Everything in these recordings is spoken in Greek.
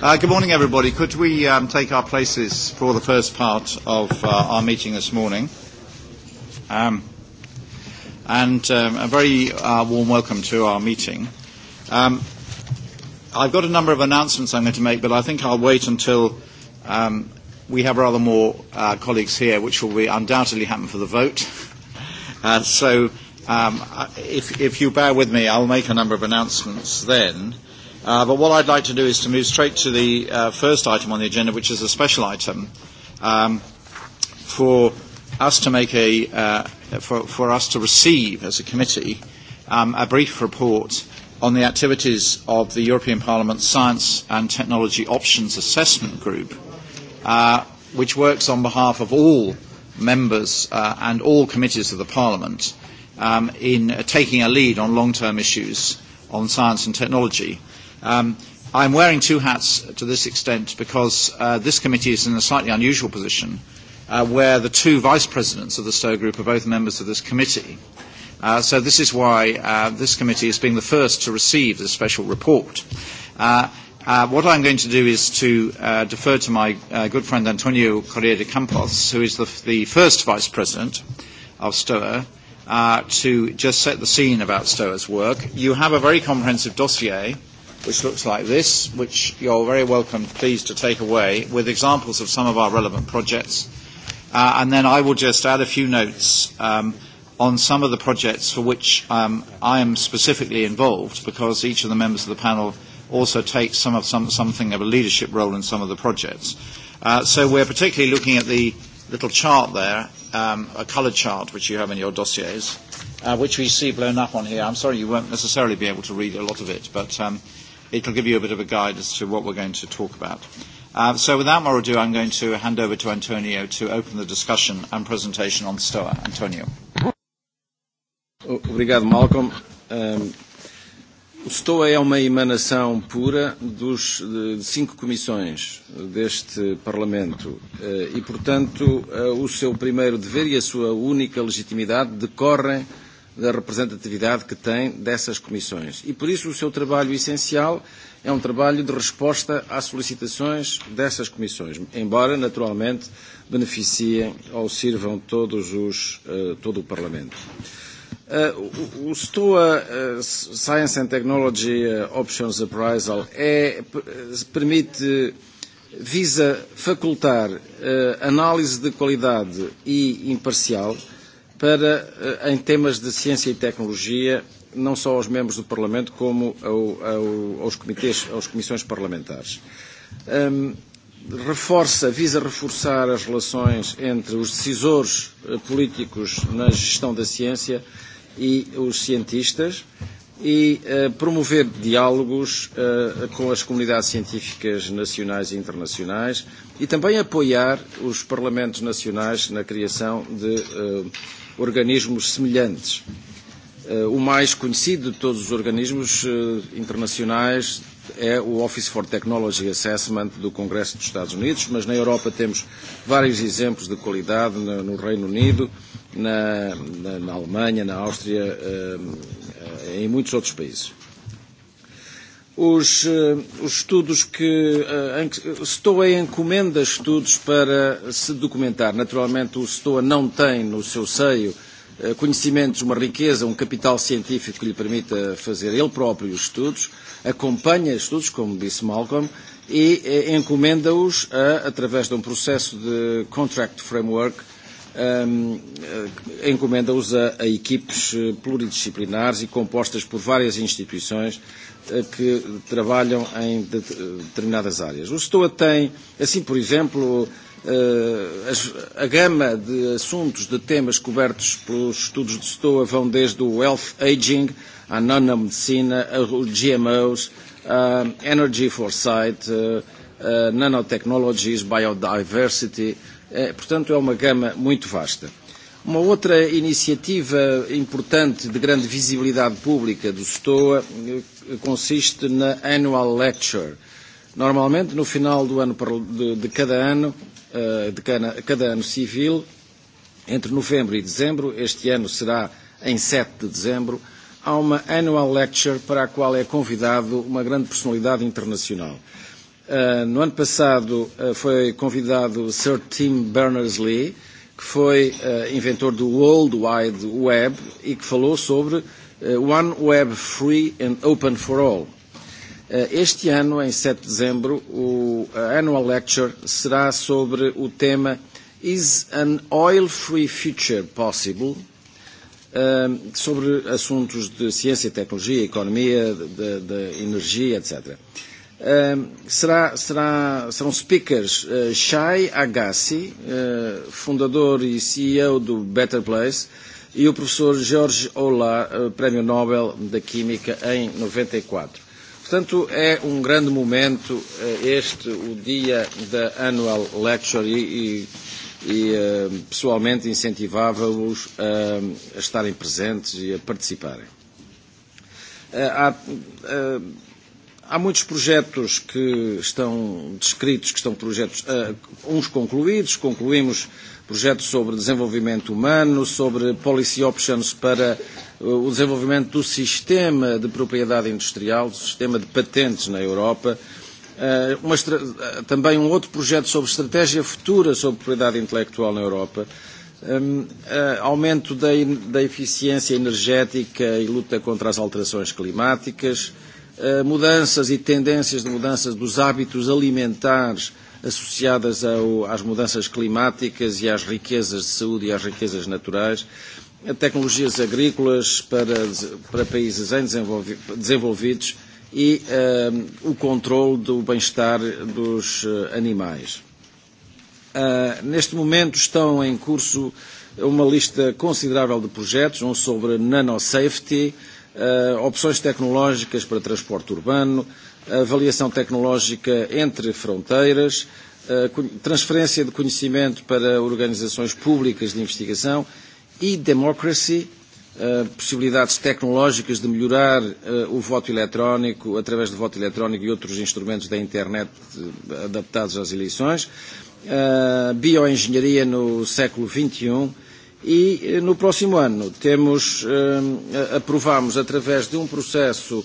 Good morning, everybody. Could we take our places for the first part of our meeting this morning? And a very warm welcome to our meeting. I've got a number of announcements I'm going to make, but I think I'll wait until we have rather more colleagues here, which will undoubtedly happen for the vote. So if you bear with me, I'll make a number of announcements then. But what I'd like to do is to move straight to the first item on the agenda, which is a special item, for us to make a for us to receive as a committee a brief report on the activities of the European Parliament's Science and Technology Options Assessment Group, which works on behalf of all members and all committees of the Parliament in taking a lead on long-term issues on science and technology. I'm wearing two hats to this extent because this committee is in a slightly unusual position where the two vice presidents of the Stoa group are both members of this committee. So this is why this committee is being the first to receive this special report. What I'm going to do is to defer to my good friend Antonio Correa de Campos, who is the first vice president of STOA, to just set the scene about STOA's work. You have a very comprehensive dossier which looks like this, which you're very welcome, pleased to take away, with examples of some of our relevant projects. And then I will just add a few notes on some of the projects for which I am specifically involved, because each of the members of the panel also takes some of something of a leadership role in some of the projects. So we're particularly looking at the little chart there, a coloured chart which you have in your dossiers, which we see blown up on here. I'm sorry you won't necessarily be able to read a lot of it, but it'll give you a bit of a guide as to what we're going to talk about. Uh, So without more ado, I'm going to hand over to Antonio to open the discussion and presentation on STOA. Antonio. Obrigado, Malcolm. O STOA é uma emanação pura dos de cinco comissões deste Parlamento e, portanto, o seu primeiro dever e a sua única legitimidade decorrem da representatividade que tem dessas comissões. E por isso o seu trabalho essencial é um trabalho de resposta às solicitações dessas comissões, embora naturalmente beneficiem ou sirvam todos os, todo o Parlamento. O STOA Science and Technology Options Appraisal permite, visa facultar análise de qualidade e imparcial para, em temas de ciência e tecnologia, não só aos membros do Parlamento, como aos comitês, às comissões parlamentares. Reforça, visa reforçar as relações entre os decisores políticos na gestão da ciência e os cientistas e promover diálogos com as comunidades científicas nacionais e internacionais e também apoiar os parlamentos nacionais na criação de organismos semelhantes. O mais conhecido de todos os organismos internacionais é o Office for Technology Assessment do Congresso dos Estados Unidos, mas na Europa temos vários exemplos de qualidade no Reino Unido, na Alemanha, na Áustria, em muitos outros países os estudos que STOA encomenda estudos para se documentar. Naturalmente o STOA não tem no seu seio conhecimentos, uma riqueza, um capital científico que lhe permita fazer ele próprio os estudos, acompanha estudos, como disse Malcolm, e encomenda-os através de um processo de contract framework, encomenda-os a equipes pluridisciplinares e compostas por várias instituições que trabalham em determinadas áreas. O STOA tem, assim por exemplo, a gama de assuntos, de temas cobertos pelos estudos de STOA vão desde o health aging, à nanomedicina, aos GMOs, à energy foresight, à nanotechnologies, biodiversity. Portanto, é uma gama muito vasta. Uma outra iniciativa importante de grande visibilidade pública do STOA consiste na Annual Lecture. Normalmente, no final do ano de cada ano, de cada ano civil, entre novembro e dezembro, este ano será em 7 de dezembro, há uma Annual Lecture para a qual é convidado uma grande personalidade internacional. No ano passado foi convidado Sir Tim Berners-Lee, que foi inventor do World Wide Web e que falou sobre One Web Free and Open for All. Este ano, em 7 de dezembro, o Annual Lecture será sobre o tema Is an Oil-Free Future Possible? sobre assuntos de ciência, e tecnologia, economia, de energia, etc. Serão speakers Shai Agassi, fundador e CEO do Better Place, e o professor Jorge Ola, Prémio Nobel da Química em 94. Portanto, é um grande momento este, o dia da Annual Lecture, e, pessoalmente incentivava-os a, estarem presentes e a participarem. Há, há muitos projetos que estão descritos, que estão projetos, uns concluídos, concluímos projeto sobre desenvolvimento humano, sobre policy options para o desenvolvimento do sistema de propriedade industrial, do sistema de patentes na Europa, também um outro projeto sobre estratégia futura sobre propriedade intelectual na Europa, aumento da eficiência energética e luta contra as alterações climáticas, mudanças e tendências de mudanças dos hábitos alimentares associadas ao, às mudanças climáticas e às riquezas de saúde e às riquezas naturais, a tecnologias agrícolas para, para países em desenvolvidos e o controle do bem-estar dos animais. Neste momento estão em curso uma lista considerável de projetos, um sobre nanosafety, opções tecnológicas para transporte urbano, avaliação tecnológica entre fronteiras, transferência de conhecimento para organizações públicas de investigação e democracy, possibilidades tecnológicas de melhorar o voto eletrónico através do voto eletrónico e outros instrumentos da internet adaptados às eleições, bioengenharia no século XXI e no próximo ano temos aprovamos através de um processo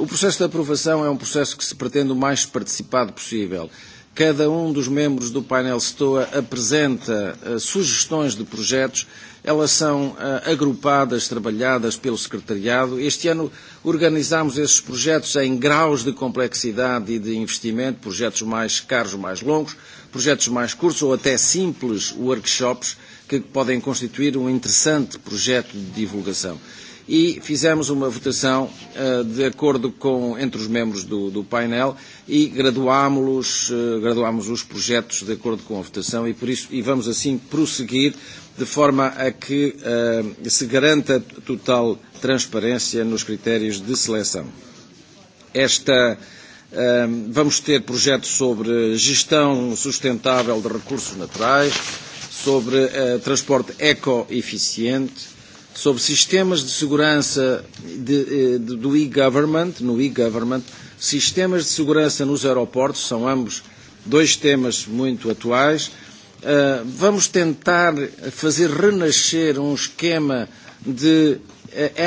O processo de aprovação é um processo que se pretende o mais participado possível. Cada um dos membros do painel STOA apresenta sugestões de projetos, elas são agrupadas, trabalhadas pelo secretariado. Este ano organizámos esses projetos em graus de complexidade e de investimento, projetos mais caros, mais longos, projetos mais curtos ou até simples workshops que podem constituir um interessante projeto de divulgação e fizemos uma votação de acordo com entre os membros do, do painel e graduámos, graduámos os projetos de acordo com a votação e, por isso, e vamos assim prosseguir de forma a que se garanta total transparência nos critérios de seleção. Esta Vamos ter projetos sobre gestão sustentável de recursos naturais, sobre transporte ecoeficiente, sobre sistemas de segurança do e-government, no e-government, sistemas de segurança nos aeroportos, são ambos dois temas muito atuais. Vamos tentar fazer renascer um esquema de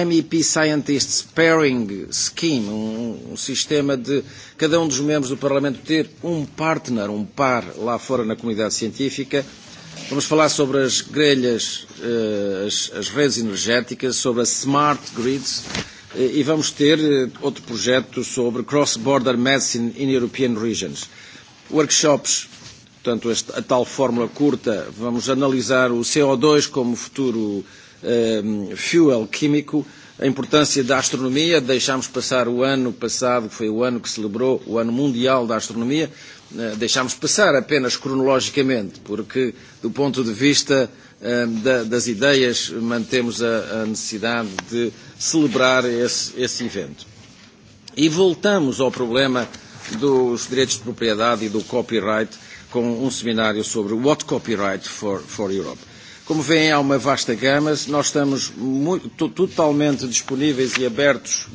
MEP Scientist Pairing Scheme, um sistema de cada um dos membros do Parlamento ter um partner, um par lá fora na comunidade científica Vamos falar sobre as grelhas, as redes energéticas, sobre as smart grids e vamos ter outro projeto sobre cross-border medicine in European regions. Workshops, portanto, a tal fórmula curta, vamos analisar o CO2 como futuro fuel químico, a importância da astronomia, deixámos passar o ano passado, que foi o ano que celebrou o ano mundial da astronomia, deixámos passar apenas cronologicamente, porque do ponto de vista das ideias mantemos a necessidade de celebrar esse evento. E voltamos ao problema dos direitos de propriedade e do copyright com um seminário sobre What Copyright for Europe. Como veem, há uma vasta gama. Nós estamos totalmente disponíveis e abertos,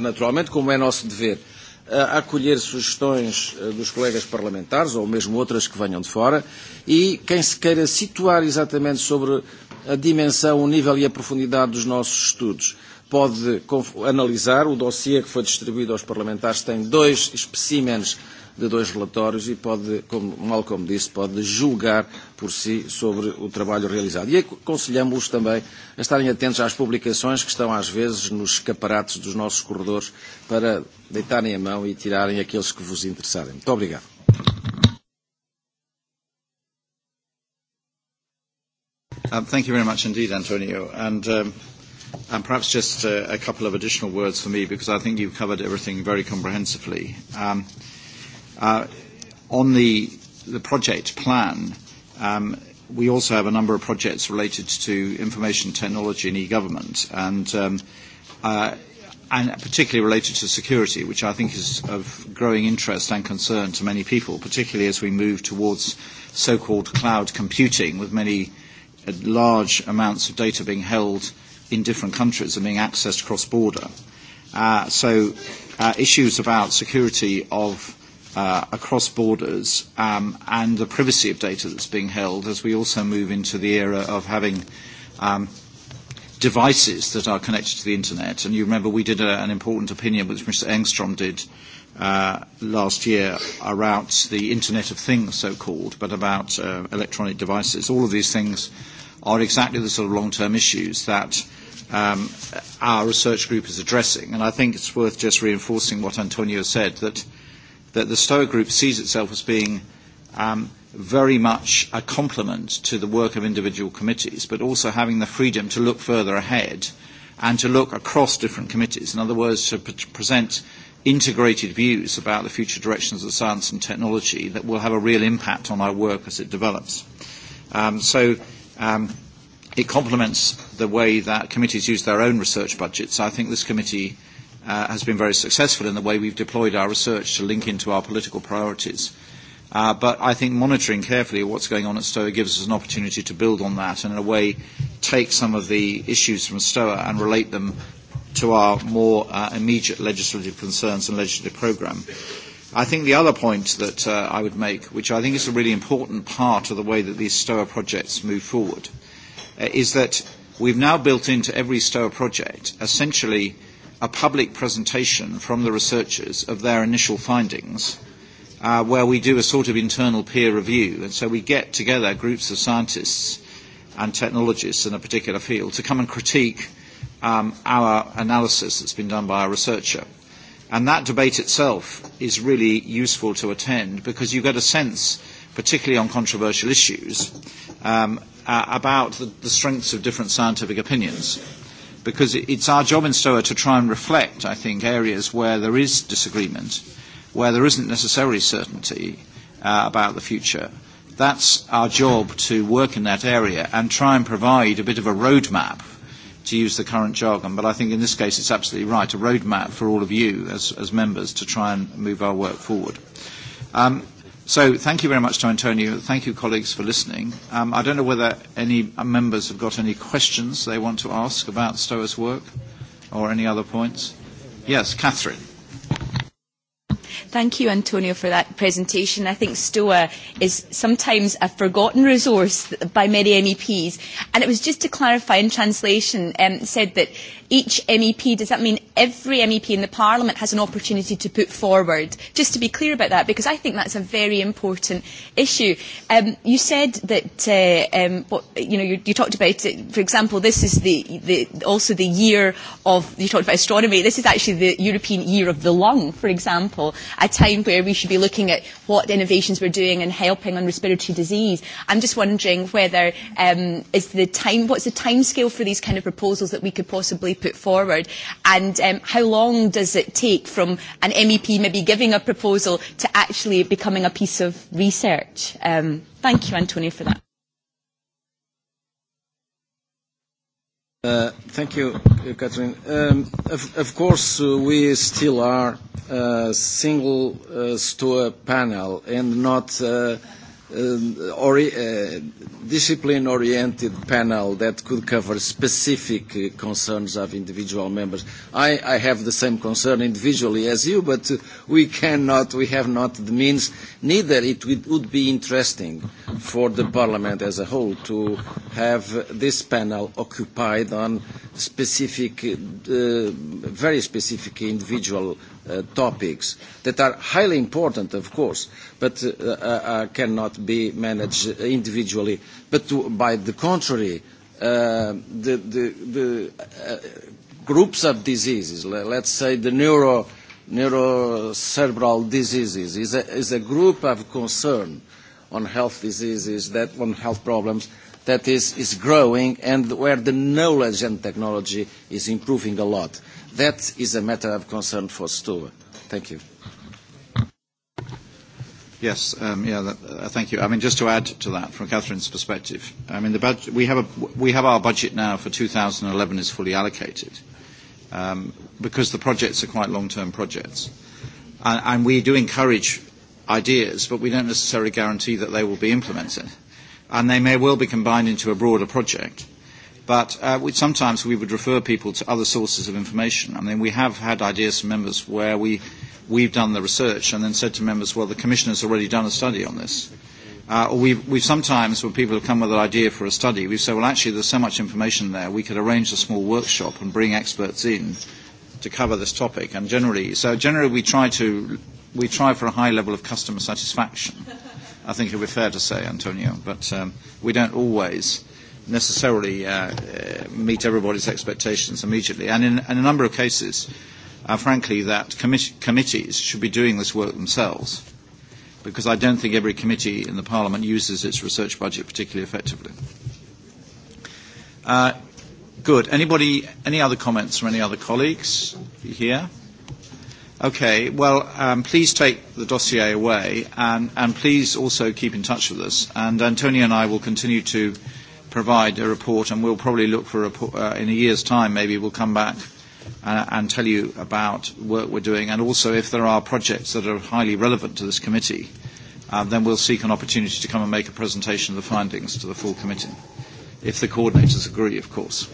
naturalmente, como é nosso dever, a acolher sugestões dos colegas parlamentares ou mesmo outras que venham de fora e quem se queira situar exatamente sobre a dimensão, o nível e a profundidade dos nossos estudos pode analisar o dossiê que foi distribuído aos parlamentares tem dois especímenes de dois relatórios e pode, como Malcolm disse, pode julgar por si sobre o trabalho realizado. E aconselhamos-os também a estarem atentos às publicações que estão às vezes nos escaparates dos nossos corredores para deitarem a mão e tirarem aqueles que vos interessarem. Muito obrigado. Um, Thank you very much indeed, Antonio. And um, and perhaps just a couple of additional words for me, because I think you've covered everything very comprehensively. Um, On the project plan, we also have a number of projects related to information technology and e-government, and particularly related to security, which I think is of growing interest and concern to many people, particularly as we move towards so-called cloud computing, with many large amounts of data being held in different countries and being accessed cross-border. So issues about security of across borders and the privacy of data that's being held as we also move into the era of having devices that are connected to the internet. And you remember we did an important opinion which Mr. Engstrom did last year about the Internet of Things, so-called, but about electronic devices. All of these things are exactly the sort of long-term issues that our research group is addressing. And I think it's worth just reinforcing what Antonio said, that that the Stoa Group sees itself as being very much a complement to the work of individual committees, but also having the freedom to look further ahead and to look across different committees. In other words, to present integrated views about the future directions of science and technology that will have a real impact on our work as it develops. So it complements the way that committees use their own research budgets. I think this committee has been very successful in the way we've deployed our research to link into our political priorities. But I think monitoring carefully what's going on at STOA gives us an opportunity to build on that and in a way take some of the issues from STOA and relate them to our more immediate legislative concerns and legislative programme. I think the other point that I would make, which I think is a really important part of the way that these STOA projects move forward, is that we've now built into every STOA project essentially a public presentation from the researchers of their initial findings, where we do a sort of internal peer review. And so we get together groups of scientists and technologists in a particular field to come and critique our analysis that's been done by our researcher. And that debate itself is really useful to attend because you get a sense, particularly on controversial issues, about the strengths of different scientific opinions because it's our job in STOA to try and reflect, I think, areas where there is disagreement, where there isn't necessarily certainty about the future. That's our job to work in that area and try and provide a bit of a roadmap, to use the current jargon. But I think in this case it's absolutely right, a roadmap for all of you as members to try and move our work forward. Um So thank you very much to Antonio. Thank you, colleagues, for listening. Um I don't know whether any members have got any questions they want to ask about STOA's work or any other points. Yes, Catherine. Thank you, Antonio, for that presentation. I think STOA is sometimes a forgotten resource by many MEPs. And it was just to clarify in translation, said that each MEP, does that mean every MEP in the Parliament has an opportunity to put forward? Just to be clear about that, because I think that's a very important issue. You said that, you know, you talked about, for example, this is the also the year of, you talked about astronomy, this is actually the European Year of the Lung, for example a time where we should be looking at what innovations we're doing and helping on respiratory disease. I'm just wondering whether um, is the time, what's the timescale for these kind of proposals that we could possibly put forward, and how long does it take from an MEP maybe giving a proposal to actually becoming a piece of research? thank you, Antonio, for that. Thank you, Catherine. Of course, we still are a single store panel and not discipline-oriented panel that could cover specific concerns of individual members. I have the same concern individually as you, but we cannot, we have not the means. Neither it would be interesting for the Parliament as a whole to have this panel occupied on specific, very specific individual topics that are highly important, of course, but cannot be managed individually. But by the contrary, the groups of diseases, let's say the neuro neurocerebral diseases is a group of concern on health diseases that on health problems that is growing and where the knowledge and technology is improving a lot That is a matter of concern for STOA. Thank you. Yes, yeah, thank you. I mean, just to add to that, from Catherine's perspective, I mean, we have we have our budget now for 2011 is fully allocated, because the projects are quite long-term projects, and we do encourage ideas, but we don't necessarily guarantee that they will be implemented, and they may well be combined into a broader project. But sometimes we would refer people to other sources of information. I mean, we have had ideas from members where we we've done the research and then said to members, well, the has already done a study on this. Or we've sometimes, when people have come with an idea for a study, we've said, well, actually, there's so much information there, we could arrange a small workshop and bring experts in to cover this topic. And generally, so generally we try to, we try for a high level of customer satisfaction. I think it would be fair to say, Antonio, but we don't always necessarily meet everybody's expectations immediately. And in a number of cases, frankly, that committees should be doing this work themselves, because I don't think every committee in the Parliament uses its research budget particularly effectively. Good. Anybody, any other comments from any other colleagues here? Okay. Well, please take the dossier away, and please also keep in touch with us. And Antonio and I will continue to provide a report, and we'll probably look for a report in a year's time. Maybe we'll come back and tell you about work we're doing, and also if there are projects that are highly relevant to this committee, then we'll seek an opportunity to come and make a presentation of the findings to the full committee, if the coordinators agree, of course.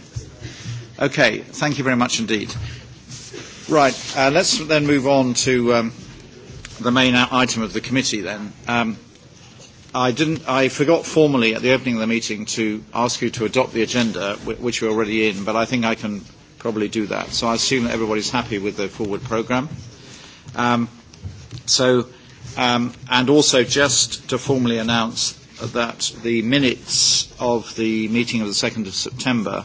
Okay, thank you very much indeed. Right, let's then move on to the main item of the committee then I forgot formally at the opening of the meeting to ask you to adopt the agenda, which we're already in, but I think I can probably do that. So I assume that everybody's happy with the forward programme. So, and also just to formally announce that the minutes of the meeting of the 2nd of September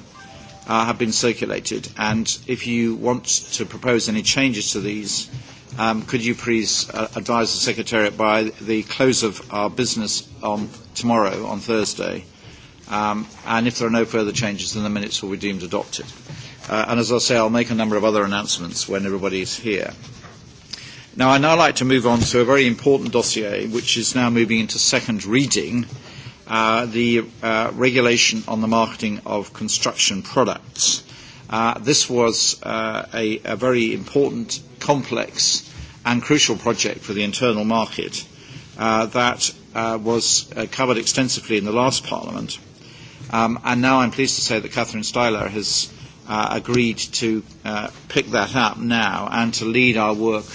have been circulated, and if you want to propose any changes to these could you please advise the Secretariat by the close of our business on tomorrow, on Thursday, and if there are no further changes, then the minutes will be deemed adopted. And as I say, I'll make a number of other announcements when everybody is here. Now, I'd now like to move on to a very important dossier, which is now moving into second reading, the regulation on the marketing of construction products. This was a very important, complex and crucial project for the internal market that was covered extensively in the last Parliament. And now I'm pleased to say that Catherine Styler has agreed to pick that up now and to lead our work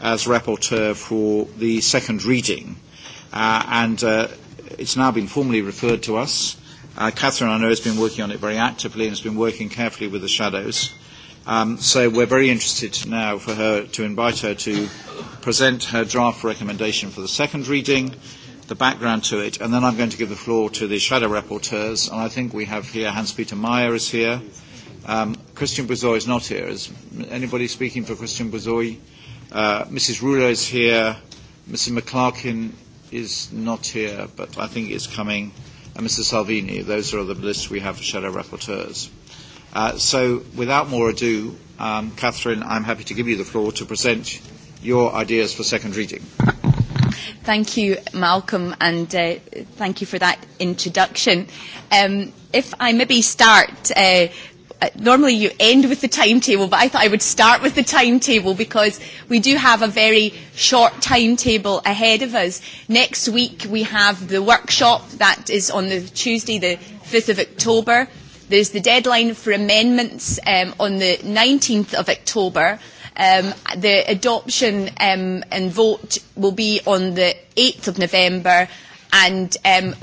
as rapporteur for the second reading. And it's now been formally referred to us Catherine, I know, has been working on it very actively and has been working carefully with the shadows. So we're very interested now for her to invite her to present her draft recommendation for the second reading, the background to it, and then I'm going to give the floor to the shadow rapporteurs. And I think we have here Hans-Peter Meyer is here. Christian Bouzoy is not here. Is anybody speaking for Christian Bouzoy? Mrs. Rulo is here. Mrs. McClarkin is not here, but I think is coming and Mr. Salvini. Those are the lists we have for shadow rapporteurs. So without more ado, um Catherine, I'm happy to give you the floor to present your ideas for second reading. Thank you, Malcolm, and thank you for that introduction. If I maybe start uh normally you end with the timetable, but I thought I would start with the timetable because we do have a very short timetable ahead of us. Next week we have the workshop that is on the Tuesday, the 5th of October. There's the deadline for amendments on the 19th of October. The adoption and vote will be on the 8th of November and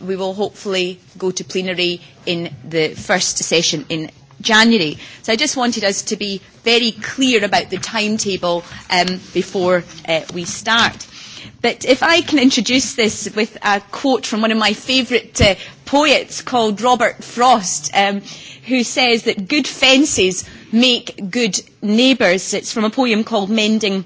we will hopefully go to plenary in the first session in January. So I just wanted us to be very clear about the timetable before we start. But if I can introduce this with a quote from one of my favourite poets called Robert Frost, who says that good fences make good neighbours. It's from a poem called Mending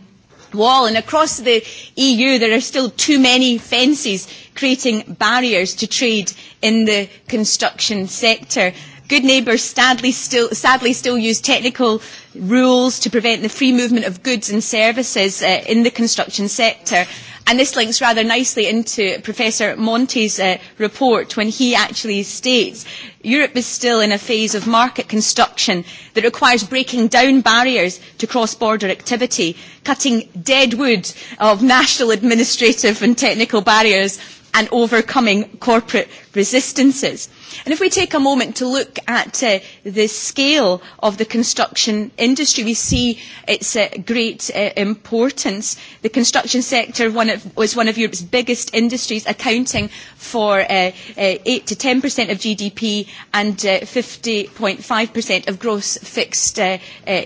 Wall. And across the EU, there are still too many fences creating barriers to trade in the construction sector. Good neighbours sadly still use technical rules to prevent the free movement of goods and services in the construction sector. And this links rather nicely into Professor Monti's report when he actually states Europe is still in a phase of market construction that requires breaking down barriers to cross-border activity, cutting dead wood of national administrative and technical barriers and overcoming corporate resistances. And if we take a moment to look at the scale of the construction industry, we see its great importance. The construction sector was one of Europe's biggest industries, accounting for 8 to 10% of GDP and 50.5% of gross fixed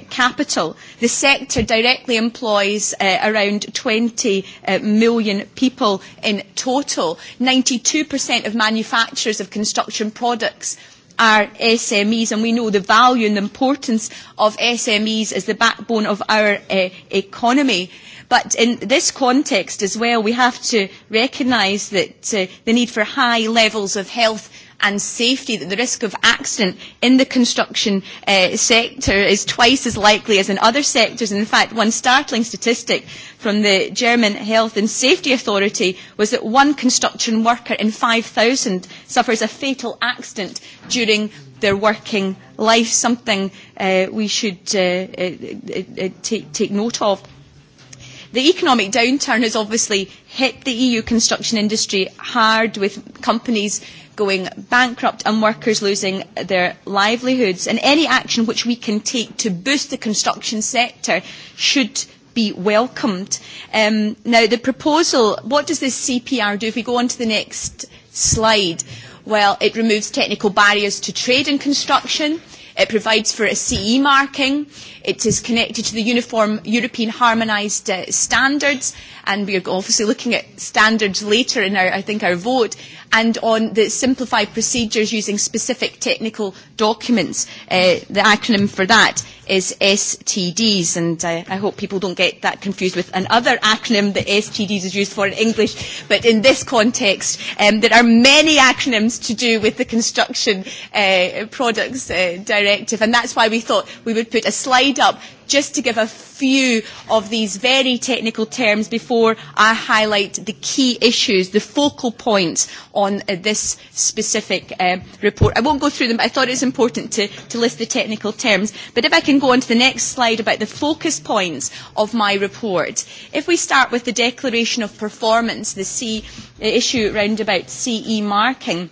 capital. The sector directly employs around 20 million people in total. 92% of manufacturing manufacturers of construction products are SMEs, and we know the value and the importance of SMEs as the backbone of our economy. But in this context as well, we have to recognise that the need for high levels of health and safety, that the risk of accident in the construction sector is twice as likely as in other sectors. In fact, one startling statistic from the German Health and Safety Authority was that one construction worker in 5,000 suffers a fatal accident during their working life, something we should take note of. The economic downturn has obviously hit the EU construction industry hard with companies going bankrupt and workers losing their livelihoods. And any action which we can take to boost the construction sector should be welcomed. Now, the proposal, what does this CPR do? If we go on to the next slide, well, it removes technical barriers to trade in construction. It provides for a CE marking. It is connected to the uniform European harmonised standards, and we are obviously looking at standards later in our, I think, our vote, and on the simplified procedures using specific technical documents. The acronym for that is STDs, and I hope people don't get that confused with another acronym that STDs is used for in English, but in this context, there are many acronyms to do with the Construction Products Directive, and that's why we thought we would put a slide up just to give a few of these very technical terms before I highlight the key issues, the focal points on this specific report. I won't go through them, but I thought it was important to list the technical terms. But if I can go on to the next slide about the focus points of my report. If we start with the Declaration of Performance, the issue around about CE marking,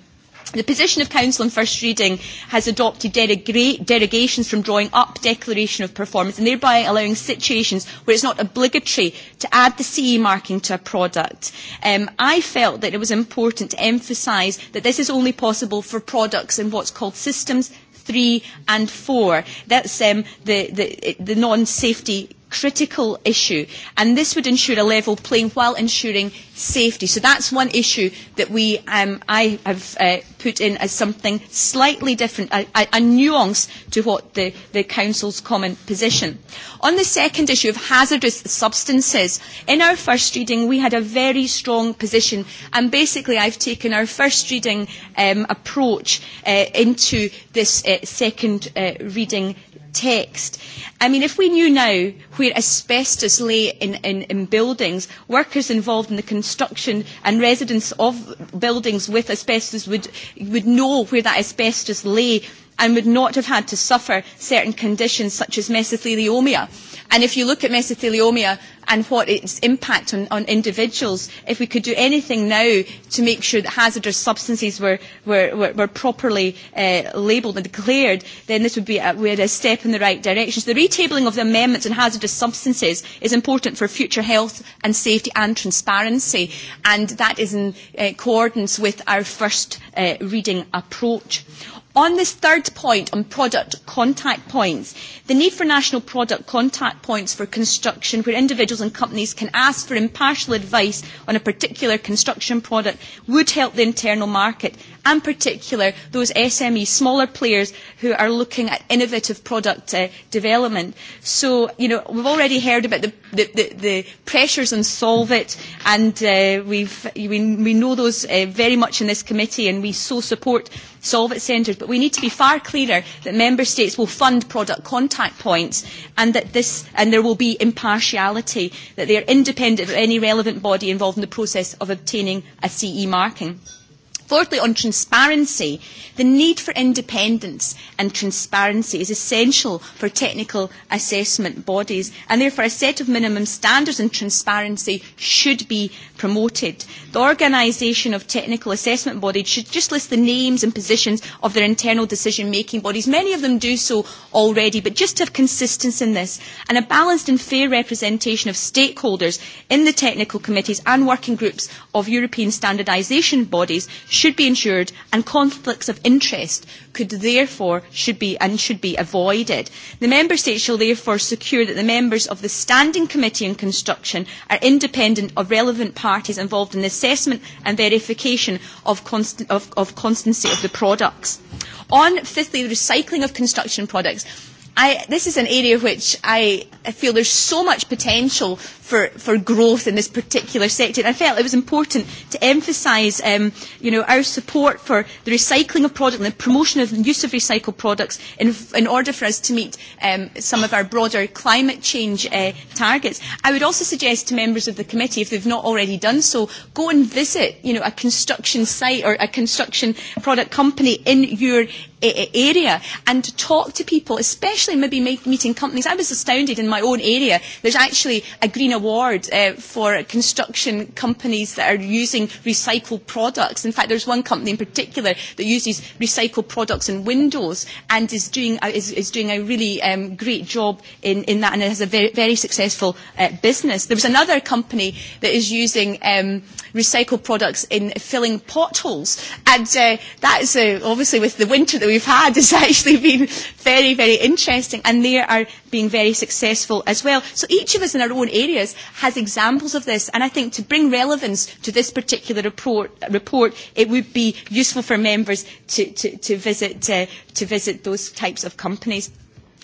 The position of Council on first reading has adopted derogations from drawing up declaration of performance and thereby allowing situations where it is not obligatory to add the CE marking to a product. I felt that it was important to emphasise that this is only possible for products in what's called systems three and four. That's the non-safety critical issue, and this would ensure a level playing while ensuring safety. So that's one issue that we, I have put in as something slightly different, a nuance to what the Council's common position. On the second issue of hazardous substances, in our first reading we had a very strong position, and basically I've taken our first reading approach into this second reading text. I mean, if we knew now where asbestos lay in buildings, workers involved in the construction and residents of buildings with asbestos would know where that asbestos lay and would not have had to suffer certain conditions such as mesothelioma. And if you look at mesothelioma and what its impact on, on individuals, if we could do anything now to make sure that hazardous substances were, were, properly uh, labelled and declared, then this would be a, step in the right direction. the retabling of the amendments on hazardous substances is important for future health and safety and transparency, and that is in accordance with our first reading approach. On this third point on product contact points, the need for national product contact points for construction where individuals and companies can ask for impartial advice on a particular construction product would help the internal market and particular those SME smaller players who are looking at innovative product development. So, you know, we've already heard about the pressures on Solvit and we know those very much in this committee and we so support Solvit centres, but we need to be far clearer that Member States will fund product contact points and that this and there will be impartiality, that they are independent of any relevant body involved in the process of obtaining a CE marking. Fourthly, on transparency, the need for independence and transparency is essential for technical assessment bodies, and therefore a set of minimum standards and transparency should be promoted. The organisation of technical assessment bodies should just list the names and positions of their internal decision-making bodies. Many of them do so already, but just to have consistency in this, and a balanced and fair representation of stakeholders in the technical committees and working groups of European standardisation bodies should be ensured and conflicts of interest could therefore should be and should be avoided. The Member States shall therefore secure that the members of the Standing Committee on Construction are independent of relevant parties involved in the assessment and verification of constancy of the products. On fifthly, the recycling of construction products. This is an area which I feel there is so much potential for growth in this particular sector. I felt it was important to emphasise our support for the recycling of products and the promotion of the use of recycled products in order for us to meet some of our broader climate change targets. I would also suggest to members of the committee, if they've not already done so, go and visit a construction site or a construction product company in your area and talk to people, especially maybe meeting companies. I was astounded in my own area. There's actually a green award for construction companies that are using recycled products. In fact, there's one company in particular that uses recycled products in windows and is doing a really great job in that and it has a very successful business. There was another company that is using recycled products in filling potholes and that is obviously with the winter that we've had has actually been very, very interesting and they are being very successful as well. So each of us in our own areas has examples of this, and I think to bring relevance to this particular report, it would be useful for members to visit those types of companies.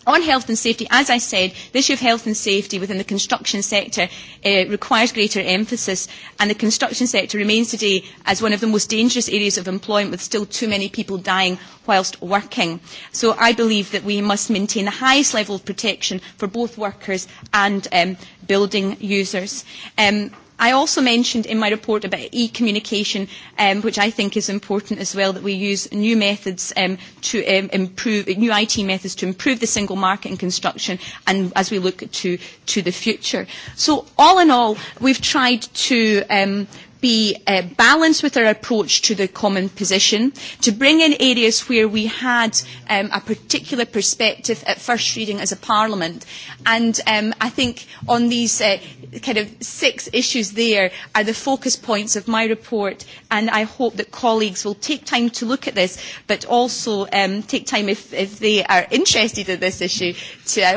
On health and safety, as I said, the issue of health and safety within the construction sector requires greater emphasis, and the construction sector remains today as one of the most dangerous areas of employment, with still too many people dying whilst working. So I believe that we must maintain the highest level of protection for both workers and building users. I also mentioned in my report about e-communication, which I think is important as well, that we use new methods to improve, new IT methods to improve the single market in construction and as we look to the future. So all in all, we've tried to be balanced with our approach to the common position, to bring in areas where we had a particular perspective at first reading as a Parliament. And I think on these kind of six issues there are the focus points of my report, and I hope that colleagues will take time to look at this, but also take time if they are interested in this issue.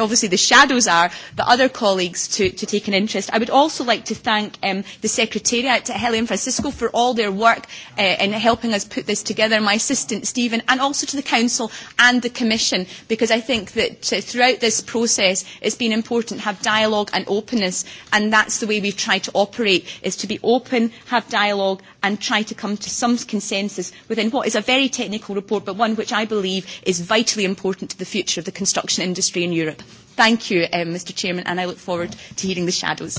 Obviously the shadows are, but other colleagues to take an interest. I would also like to thank the Secretariat Helen Kelly and Francisco for all their work in helping us put this together, my assistant Stephen, and also to the Council and the Commission, because I think that throughout this process it's been important to have dialogue and openness, and that's the way we've tried to operate, is to be open, have dialogue, and try to come to some consensus within what is a very technical report, but one which I believe is vitally important to the future of the construction industry in Europe. Thank you, Mr Chairman, and I look forward to hearing the shadows.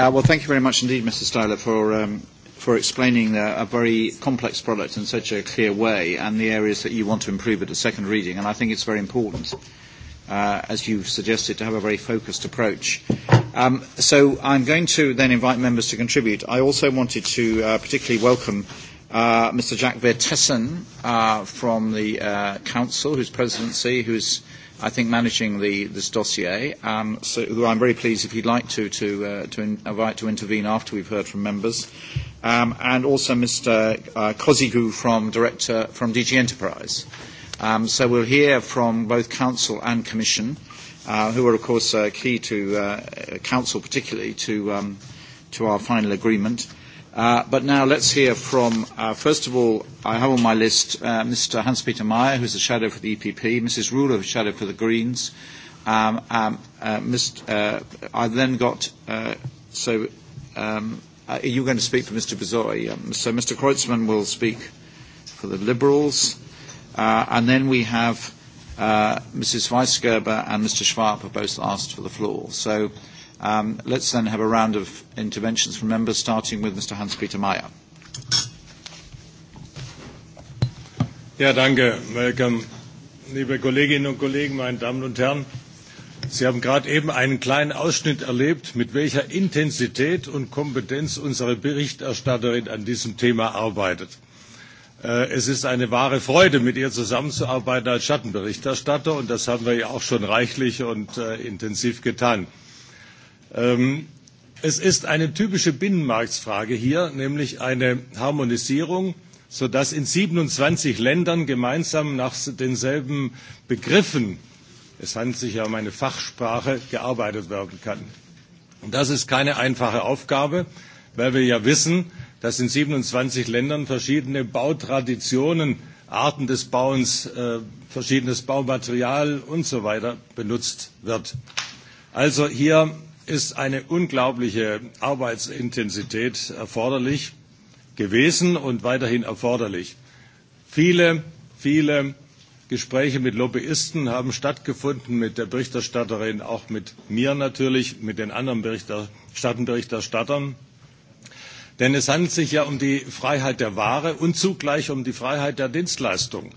Well, thank you very much indeed, Mr. Styler, for for explaining a very complex product in such a clear way and the areas that you want to improve at a second reading. And I think it's very important, as you've suggested, to have a very focused approach. So I'm going to then invite members to contribute. I also wanted to particularly welcome Mr. Jack Vertessen from the Council, whose presidency, whose I think, managing the, this dossier, um, so, who I'm very pleased, if you'd like to, to, uh, to invite to intervene after we've heard from members, um, and also Mr. Uh, Kozigu from, director, from DG Enterprise. Um, so we'll hear from both Council and Commission, who are, of course, key to uh, Council particularly to, um, to our final agreement. But now let's hear from, first of all, I have on my list Mr. Hans-Peter Meyer, is the shadow for the EPP, Mrs. Ruler, a shadow for the Greens. I then got, so you're going to speak for Mr. Bezoi. So Mr. Kreutzmann will speak for the Liberals. And then we have Mrs. Weisgerber and Mr. Schwab have both asked for the floor. So Let's then have a round of interventions from members, starting with Mr. Hans-Peter Meyer. Ja, danke, Welcome, Liebe Kolleginnen und Kollegen, meine Damen und Herren, Sie haben gerade eben einen kleinen Ausschnitt erlebt, mit welcher Intensität und Kompetenz unsere Berichterstatterin an diesem Thema arbeitet. Es ist eine wahre Freude, mit ihr zusammenzuarbeiten als Schattenberichterstatter, und das haben wir ja auch schon reichlich und intensiv getan. Es ist eine typische Binnenmarktfrage hier, nämlich eine Harmonisierung, sodass in 27 Ländern gemeinsam nach denselben Begriffen, es handelt sich ja um eine Fachsprache, gearbeitet werden kann. Und das ist keine einfache Aufgabe, weil wir ja wissen, dass in 27 Ländern verschiedene Bautraditionen, Arten des Bauens, verschiedenes Baumaterial und so weiter benutzt wird. Also hier ist eine unglaubliche Arbeitsintensität erforderlich gewesen und weiterhin erforderlich. Viele, viele Gespräche mit Lobbyisten haben stattgefunden, mit der Berichterstatterin, auch mit mir natürlich, mit den anderen Schattenberichterstattern. Denn es handelt sich ja um die Freiheit der Ware und zugleich um die Freiheit der Dienstleistung.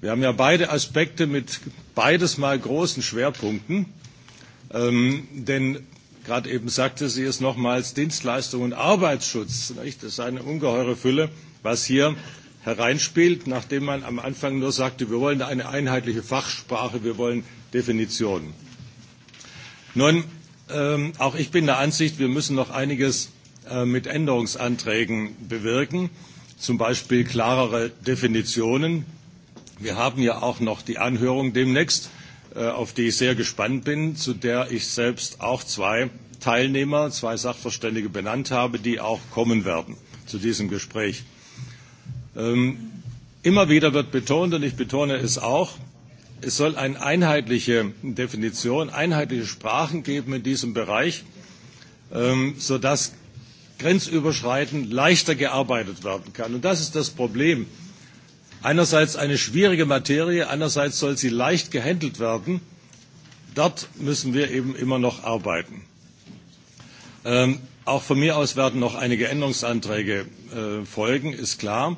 Wir haben ja beide Aspekte mit beides mal großen Schwerpunkten. Denn gerade eben sagte sie es nochmals, Dienstleistung und Arbeitsschutz. Das ist eine ungeheure Fülle, was hier hereinspielt, nachdem man am Anfang nur sagte, wir wollen eine einheitliche Fachsprache, wir wollen Definitionen. Nun, auch ich bin der Ansicht, wir müssen noch einiges mit Änderungsanträgen bewirken, zum Beispiel klarere Definitionen. Wir haben ja auch noch die Anhörung demnächst auf die ich sehr gespannt bin, zu der ich selbst auch zwei Teilnehmer, zwei Sachverständige benannt habe, die auch kommen werden zu diesem Gespräch. Immer wieder wird betont, und ich betone es auch, es soll eine einheitliche Definition, einheitliche Sprachen geben in diesem Bereich, sodass grenzüberschreitend leichter gearbeitet werden kann. Und das ist das Problem einerseits eine schwierige Materie, andererseits soll sie leicht gehandelt werden. Dort müssen wir eben immer noch arbeiten. Auch von mir aus werden noch einige Änderungsanträge folgen, ist klar.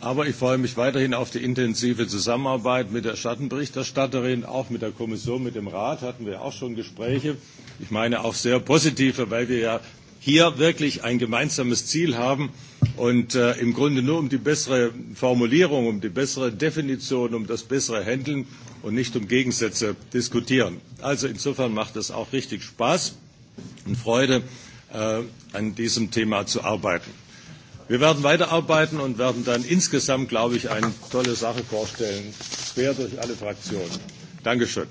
Aber ich freue mich weiterhin auf die intensive Zusammenarbeit mit der Schattenberichterstatterin, auch mit der Kommission, mit dem Rat hatten wir auch schon Gespräche. Ich meine auch sehr positive, weil wir ja hier wirklich ein gemeinsames Ziel haben und im Grunde nur um die bessere Formulierung, um die bessere Definition, um das bessere Handeln und nicht um Gegensätze diskutieren. Also insofern macht es auch richtig Spaß und Freude, an diesem Thema zu arbeiten. Wir werden weiterarbeiten und werden dann insgesamt, glaube ich, eine tolle Sache vorstellen, quer durch alle Fraktionen. Dankeschön.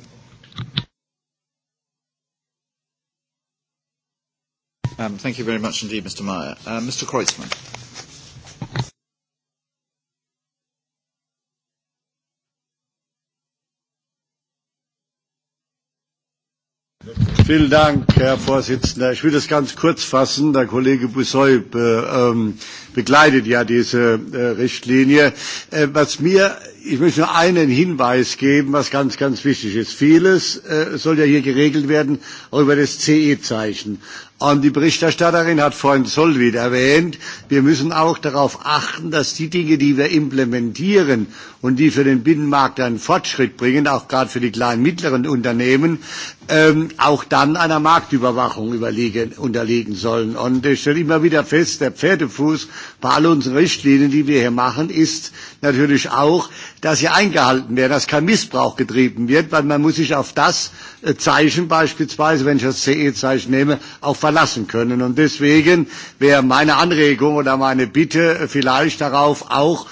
Um, thank you very much indeed, Mr. Meyer. Uh, Mr. Kreutzmann. Vielen Dank, Herr Vorsitzender. Ich will das ganz kurz fassen. Der Kollege ähm, begleitet ja diese Richtlinie. Was mir Ich möchte nur einen Hinweis geben, was ganz, ganz wichtig ist. Vieles soll ja hier geregelt werden, auch über das CE-Zeichen. Und die Berichterstatterin hat vorhin Solvit erwähnt, wir müssen auch darauf achten, dass die Dinge, die wir implementieren und die für den Binnenmarkt einen Fortschritt bringen, auch gerade für die kleinen und mittleren Unternehmen, auch dann einer Marktüberwachung unterliegen sollen. Und ich stelle immer wieder fest, der Pferdefuß bei all unseren Richtlinien, die wir hier machen, ist natürlich auch, dass sie eingehalten werden, dass kein Missbrauch getrieben wird, weil man muss sich auf das Zeichen beispielsweise, wenn ich das CE-Zeichen nehme, auch verlassen können. Und deswegen wäre meine Anregung oder meine Bitte vielleicht darauf auch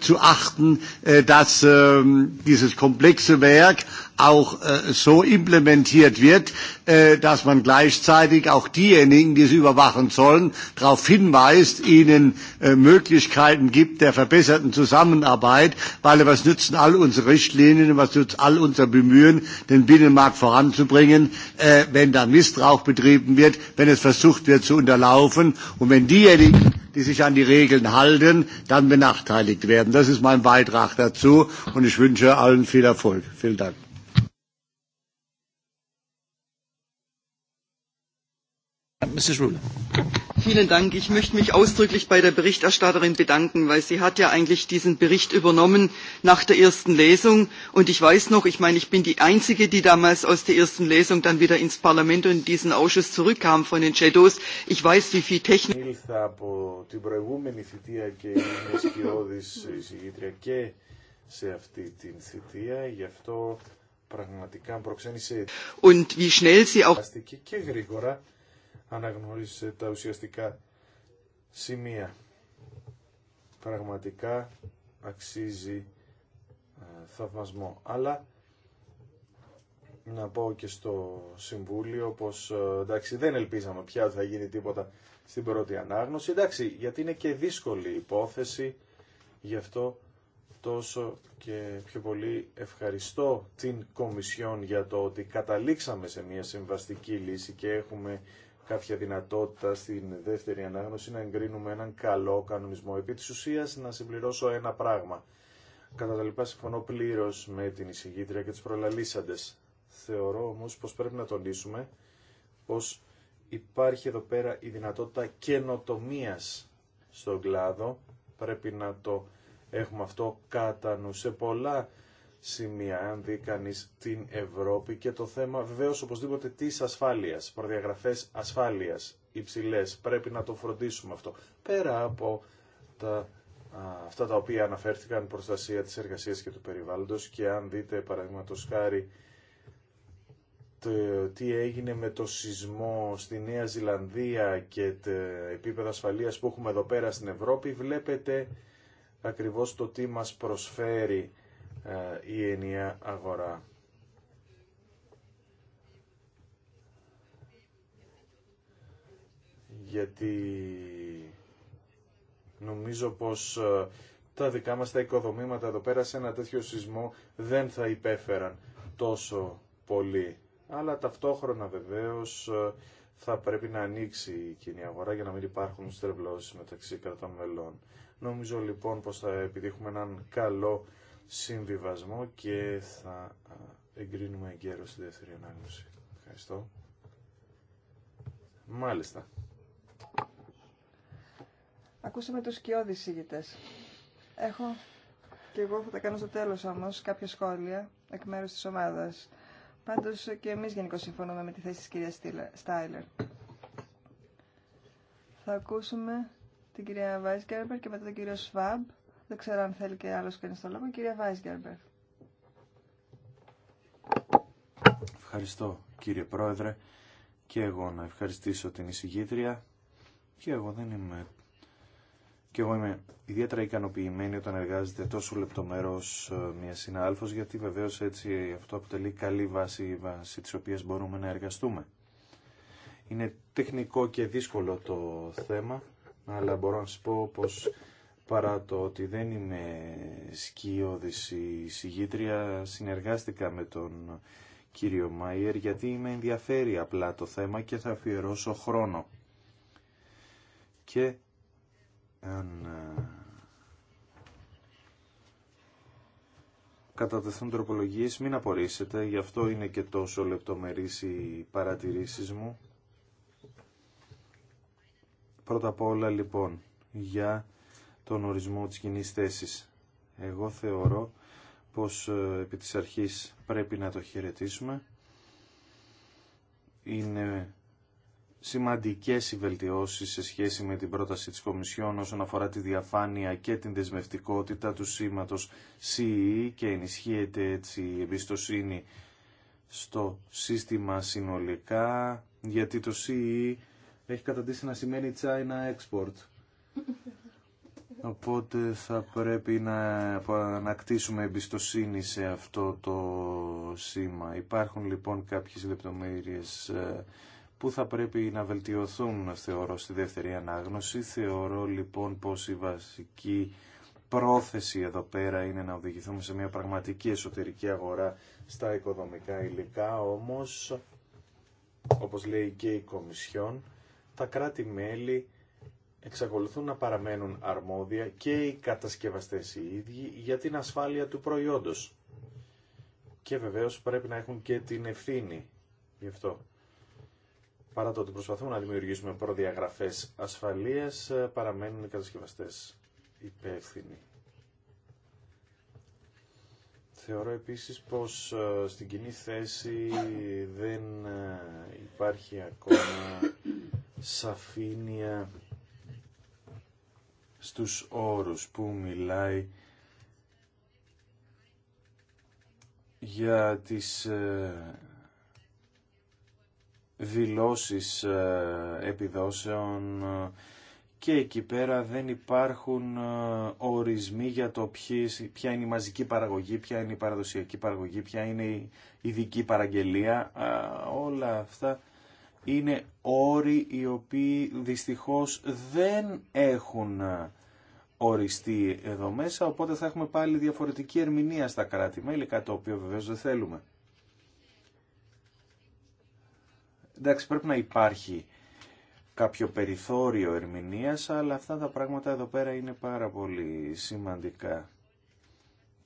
zu achten, dass dieses komplexe Werk auch so implementiert wird, dass man gleichzeitig auch diejenigen, die sie überwachen sollen, darauf hinweist, ihnen Möglichkeiten gibt der verbesserten Zusammenarbeit, weil was nützen all unsere Richtlinien, was nützt all unser Bemühen, den Binnenmarkt voranzubringen, wenn da Missbrauch betrieben wird, wenn es versucht wird zu unterlaufen und wenn diejenigen, die sich an die Regeln halten, dann benachteiligt werden. Das ist mein Beitrag dazu und ich wünsche allen viel Erfolg. Vielen Dank. Mrs. Vielen Dank. Ich möchte mich ausdrücklich bei der Berichterstatterin bedanken, weil sie hat ja eigentlich diesen Bericht übernommen nach der ersten Lesung. Und ich weiß noch, ich meine, ich bin die Einzige, die damals aus der ersten Lesung dann wieder ins Parlament und in diesen Ausschuss zurückkam von den Shadows. Ich weiß, wie viel Technik... Und wie schnell sie auch αναγνώρισε τα ουσιαστικά σημεία. Πραγματικά αξίζει ε, θαυμασμό. Αλλά να πω και στο Συμβούλιο πως ε, εντάξει δεν ελπίζαμε πια ότι θα γίνει τίποτα στην πρώτη ανάγνωση. Εντάξει γιατί είναι και δύσκολη υπόθεση γι' αυτό τόσο και πιο πολύ ευχαριστώ την Κομισιόν για το ότι καταλήξαμε σε μια συμβαστική λύση και έχουμε κάποια δυνατότητα στην δεύτερη ανάγνωση να εγκρίνουμε έναν καλό κανονισμό. Επί της ουσίας να συμπληρώσω ένα πράγμα. Κατά τα λοιπά συμφωνώ πλήρω με την εισηγήτρια και τους προλαλήσαντες. Θεωρώ όμως πως πρέπει να τονίσουμε πως υπάρχει εδώ πέρα η δυνατότητα καινοτομία στον κλάδο. Πρέπει να το έχουμε αυτό κατά νου. Σε πολλά σημεία, αν δει την Ευρώπη και το θέμα βεβαίως οπωσδήποτε της ασφάλειας, προδιαγραφές ασφάλειας υψηλές, πρέπει να το φροντίσουμε αυτό. Πέρα από τα, αυτά τα οποία αναφέρθηκαν προστασία της εργασίας και του περιβάλλοντος και αν δείτε παραδείγματο χάρη τι έγινε με το σεισμό στη Νέα Ζηλανδία και τα επίπεδα ασφαλείας που έχουμε εδώ πέρα στην Ευρώπη, βλέπετε ακριβώς το τι μας προσφέρει ε, η ενιαία αγορά. Γιατί νομίζω πως ε, τα δικά μας τα οικοδομήματα εδώ πέρα σε ένα τέτοιο σεισμό δεν θα υπέφεραν τόσο πολύ. Αλλά ταυτόχρονα βεβαίως ε, θα πρέπει να ανοίξει η κοινή αγορά για να μην υπάρχουν στρεβλώσεις μεταξύ κρατών μελών. Νομίζω λοιπόν πως θα επιδείχουμε έναν καλό συμβιβασμό και θα εγκρίνουμε εγκαίρως στη δεύτερη ανάγνωση. Ευχαριστώ. Μάλιστα. Ακούσαμε τους σκιώδεις ηγητές. Έχω και εγώ θα τα κάνω στο τέλος όμως κάποια σχόλια εκ μέρους της ομάδας. Πάντως και εμείς γενικώ συμφωνούμε με τη θέση της κυρίας Στάιλερ. Θα ακούσουμε την κυρία Βάισκερμπερ και μετά τον κύριο Σφαμπ. Δεν ξέρω αν θέλει και άλλος κανείς το λόγο. Κυρία Βάισγκερμπερ. Ευχαριστώ κύριε Πρόεδρε και εγώ να ευχαριστήσω την εισηγήτρια και εγώ δεν είμαι και εγώ είμαι ιδιαίτερα ικανοποιημένη όταν εργάζεται τόσο λεπτομερώς ε, μια συνάλφος γιατί βεβαίως έτσι αυτό αποτελεί καλή βάση, βάση της οποίας μπορούμε να εργαστούμε. Είναι τεχνικό και δύσκολο το θέμα αλλά μπορώ να σας πω πως παρά το ότι δεν είμαι σκιώδης ή συγγήτρια, συνεργάστηκα με τον κύριο Μάιερ γιατί με ενδιαφέρει απλά το θέμα και θα αφιερώσω χρόνο. Και αν ε, κατατεθούν τροπολογίες μην απορρίσετε, γι' αυτό είναι και τόσο λεπτομερείς οι παρατηρήσεις μου. Πρώτα απ' όλα λοιπόν για τον ορισμό της κοινή θέση. Εγώ θεωρώ πως ε, επί της αρχής πρέπει να το χαιρετήσουμε. Είναι σημαντικές οι βελτιώσεις σε σχέση με την πρόταση της Κομισιόν όσον αφορά τη διαφάνεια και την δεσμευτικότητα του σήματος CEE e και ενισχύεται έτσι η εμπιστοσύνη στο σύστημα συνολικά γιατί το CEE e έχει καταντήσει να σημαίνει China Export Οπότε θα πρέπει να ανακτήσουμε εμπιστοσύνη σε αυτό το σήμα. Υπάρχουν λοιπόν κάποιες λεπτομέρειες ε, που θα πρέπει να βελτιωθούν, θεωρώ, στη δεύτερη ανάγνωση. Θεωρώ λοιπόν πως η βασική πρόθεση εδώ πέρα είναι να οδηγηθούμε σε μια πραγματική εσωτερική αγορά στα οικοδομικά υλικά, όμως, όπως λέει και η Κομισιόν, τα κράτη-μέλη εξακολουθούν να παραμένουν αρμόδια και οι κατασκευαστές οι ίδιοι για την ασφάλεια του προϊόντος. Και βεβαίως πρέπει να έχουν και την ευθύνη γι' αυτό. Παρά το ότι προσπαθούμε να δημιουργήσουμε προδιαγραφές ασφαλείας, ε, παραμένουν οι κατασκευαστές υπεύθυνοι. Θεωρώ επίσης πως ε, στην κοινή θέση δεν ε, υπάρχει ακόμα σαφήνεια στους όρους που μιλάει για τις ε, δηλώσεις ε, επιδόσεων ε, και εκεί πέρα δεν υπάρχουν ορισμοί για το ποια είναι η μαζική παραγωγή, ποια είναι η παραδοσιακή παραγωγή, ποια είναι η ειδική παραγγελία. Όλα αυτά είναι όροι οι οποίοι δυστυχώς δεν έχουν ε, οριστεί εδώ μέσα, οπότε θα έχουμε πάλι διαφορετική ερμηνεία στα κράτη-μέλη, κάτι το οποίο βεβαίως δεν θέλουμε. Εντάξει, πρέπει να υπάρχει κάποιο περιθώριο ερμηνείας, αλλά αυτά τα πράγματα εδώ πέρα είναι πάρα πολύ σημαντικά.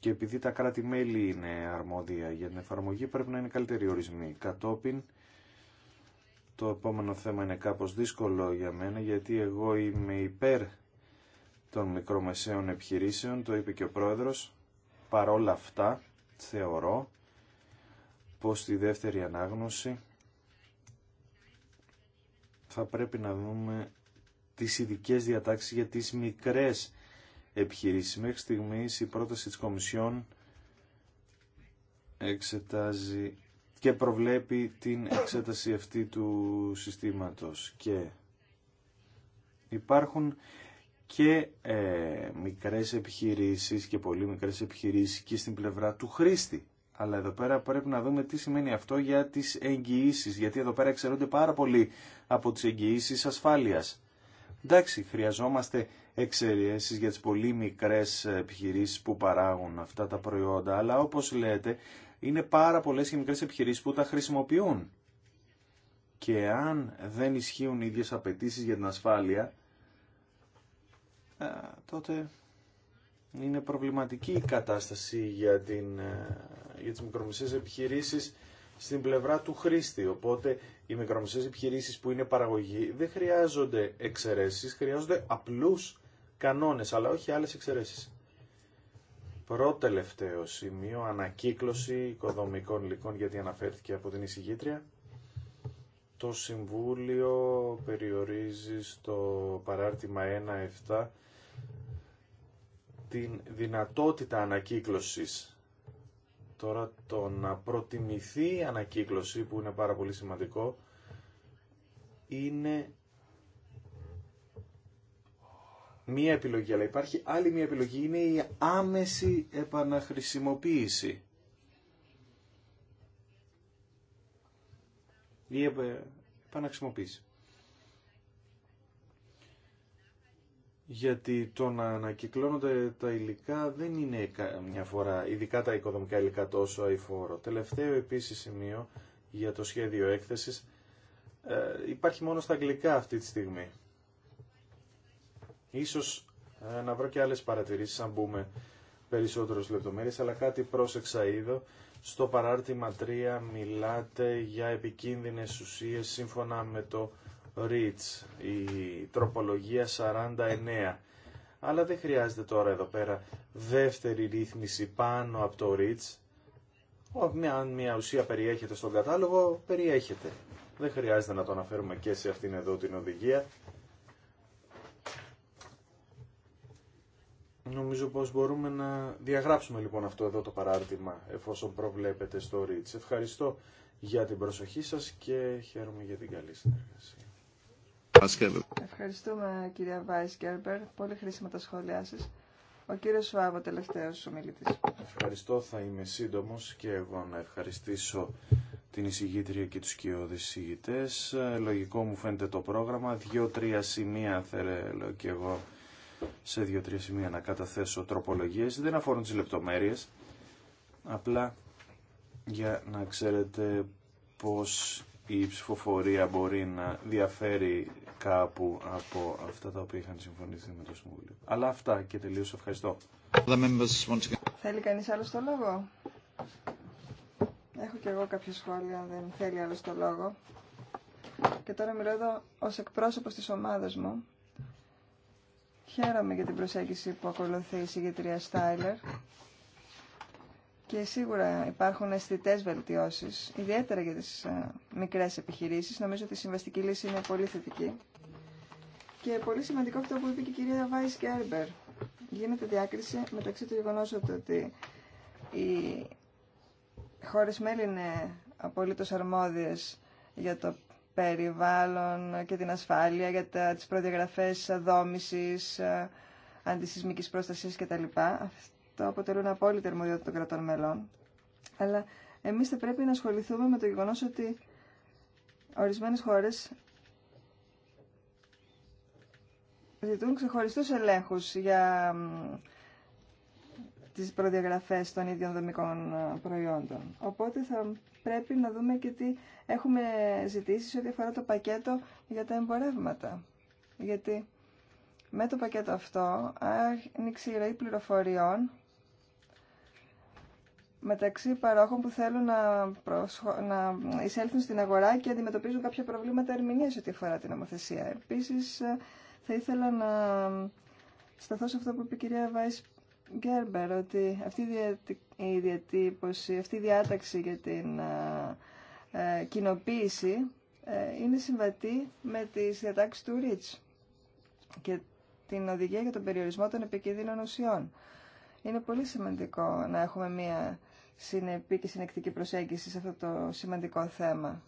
Και επειδή τα κράτη-μέλη είναι αρμόδια για την εφαρμογή, πρέπει να είναι καλύτεροι ορισμοί. Κατόπιν, το επόμενο θέμα είναι κάπως δύσκολο για μένα γιατί εγώ είμαι υπέρ των μικρομεσαίων επιχειρήσεων, το είπε και ο πρόεδρος. Παρόλα αυτά θεωρώ πως στη δεύτερη ανάγνωση θα πρέπει να δούμε τις ειδικέ διατάξεις για τις μικρές επιχειρήσεις. Μέχρι στιγμής η πρόταση της Κομισιόν εξετάζει και προβλέπει την εξέταση αυτή του συστήματος και υπάρχουν και ε, μικρές επιχειρήσεις και πολύ μικρές επιχειρήσεις και στην πλευρά του χρήστη. Αλλά εδώ πέρα πρέπει να δούμε τι σημαίνει αυτό για τις εγγυήσεις, γιατί εδώ πέρα εξαιρούνται πάρα πολύ από τις εγγυήσεις ασφάλειας. Εντάξει, χρειαζόμαστε εξαιρέσει για τις πολύ μικρές επιχειρήσεις που παράγουν αυτά τα προϊόντα, αλλά όπως λέτε είναι πάρα πολλές και μικρές επιχειρήσεις που τα χρησιμοποιούν. Και αν δεν ισχύουν οι ίδιες απαιτήσει για την ασφάλεια, ε, τότε είναι προβληματική η κατάσταση για, την, ε, για τις μικρομεσαίες επιχειρήσεις στην πλευρά του χρήστη. Οπότε οι μικρομεσαίες επιχειρήσεις που είναι παραγωγή δεν χρειάζονται εξαιρέσεις, χρειάζονται απλούς κανόνες, αλλά όχι άλλες εξαιρέσεις προτελευταίο σημείο, ανακύκλωση οικοδομικών υλικών, γιατί αναφέρθηκε από την εισηγήτρια. Το Συμβούλιο περιορίζει στο παράρτημα 1.7 την δυνατότητα ανακύκλωσης. Τώρα το να προτιμηθεί η ανακύκλωση, που είναι πάρα πολύ σημαντικό, είναι μία επιλογή, αλλά υπάρχει άλλη μία επιλογή, είναι η άμεση επαναχρησιμοποίηση. Η επαναχρησιμοποίηση. Γιατί το να ανακυκλώνονται τα υλικά δεν είναι μια φορά, ειδικά τα οικοδομικά υλικά τόσο αηφόρο. Τελευταίο επίσης σημείο για το σχέδιο έκθεσης, ε, υπάρχει μόνο στα αγγλικά αυτή τη στιγμή. Ίσως ε, να βρω και άλλες παρατηρήσεις αν μπούμε περισσότερες λεπτομέρειες, αλλά κάτι πρόσεξα είδω. Στο παράρτημα 3 μιλάτε για επικίνδυνες ουσίες σύμφωνα με το REACH, η τροπολογία 49. Αλλά δεν χρειάζεται τώρα εδώ πέρα δεύτερη ρύθμιση πάνω από το REACH. Αν μια ουσία περιέχεται στον κατάλογο, περιέχεται. Δεν χρειάζεται να το αναφέρουμε και σε αυτήν εδώ την οδηγία. Νομίζω πως μπορούμε να διαγράψουμε λοιπόν αυτό εδώ το παράρτημα εφόσον προβλέπετε στο ΡΙΤΣ. Ευχαριστώ για την προσοχή σας και χαίρομαι για την καλή συνεργασία. Ευχαριστούμε κυρία Βάις Γκέρμπερ. Πολύ χρήσιμα τα σχόλιά σας. Ο κύριος Σουάβο, τελευταίος ομιλητής. Ευχαριστώ, θα είμαι σύντομος και εγώ να ευχαριστήσω την εισηγήτρια και τους κοιόδης εισηγητές. Λογικό μου φαίνεται το πρόγραμμα. Δύο-τρία σημεία θέλω και εγώ σε δύο-τρία σημεία να καταθέσω τροπολογίες. Δεν αφορούν τις λεπτομέρειες, απλά για να ξέρετε πώς η ψηφοφορία μπορεί να διαφέρει κάπου από αυτά τα οποία είχαν συμφωνηθεί με το Συμβούλιο. Αλλά αυτά και τελείως ευχαριστώ. Θέλει κανείς άλλο το λόγο? Έχω και εγώ κάποια σχόλια, δεν θέλει άλλο το λόγο. Και τώρα μιλώ εδώ ως εκπρόσωπος της ομάδας μου Χαίρομαι για την προσέγγιση που ακολουθεί η συγκεκριά Στάιλερ και σίγουρα υπάρχουν αισθητέ βελτιώσει, ιδιαίτερα για τι ε, μικρέ επιχειρήσει. Νομίζω ότι η συμβαστική λύση είναι πολύ θετική. Και πολύ σημαντικό αυτό που είπε και η κυρία Βάι Κέρμπερ. Γίνεται διάκριση μεταξύ του γεγονό ότι οι χώρε μέλη είναι απολύτω αρμόδιε για το περιβάλλον και την ασφάλεια, για τα, τις προδιαγραφές δόμησης, ε, αντισυσμικής προστασίας κτλ. Αυτό αποτελούν απόλυτη αρμοδιότητα των κρατών μελών. Αλλά εμείς θα πρέπει να ασχοληθούμε με το γεγονός ότι ορισμένες χώρες ζητούν ξεχωριστούς ελέγχους για τις προδιαγραφές των ίδιων δομικών ε, προϊόντων. Οπότε θα πρέπει να δούμε και τι έχουμε ζητήσει σε ό,τι αφορά το πακέτο για τα εμπορεύματα. Γιατί με το πακέτο αυτό άνοιξε η ροή πληροφοριών μεταξύ παρόχων που θέλουν να, προσχω... εισέλθουν στην αγορά και αντιμετωπίζουν κάποια προβλήματα ερμηνείας ό,τι αφορά την νομοθεσία. Επίσης, ε, θα ήθελα να σταθώ σε αυτό που είπε η κυρία Βάης Γκέρμπερ ότι αυτή η διατύπωση, αυτή η διάταξη για την ε, ε κοινοποίηση ε, είναι συμβατή με τις διατάξεις του ΡΙΤΣ και την οδηγία για τον περιορισμό των επικίνδυνων ουσιών. Είναι πολύ σημαντικό να έχουμε μία συνεπή και συνεκτική προσέγγιση σε αυτό το σημαντικό θέμα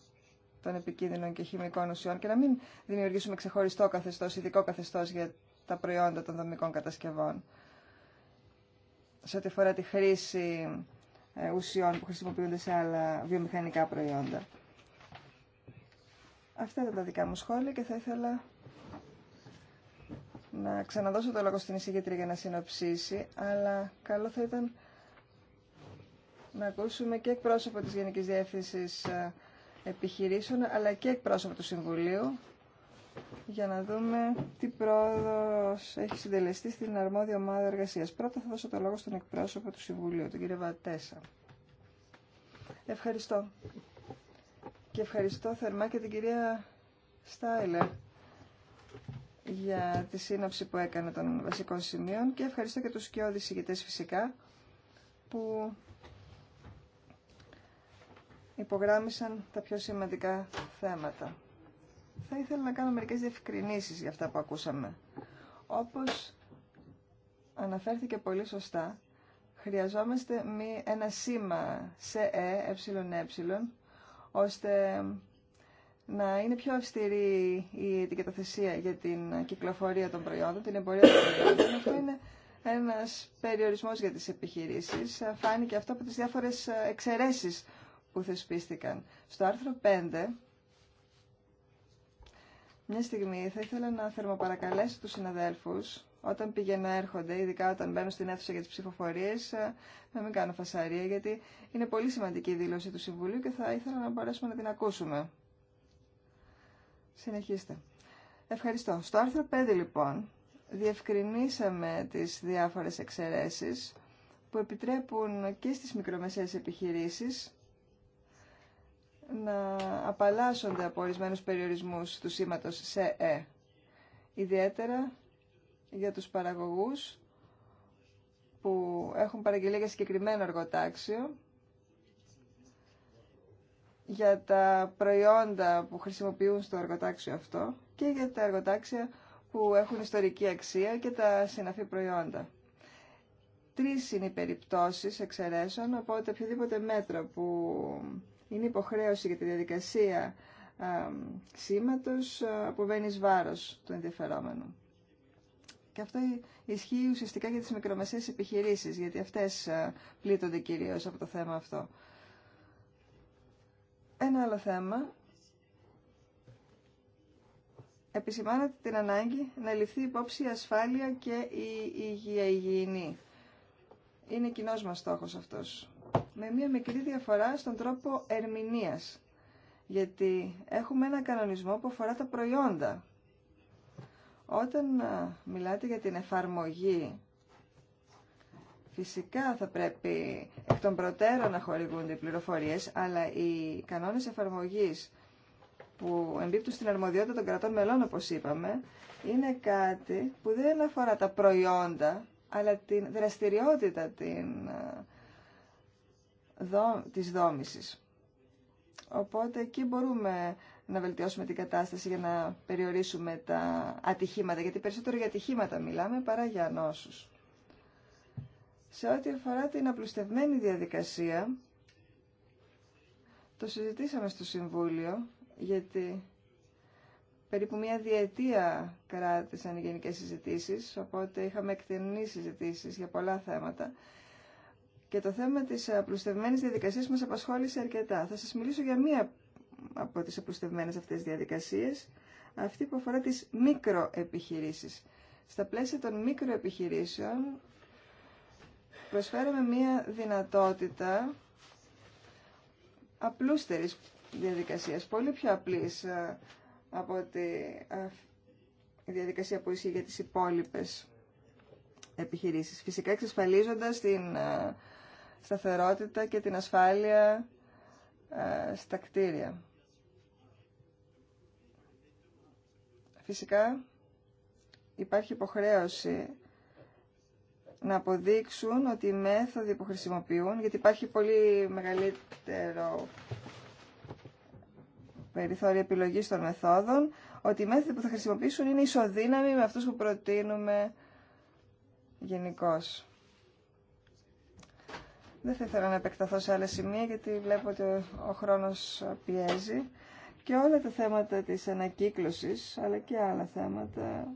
των επικίνδυνων και χημικών ουσιών και να μην δημιουργήσουμε ξεχωριστό καθεστώς, ειδικό καθεστώς για τα προϊόντα των δομικών κατασκευών σε ό,τι αφορά τη χρήση ε, ουσιών που χρησιμοποιούνται σε άλλα βιομηχανικά προϊόντα. Αυτά ήταν τα δικά μου σχόλια και θα ήθελα να ξαναδώσω το λόγο στην εισηγήτρια για να συνοψίσει, αλλά καλό θα ήταν να ακούσουμε και εκπρόσωπο της Γενικής Διεύθυνσης ε, Επιχειρήσεων, αλλά και εκπρόσωπο του Συμβουλίου, για να δούμε τι πρόοδο έχει συντελεστεί στην αρμόδια ομάδα εργασία. Πρώτα θα δώσω το λόγο στον εκπρόσωπο του Συμβουλίου, τον κύριο Βατέσα. Ευχαριστώ. Και ευχαριστώ θερμά και την κυρία Στάιλερ για τη σύνοψη που έκανε των βασικών σημείων και ευχαριστώ και τους σκιώδης ηγητές φυσικά που υπογράμμισαν τα πιο σημαντικά θέματα. Θα ήθελα να κάνω μερικές διευκρινήσεις για αυτά που ακούσαμε. Όπως αναφέρθηκε πολύ σωστά, χρειαζόμαστε μη, ένα σήμα σε ε, ε, ώστε να είναι πιο αυστηρή η ετικετοθεσία για την κυκλοφορία των προϊόντων, την εμπορία των προϊόντων. Αυτό είναι ένας περιορισμός για τις επιχειρήσεις. Φάνηκε αυτό από τις διάφορες εξαιρέσεις που θεσπίστηκαν. Στο άρθρο 5 μια στιγμή θα ήθελα να θερμοπαρακαλέσω τους συναδέλφους όταν πηγαίνουν έρχονται, ειδικά όταν μπαίνουν στην αίθουσα για τις ψηφοφορίες, ε, να μην κάνω φασαρία, γιατί είναι πολύ σημαντική η δήλωση του Συμβουλίου και θα ήθελα να μπορέσουμε να την ακούσουμε. Συνεχίστε. Ευχαριστώ. Στο άρθρο 5, λοιπόν, διευκρινίσαμε τις διάφορες εξαιρέσεις που επιτρέπουν και στις μικρομεσαίες επιχειρήσεις να απαλλάσσονται από ορισμένου περιορισμούς του σήματο σε ε. Ιδιαίτερα για τους παραγωγούς που έχουν παραγγελία για συγκεκριμένο εργοτάξιο, για τα προϊόντα που χρησιμοποιούν στο εργοτάξιο αυτό και για τα εργοτάξια που έχουν ιστορική αξία και τα συναφή προϊόντα. Τρεις είναι οι περιπτώσεις εξαιρέσεων, οπότε οποιοδήποτε μέτρο που είναι υποχρέωση για τη διαδικασία σήματος βαίνεις βάρος του ενδιαφερόμενου. Και αυτό ισχύει ουσιαστικά για τις μικρομεσαίες επιχειρήσεις, γιατί αυτές πλήττονται κυρίως από το θέμα αυτό. Ένα άλλο θέμα. Επισημάνεται την ανάγκη να ληφθεί υπόψη η ασφάλεια και η υγεία υγιεινή. Είναι κοινό μας στόχος αυτός με μια μικρή διαφορά στον τρόπο ερμηνείας. Γιατί έχουμε ένα κανονισμό που αφορά τα προϊόντα. Όταν ε, μιλάτε για την εφαρμογή, φυσικά θα πρέπει εκ των προτέρων να χορηγούνται οι πληροφορίες, αλλά οι κανόνες εφαρμογής που εμπίπτουν στην αρμοδιότητα των κρατών μελών, όπως είπαμε, είναι κάτι που δεν αφορά τα προϊόντα, αλλά την δραστηριότητα την ε, της δόμησης. Οπότε εκεί μπορούμε να βελτιώσουμε την κατάσταση για να περιορίσουμε τα ατυχήματα, γιατί περισσότερο για ατυχήματα μιλάμε παρά για νόσους. Σε ό,τι αφορά την απλουστευμένη διαδικασία, το συζητήσαμε στο Συμβούλιο, γιατί περίπου μία διετία κράτησαν οι γενικές συζητήσεις, οπότε είχαμε εκτενείς συζητήσεις για πολλά θέματα και το θέμα της απλουστευμένης διαδικασίας μας απασχόλησε αρκετά. Θα σας μιλήσω για μία από τις απλουστευμένες αυτές διαδικασίες, αυτή που αφορά τις μικροεπιχειρήσεις. Στα πλαίσια των μικροεπιχειρήσεων προσφέραμε μία δυνατότητα απλούστερης διαδικασίας, πολύ πιο απλής ε, από τη διαδικασία που ισχύει για τις υπόλοιπες επιχειρήσεις. Φυσικά εξασφαλίζοντας την ε, σταθερότητα και την ασφάλεια ε, στα κτίρια. Φυσικά υπάρχει υποχρέωση να αποδείξουν ότι οι μέθοδοι που χρησιμοποιούν, γιατί υπάρχει πολύ μεγαλύτερο περιθώριο επιλογής των μεθόδων, ότι οι μέθοδοι που θα χρησιμοποιήσουν είναι ισοδύναμοι με αυτούς που προτείνουμε γενικώς. Δεν θα ήθελα να επεκταθώ σε άλλα σημεία γιατί βλέπω ότι ο χρόνος πιέζει και όλα τα θέματα της ανακύκλωσης αλλά και άλλα θέματα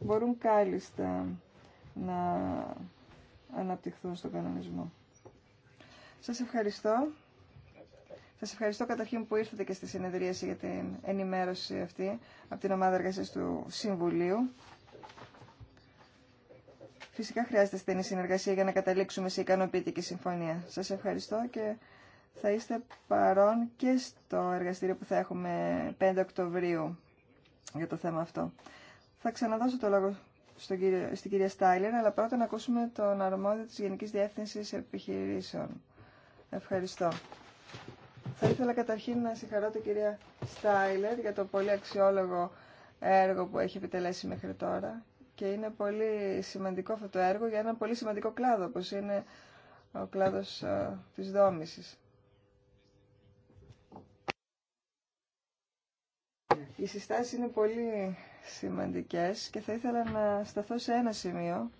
μπορούν κάλλιστα να αναπτυχθούν στον κανονισμό. Σας ευχαριστώ. Σας ευχαριστώ καταρχήν που ήρθατε και στη συνεδρίαση για την ενημέρωση αυτή από την ομάδα εργασίας του Συμβουλίου. Φυσικά χρειάζεται στενή συνεργασία για να καταλήξουμε σε ικανοποιητική συμφωνία. Σας ευχαριστώ και θα είστε παρόν και στο εργαστήριο που θα έχουμε 5 Οκτωβρίου για το θέμα αυτό. Θα ξαναδώσω το λόγο κύριο, στην κυρία Στάιλερ, αλλά πρώτα να ακούσουμε τον αρμόδιο της Γενικής Διεύθυνσης Επιχειρήσεων. Ευχαριστώ. Θα ήθελα καταρχήν να συγχαρώ την κυρία Στάιλερ για το πολύ αξιόλογο έργο που έχει επιτελέσει μέχρι τώρα και είναι πολύ σημαντικό αυτό το έργο για ένα πολύ σημαντικό κλάδο, όπως είναι ο κλάδος της δόμησης. Οι συστάσεις είναι πολύ σημαντικές και θα ήθελα να σταθώ σε ένα σημείο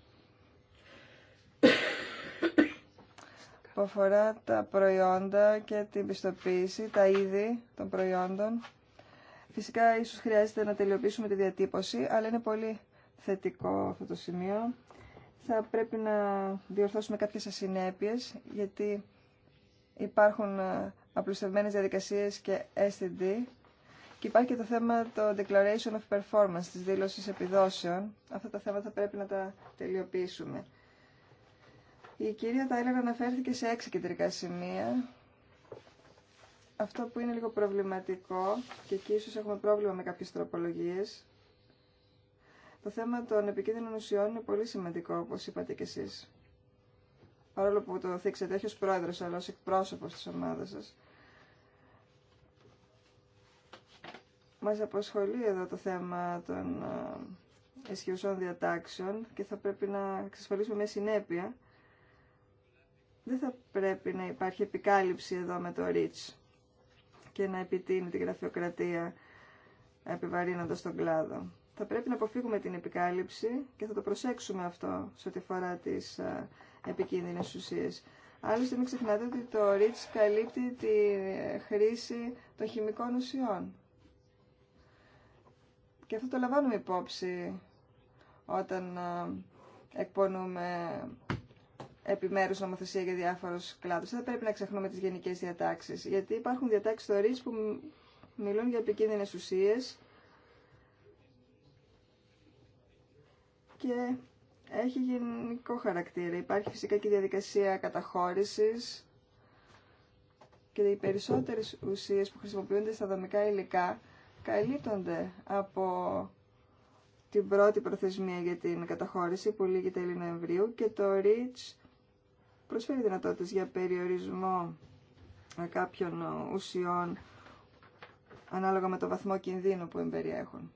που αφορά τα προϊόντα και την πιστοποίηση, τα είδη των προϊόντων. Φυσικά ίσως χρειάζεται να τελειοποιήσουμε τη διατύπωση, αλλά είναι πολύ θετικό αυτό το σημείο. Θα πρέπει να διορθώσουμε κάποιες ασυνέπειες, γιατί υπάρχουν ε, απλουστευμένες διαδικασίες και STD και υπάρχει και το θέμα το Declaration of Performance, της δήλωσης επιδόσεων. Αυτά τα θέματα πρέπει να τα τελειοποιήσουμε. Η κυρία Τάιλερ αναφέρθηκε σε έξι κεντρικά σημεία. Αυτό που είναι λίγο προβληματικό και εκεί ίσως έχουμε πρόβλημα με κάποιες τροπολογίες το θέμα των επικίνδυνων ουσιών είναι πολύ σημαντικό, όπως είπατε κι εσείς. Παρόλο που το θίξετε όχι ως πρόεδρος, αλλά ω εκπρόσωπο της ομάδας σας. Μας απασχολεί εδώ το θέμα των ε, ισχυρών διατάξεων και θα πρέπει να εξασφαλίσουμε μια συνέπεια. Δεν θα πρέπει να υπάρχει επικάλυψη εδώ με το REACH και να επιτείνει τη γραφειοκρατία επιβαρύνοντας τον κλάδο. Θα πρέπει να αποφύγουμε την επικάλυψη και θα το προσέξουμε αυτό σε ό,τι αφορά τι επικίνδυνε ουσίες. Άλλωστε μην ξεχνάτε ότι το REACH καλύπτει τη χρήση των χημικών ουσιών. Και αυτό το λαμβάνουμε υπόψη όταν εκπονούμε επιμέρους νομοθεσία για διάφορους κλάδους. Δεν πρέπει να ξεχνούμε τις γενικές διατάξεις, γιατί υπάρχουν διατάξεις στο REACH που μιλούν για επικίνδυνες ουσίες και έχει γενικό χαρακτήρα. Υπάρχει φυσικά και διαδικασία καταχώρησης και οι περισσότερες ουσίες που χρησιμοποιούνται στα δομικά υλικά καλύπτονται από την πρώτη προθεσμία για την καταχώρηση που λύγει τέλη Νοεμβρίου και το REACH προσφέρει δυνατότητες για περιορισμό κάποιων ουσιών ανάλογα με το βαθμό κινδύνου που εμπεριέχουν.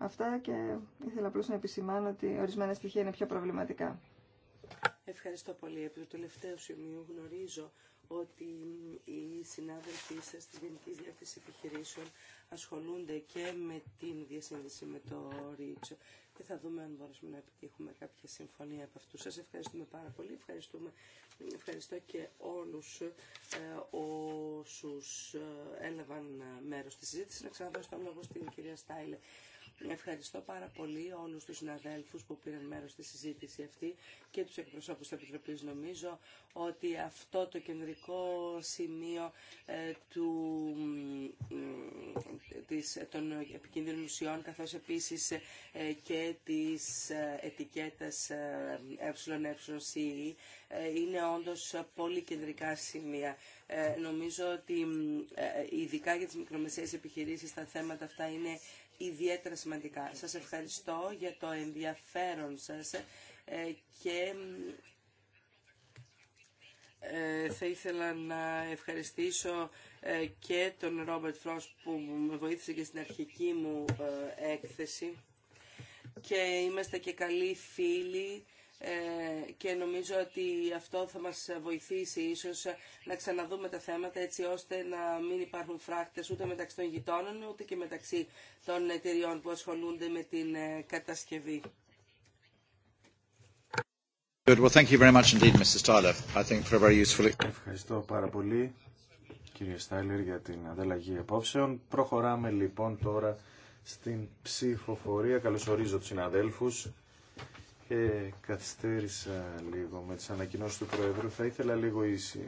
Αυτά και ήθελα απλώς να επισημάνω ότι ορισμένα στοιχεία είναι πιο προβληματικά. Ευχαριστώ πολύ. Επί του τελευταίου σημείου γνωρίζω ότι οι συνάδελφοί σας της Γενικής Διεύθυνσης Επιχειρήσεων ασχολούνται και με την διασύνδεση με το ρίτσο και θα δούμε αν μπορούμε να επιτύχουμε κάποια συμφωνία από αυτού. Σας ευχαριστούμε πάρα πολύ. Ευχαριστούμε, ευχαριστώ και όλους ε, όσους ε, έλαβαν μέρος στη συζήτηση. Να ξαναδώσω τον λόγο στην κυρία Στάιλε Ευχαριστώ πάρα πολύ όλους τους συναδέλφους που πήραν μέρος στη συζήτηση αυτή και τους εκπροσώπους της Επιτροπής. Νομίζω ότι αυτό το κεντρικό σημείο ε, του, της, των επικίνδυνων ουσιών καθώς επίσης ε, και της ε, ετικέτας Ε είναι όντως πολύ κεντρικά σημεία. Νομίζω ότι ειδικά για τις μικρομεσαίες επιχειρήσεις τα θέματα αυτά είναι ιδιαίτερα σημαντικά. Σας ευχαριστώ για το ενδιαφέρον σας ε, και ε, θα ήθελα να ευχαριστήσω ε, και τον Ρόμπερτ Φρός που με βοήθησε και στην αρχική μου έκθεση και είμαστε και καλοί φίλοι ε, και νομίζω ότι αυτό θα μας βοηθήσει ίσως να ξαναδούμε τα θέματα έτσι ώστε να μην υπάρχουν φράκτες ούτε μεταξύ των γειτόνων ούτε και μεταξύ των εταιριών που ασχολούνται με την κατασκευή. Ευχαριστώ πάρα πολύ κύριε Στάιλερ για την ανταλλαγή απόψεων. Προχωράμε λοιπόν τώρα στην ψηφοφορία. Καλωσορίζω τους συναδέλφους και καθυστέρησα λίγο με τις ανακοινώσεις του Προεδρού. Θα ήθελα λίγο ίση,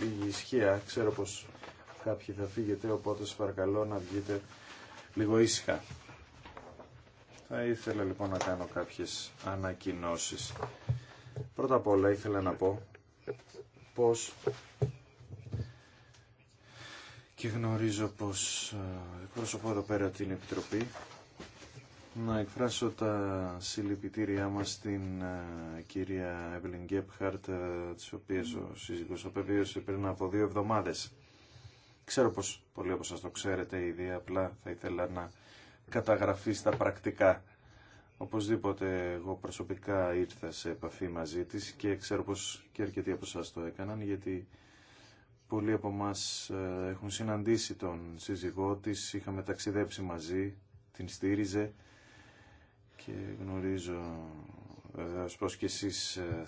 λίγη ισχύα. Ξέρω πως κάποιοι θα φύγετε, οπότε σας παρακαλώ να βγείτε λίγο ήσυχα. Θα ήθελα λοιπόν να κάνω κάποιες ανακοινώσεις. Πρώτα απ' όλα ήθελα να πω πως και γνωρίζω πως ε, εκπροσωπώ εδώ πέρα την Επιτροπή να εκφράσω τα συλληπιτήριά μας στην ε, κυρία Εύλιν Γκέπχαρτ, uh, της ο σύζυγος απεβίωσε πριν από δύο εβδομάδες. Ξέρω πως πολλοί από σας το ξέρετε ήδη, απλά θα ήθελα να καταγραφεί στα πρακτικά. Οπωσδήποτε εγώ προσωπικά ήρθα σε επαφή μαζί της και ξέρω πως και αρκετοί από σας το έκαναν, γιατί πολλοί από μας ε, έχουν συναντήσει τον σύζυγό της, είχαμε ταξιδέψει μαζί, την στήριζε και γνωρίζω βεβαίως πως και εσείς ε,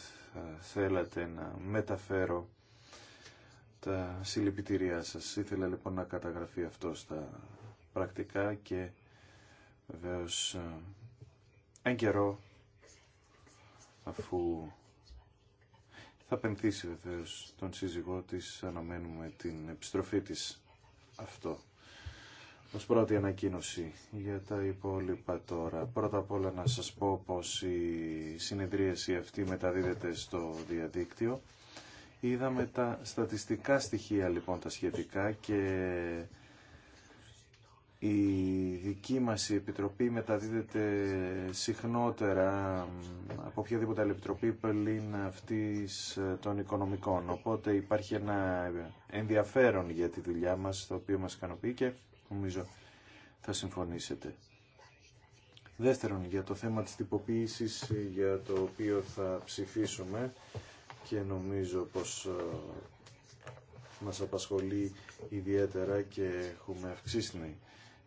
θέλατε να μεταφέρω τα συλληπιτήριά σας. Ήθελα λοιπόν να καταγραφεί αυτό στα πρακτικά και βεβαίως ε, εν καιρό αφού θα πενθήσει βεβαίως τον σύζυγό της αναμένουμε την επιστροφή της αυτό ως πρώτη ανακοίνωση για τα υπόλοιπα τώρα. Πρώτα απ' όλα να σας πω πως η συνεδρίαση αυτή μεταδίδεται στο διαδίκτυο. Είδαμε τα στατιστικά στοιχεία λοιπόν τα σχετικά και η δική μας επιτροπή μεταδίδεται συχνότερα από οποιαδήποτε άλλη επιτροπή πλην αυτής των οικονομικών. Οπότε υπάρχει ένα ενδιαφέρον για τη δουλειά μας, το οποίο μας ικανοποιεί και Νομίζω θα συμφωνήσετε. Δεύτερον, για το θέμα της τυποποίησης για το οποίο θα ψηφίσουμε και νομίζω πως ε, μας απασχολεί ιδιαίτερα και έχουμε αυξήσει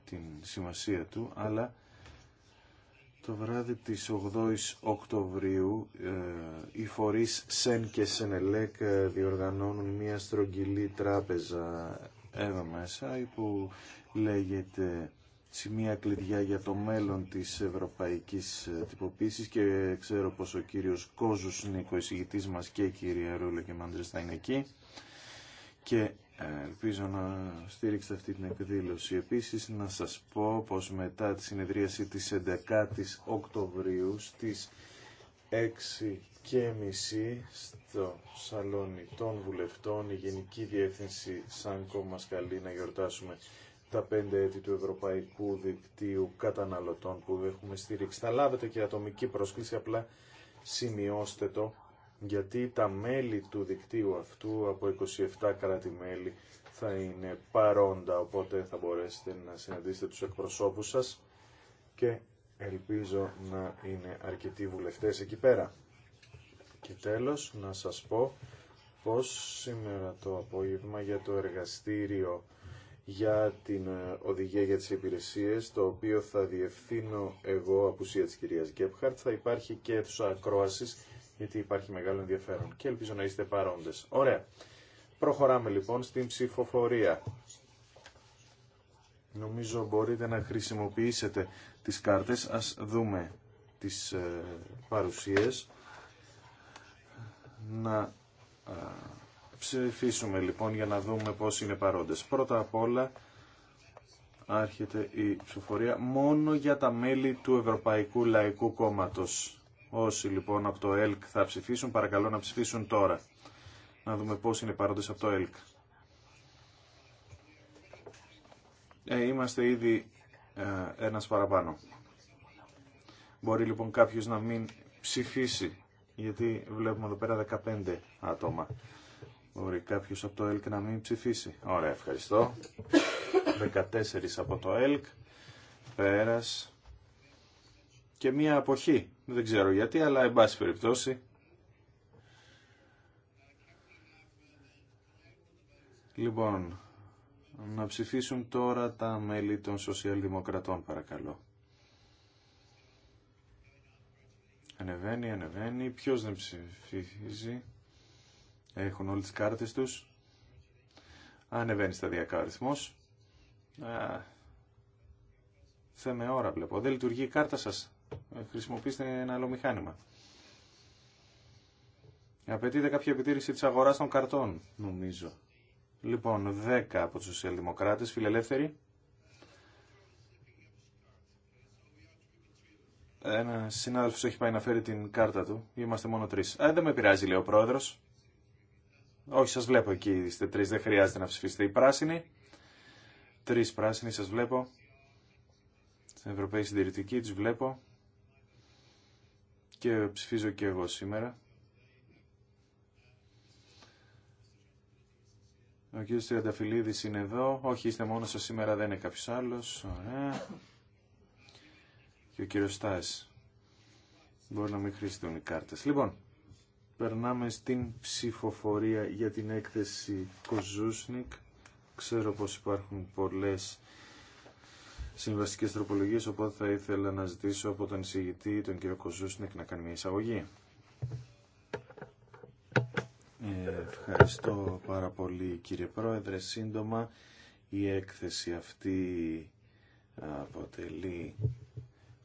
την σημασία του, αλλά το βράδυ της 8ης Οκτωβρίου ε, οι φορείς ΣΕΝ και ΣΕΝΕΛΕΚ ε, διοργανώνουν μια στρογγυλή τράπεζα εδώ μέσα όπου λέγεται σημεία κλειδιά για το μέλλον της ευρωπαϊκής τυποποίησης και ξέρω πως ο κύριος Κόζους είναι ο μας και η κυρία Ρούλα και Μαντρε θα είναι εκεί και ε, ελπίζω να στήριξετε αυτή την εκδήλωση. Επίσης να σας πω πως μετά τη συνεδρίαση της 11ης Οκτωβρίου στις 6 και στο σαλόνι των βουλευτών η Γενική Διεύθυνση σαν μας καλεί να γιορτάσουμε τα πέντε έτη του Ευρωπαϊκού Δικτύου Καταναλωτών που έχουμε στηρίξει. Θα λάβετε και ατομική πρόσκληση, απλά σημειώστε το, γιατί τα μέλη του δικτύου αυτού από 27 κράτη-μέλη θα είναι παρόντα, οπότε θα μπορέσετε να συναντήσετε τους εκπροσώπους σας και ελπίζω να είναι αρκετοί βουλευτές εκεί πέρα. Και τέλος να σας πω πως σήμερα το απόγευμα για το εργαστήριο για την ε, οδηγία για τις υπηρεσίες, το οποίο θα διευθύνω εγώ, απουσία της κυρίας Γκέπχαρτ. Θα υπάρχει και αίθουσα ακρόασης, γιατί υπάρχει μεγάλο ενδιαφέρον και ελπίζω να είστε παρόντες. Ωραία. Προχωράμε λοιπόν στην ψηφοφορία. Νομίζω μπορείτε να χρησιμοποιήσετε τις κάρτες. Ας δούμε τις ε, παρουσίες. Να ψηφίσουμε λοιπόν για να δούμε πώς είναι παρόντες. Πρώτα απ' όλα άρχεται η ψηφοφορία μόνο για τα μέλη του Ευρωπαϊκού Λαϊκού Κόμματος. Όσοι λοιπόν από το ΕΛΚ θα ψηφίσουν, παρακαλώ να ψηφίσουν τώρα. Να δούμε πώς είναι παρόντες από το ΕΛΚ. Ε, είμαστε ήδη ε, ένας παραπάνω. Μπορεί λοιπόν κάποιος να μην ψηφίσει, γιατί βλέπουμε εδώ πέρα 15 άτομα. Μπορεί έλκ να μην ψηφίσει. από το ΕΛΚ να μην ψηφίσει. Ωραία, ευχαριστώ. 14 από το ΕΛΚ. Πέρας. Και μία αποχή. Δεν ξέρω γιατί, αλλά εν πάση περιπτώσει. Λοιπόν, να ψηφίσουν τώρα τα μέλη των Σοσιαλδημοκρατών, παρακαλώ. Ανεβαίνει, ανεβαίνει. Ποιος δεν ψηφίζει. Έχουν όλες τις κάρτες τους. Ανεβαίνει σταδιακά ο αριθμός. Θέμε ώρα βλέπω. Δεν λειτουργεί η κάρτα σας. Ε, χρησιμοποιήστε ένα άλλο μηχάνημα. Απαιτείται κάποια επιτήρηση της αγοράς των καρτών, νομίζω. Λοιπόν, 10 από τους σοσιαλδημοκράτες, φιλελεύθεροι. Ένα συνάδελφο έχει πάει να φέρει την κάρτα του. Είμαστε μόνο τρει. δεν με πειράζει, λέει ο πρόεδρο. Όχι, σας βλέπω εκεί, είστε τρεις, δεν χρειάζεται να ψηφίσετε οι πράσινοι. Τρεις πράσινοι σας βλέπω. Στην Ευρωπαϊκή Συντηρητική τους βλέπω. Και ψηφίζω και εγώ σήμερα. Ο κύριος Τριανταφυλλίδη είναι εδώ. Όχι, είστε μόνος σας σήμερα, δεν είναι κάποιος άλλος. Ωραία. Και ο κύριος Στάς. Μπορεί να μην χρειαστούν οι κάρτες. Λοιπόν, περνάμε στην ψηφοφορία για την έκθεση Κοζούσνικ. Ξέρω πως υπάρχουν πολλές συμβαστικές τροπολογίες, οπότε θα ήθελα να ζητήσω από τον εισηγητή, τον κύριο Κοζούσνικ, να κάνει μια εισαγωγή. Ε, ευχαριστώ πάρα πολύ κύριε Πρόεδρε. Σύντομα η έκθεση αυτή αποτελεί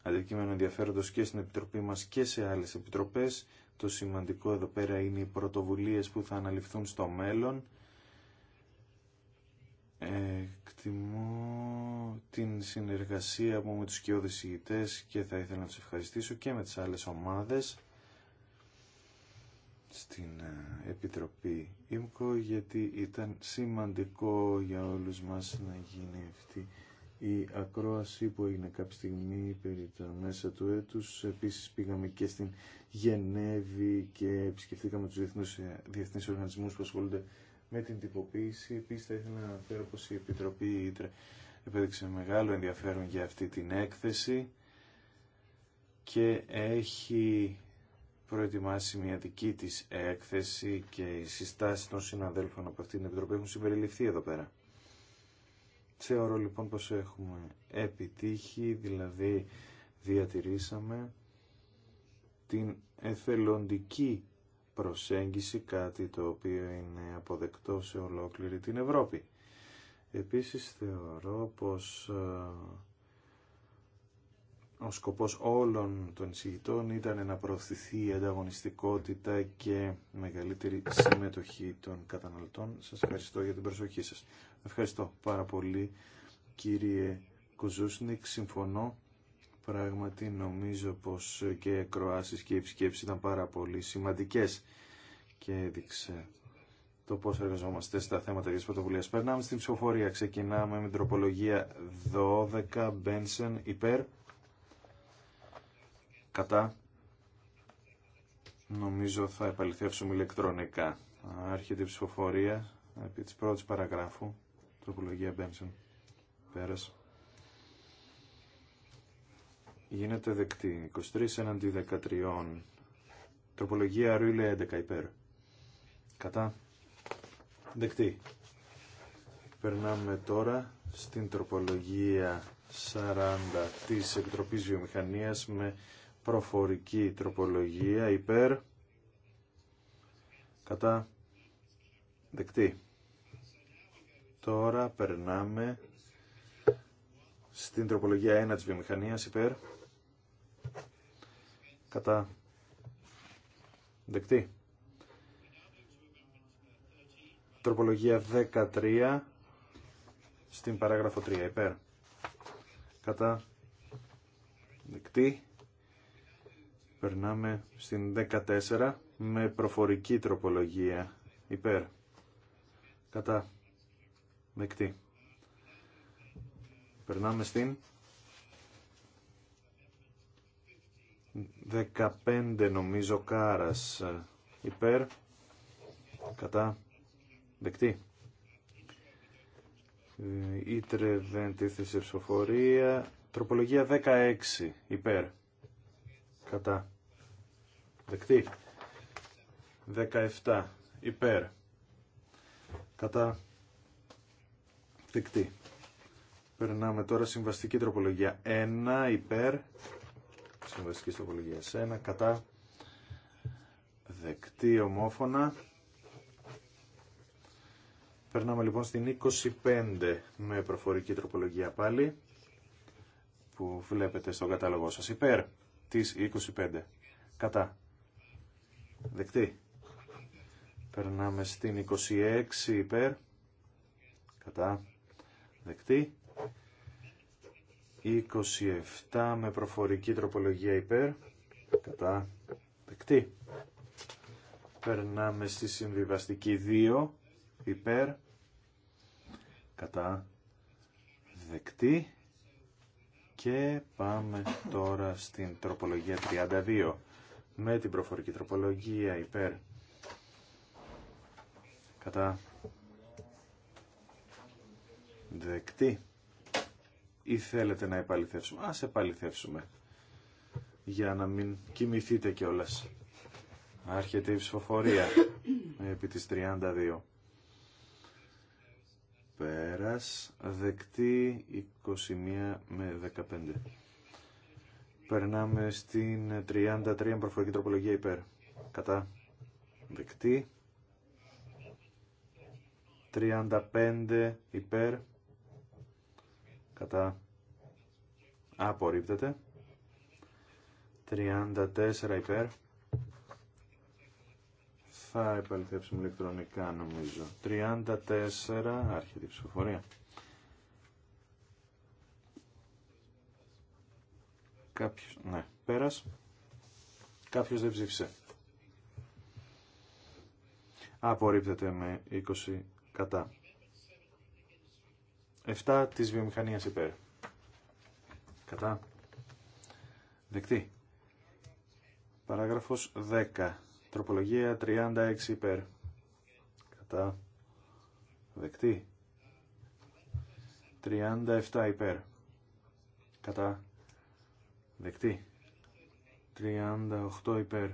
αντικείμενο ενδιαφέροντος και στην Επιτροπή μας και σε άλλες επιτροπές. Το σημαντικό εδώ πέρα είναι οι πρωτοβουλίες που θα αναλυφθούν στο μέλλον. Εκτιμώ την συνεργασία μου με τους κοιόδες και θα ήθελα να τους ευχαριστήσω και με τις άλλες ομάδες στην ε, Επιτροπή ΙΜΚΟ γιατί ήταν σημαντικό για όλους μας να γίνει αυτή η ακρόαση που έγινε κάποια στιγμή περί τα μέσα του έτους. Επίσης πήγαμε και στην Γενέβη και επισκεφτήκαμε τους διεθνούς, ε, διεθνείς οργανισμούς που ασχολούνται με την τυποποίηση. Επίσης θα ήθελα να αναφέρω πως η Επιτροπή Ήτρε επέδειξε μεγάλο ενδιαφέρον για αυτή την έκθεση και έχει προετοιμάσει μια δική της έκθεση και οι συστάσεις των συναδέλφων από αυτή την Επιτροπή έχουν συμπεριληφθεί εδώ πέρα. Θεωρώ λοιπόν πως έχουμε επιτύχει, δηλαδή διατηρήσαμε την εθελοντική προσέγγιση, κάτι το οποίο είναι αποδεκτό σε ολόκληρη την Ευρώπη. Επίσης θεωρώ πως ε, ο σκοπός όλων των εισηγητών ήταν να προωθηθεί η ανταγωνιστικότητα και μεγαλύτερη συμμετοχή των καταναλωτών. Σας ευχαριστώ για την προσοχή σας. Ευχαριστώ πάρα πολύ κύριε Κοζούσνικ. Συμφωνώ. Πράγματι νομίζω πως και οι Κροάσεις και οι επισκέψεις ήταν πάρα πολύ σημαντικές και έδειξε το πώς εργαζόμαστε στα θέματα της πρωτοβουλία. Περνάμε στην ψηφοφορία. Ξεκινάμε με τροπολογία 12, Μπένσεν, υπέρ, κατά. Νομίζω θα επαληθεύσουμε ηλεκτρονικά. Άρχεται η ψηφοφορία επί της πρώτης παραγράφου. Τροπολογία Μπένσον. Πέρας. Γίνεται δεκτή. 23 έναντι 13. Τροπολογία Ρούιλε 11 υπέρ. Κατά. Δεκτή. Περνάμε τώρα στην τροπολογία 40 της Επιτροπής Βιομηχανίας με προφορική τροπολογία υπέρ κατά δεκτή. Τώρα περνάμε στην τροπολογία 1 της βιομηχανίας υπέρ κατά δεκτή. Τροπολογία 13 στην παράγραφο 3 υπέρ κατά δεκτή. Περνάμε στην 14 με προφορική τροπολογία υπέρ κατά Δεκτή. Περνάμε στην 15 νομίζω κάρας ε, υπέρ κατά δεκτή ε, ήτρε δεν τίθεσε ψηφοφορία τροπολογία 16 υπέρ κατά δεκτή 17 υπέρ κατά Περνάμε τώρα συμβαστική τροπολογία 1 υπέρ συμβαστική τροπολογία 1 κατά δεκτή ομόφωνα. Περνάμε λοιπόν στην 25 με προφορική τροπολογία πάλι που βλέπετε στον κατάλογο σας υπέρ της 25 κατά δεκτή. Περνάμε στην 26 υπέρ κατά Δεκτή. 27 με προφορική τροπολογία υπέρ. Κατά. Δεκτή. Περνάμε στη συμβιβαστική 2 υπέρ. Κατά. Δεκτή. Και πάμε τώρα στην τροπολογία 32 με την προφορική τροπολογία υπέρ κατά Δεκτή. Ή θέλετε να επαληθεύσουμε. Ας επαληθεύσουμε. Για να μην κοιμηθείτε κιόλα. Άρχεται η ψηφοφορία επί της 32. Πέρας. Δεκτή 21 με 15. Περνάμε στην 33 προφορική τροπολογία υπέρ. Κατά. Δεκτή. 35 υπέρ κατά απορρίπτεται 34 υπέρ θα επαληθεύσουμε ηλεκτρονικά νομίζω 34 άρχεται η ψηφοφορία κάποιος ναι πέρας κάποιος δεν ψήφισε απορρίπτεται με 20 κατά 7 της βιομηχανίας υπέρ. Κατά. Δεκτή. Παράγραφος 10. Τροπολογία 36 υπέρ. Κατά. Δεκτή. 37 υπέρ. Κατά. Δεκτή. 38 υπέρ.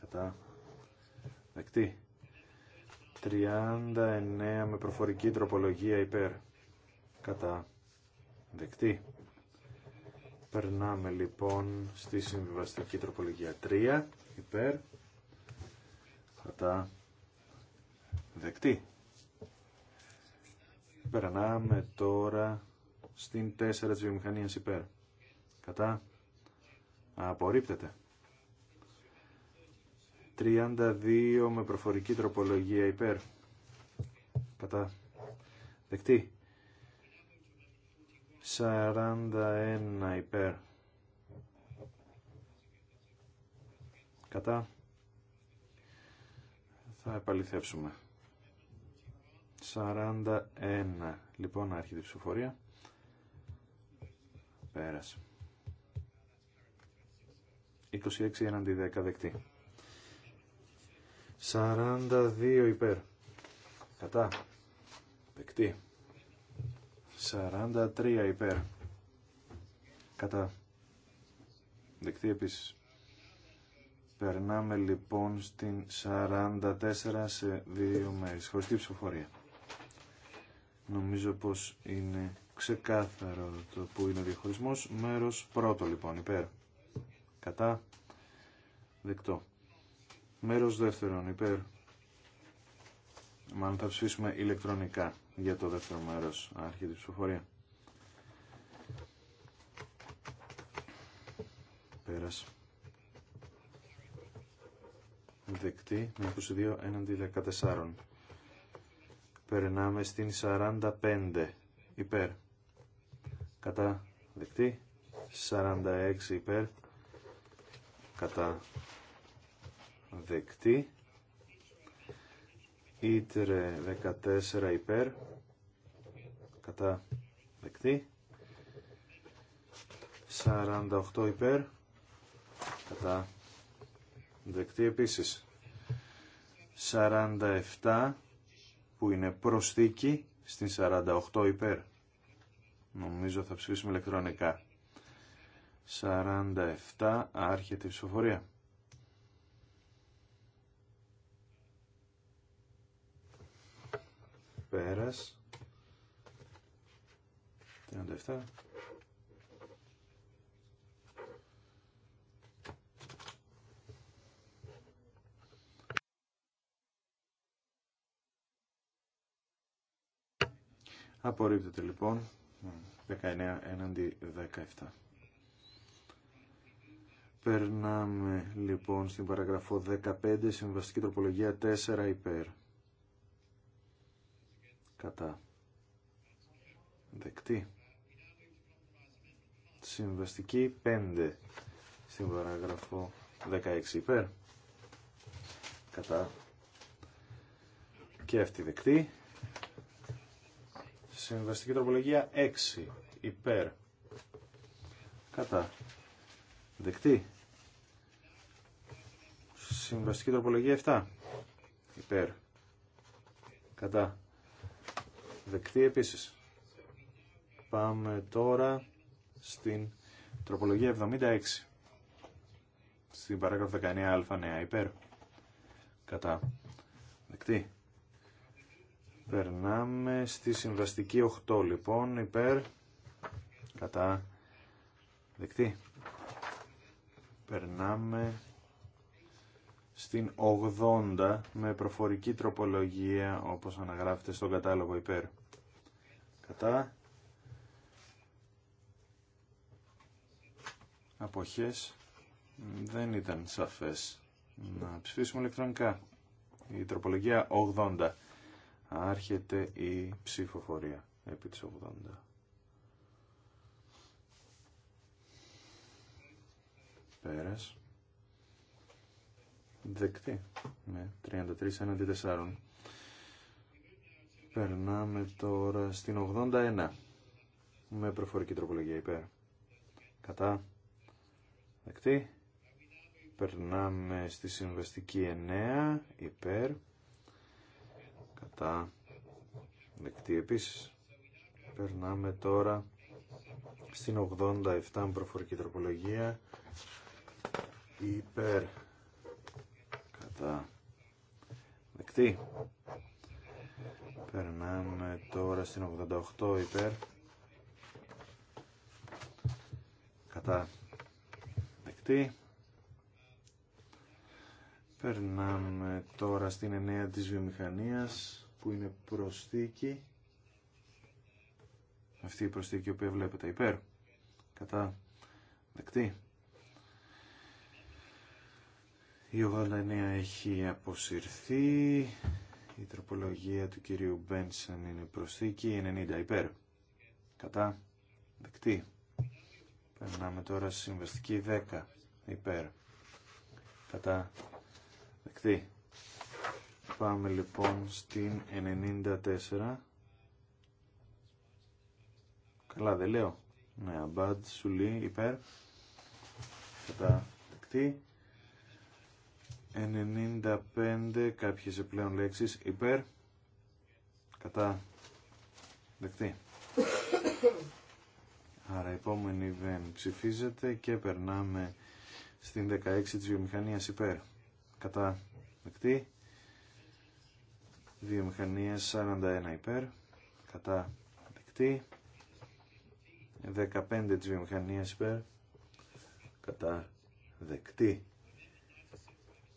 Κατά. Δεκτή. 39 με προφορική τροπολογία υπέρ. Κατά. Δεκτή. Περνάμε λοιπόν στη συμβιβαστική τροπολογία 3 υπέρ. Κατά. Δεκτή. Περνάμε τώρα στην 4 της βιομηχανίας υπέρ. Κατά. Απορρίπτεται. 32 με προφορική τροπολογία υπέρ. Κατά. Δεκτή. 41 υπέρ. Κατά. Θα επαληθεύσουμε. 41. Λοιπόν, άρχιτη η ψηφοφορία. Πέρασε. 26 έναντι 10 δεκτή. 42 υπέρ. Κατά. Δεκτή. 43 υπέρ. Κατά. Δεκτή επίσης. Περνάμε λοιπόν στην 44 σε δύο μέρες. Χωριστή ψηφοφορία. Νομίζω πως είναι ξεκάθαρο το που είναι ο διαχωρισμός. Μέρος πρώτο λοιπόν υπέρ. Κατά. Δεκτό. Μέρος δεύτερον, υπέρ. Μάλλον θα ψηφίσουμε ηλεκτρονικά για το δεύτερο μέρος. αρχή την ψηφοφορία. Πέρασε. Δεκτή με 22 έναντι 14. Περνάμε στην 45 υπέρ. Κατά δεκτή. 46 υπέρ. Κατά δεκτή. Ήτρε 14 υπέρ, κατά δεκτή. 48 υπέρ, κατά δεκτή επίσης. 47 που είναι προσθήκη στην 48 υπέρ. Νομίζω θα ψηφίσουμε ηλεκτρονικά. 47 άρχεται η ψηφοφορία. πέρας 37 Απορρίπτεται λοιπόν 19 έναντι 17. Περνάμε λοιπόν στην παραγραφό 15, συμβαστική τροπολογία 4 υπέρ κατά δεκτή συμβαστική 5 στην παράγραφο 16 υπέρ κατά και αυτή δεκτή συμβαστική τροπολογία 6 υπέρ κατά δεκτή συμβαστική τροπολογία 7 υπέρ κατά Δεκτή επίσης. Πάμε τώρα στην τροπολογία 76. Στην παράγραφο 19α νέα υπέρ. Κατά. Δεκτή. Περνάμε στη συμβαστική 8 λοιπόν υπέρ. Κατά. Δεκτή. Περνάμε στην 80 με προφορική τροπολογία όπως αναγράφεται στον κατάλογο υπέρ κατά αποχές δεν ήταν σαφές να ψηφίσουμε ηλεκτρονικά η τροπολογία 80 άρχεται η ψηφοφορία επί της 80 πέρας δεκτή με 33 έναντι 4 Περνάμε τώρα στην 81 με προφορική τροπολογία υπέρ. Κατά. Δεκτή. Περνάμε στη συμβαστική 9 υπέρ. Κατά. Δεκτή επίσης. Περνάμε τώρα στην 87 με προφορική τροπολογία υπέρ. Κατά. Δεκτή. Περνάμε τώρα στην 88 υπέρ. Κατά δεκτή. Περνάμε τώρα στην 9 της βιομηχανίας που είναι προσθήκη. Αυτή η προσθήκη που βλέπετε υπέρ. Κατά δεκτή. Η 89 έχει αποσυρθεί. Η τροπολογία του κυρίου Μπένσον είναι προσθήκη 90 υπέρ. Κατά. Δεκτή. Περνάμε τώρα στη συμβαστική 10 υπέρ. Κατά. Δεκτή. Πάμε λοιπόν στην 94. Καλά δεν λέω. Ναι, αμπάντ, σουλή, υπέρ. Κατά. Δεκτή. 95 κάποιες επιπλέον λέξεις υπέρ κατά δεκτή άρα η επόμενη δεν ψηφίζεται και περνάμε στην 16 της βιομηχανίας υπέρ κατά δεκτή Βιομηχανία 41 υπέρ κατά δεκτή 15 της βιομηχανίας υπέρ κατά δεκτή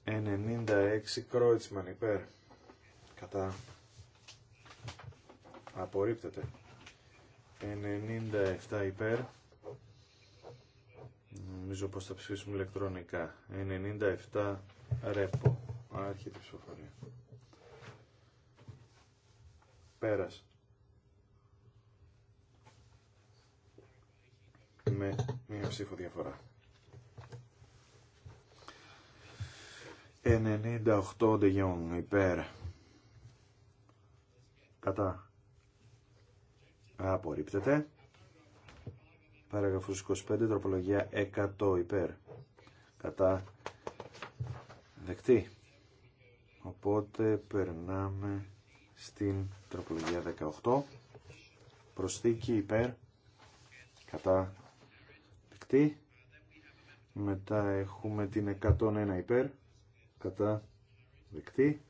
96 Κρόιτσμαν υπέρ κατά απορρίπτεται 97 υπέρ νομίζω πως θα ψηφίσουμε ηλεκτρονικά 97 ρέπο Άρχιε τη ψηφοφορία πέρας με μία ψήφο διαφορά 98 De Jong υπέρ κατά απορρίπτεται παραγραφούς 25 τροπολογία 100 υπέρ κατά δεκτή οπότε περνάμε στην τροπολογία 18 προσθήκη υπέρ κατά δεκτή μετά έχουμε την 101 υπέρ κατά δεκτή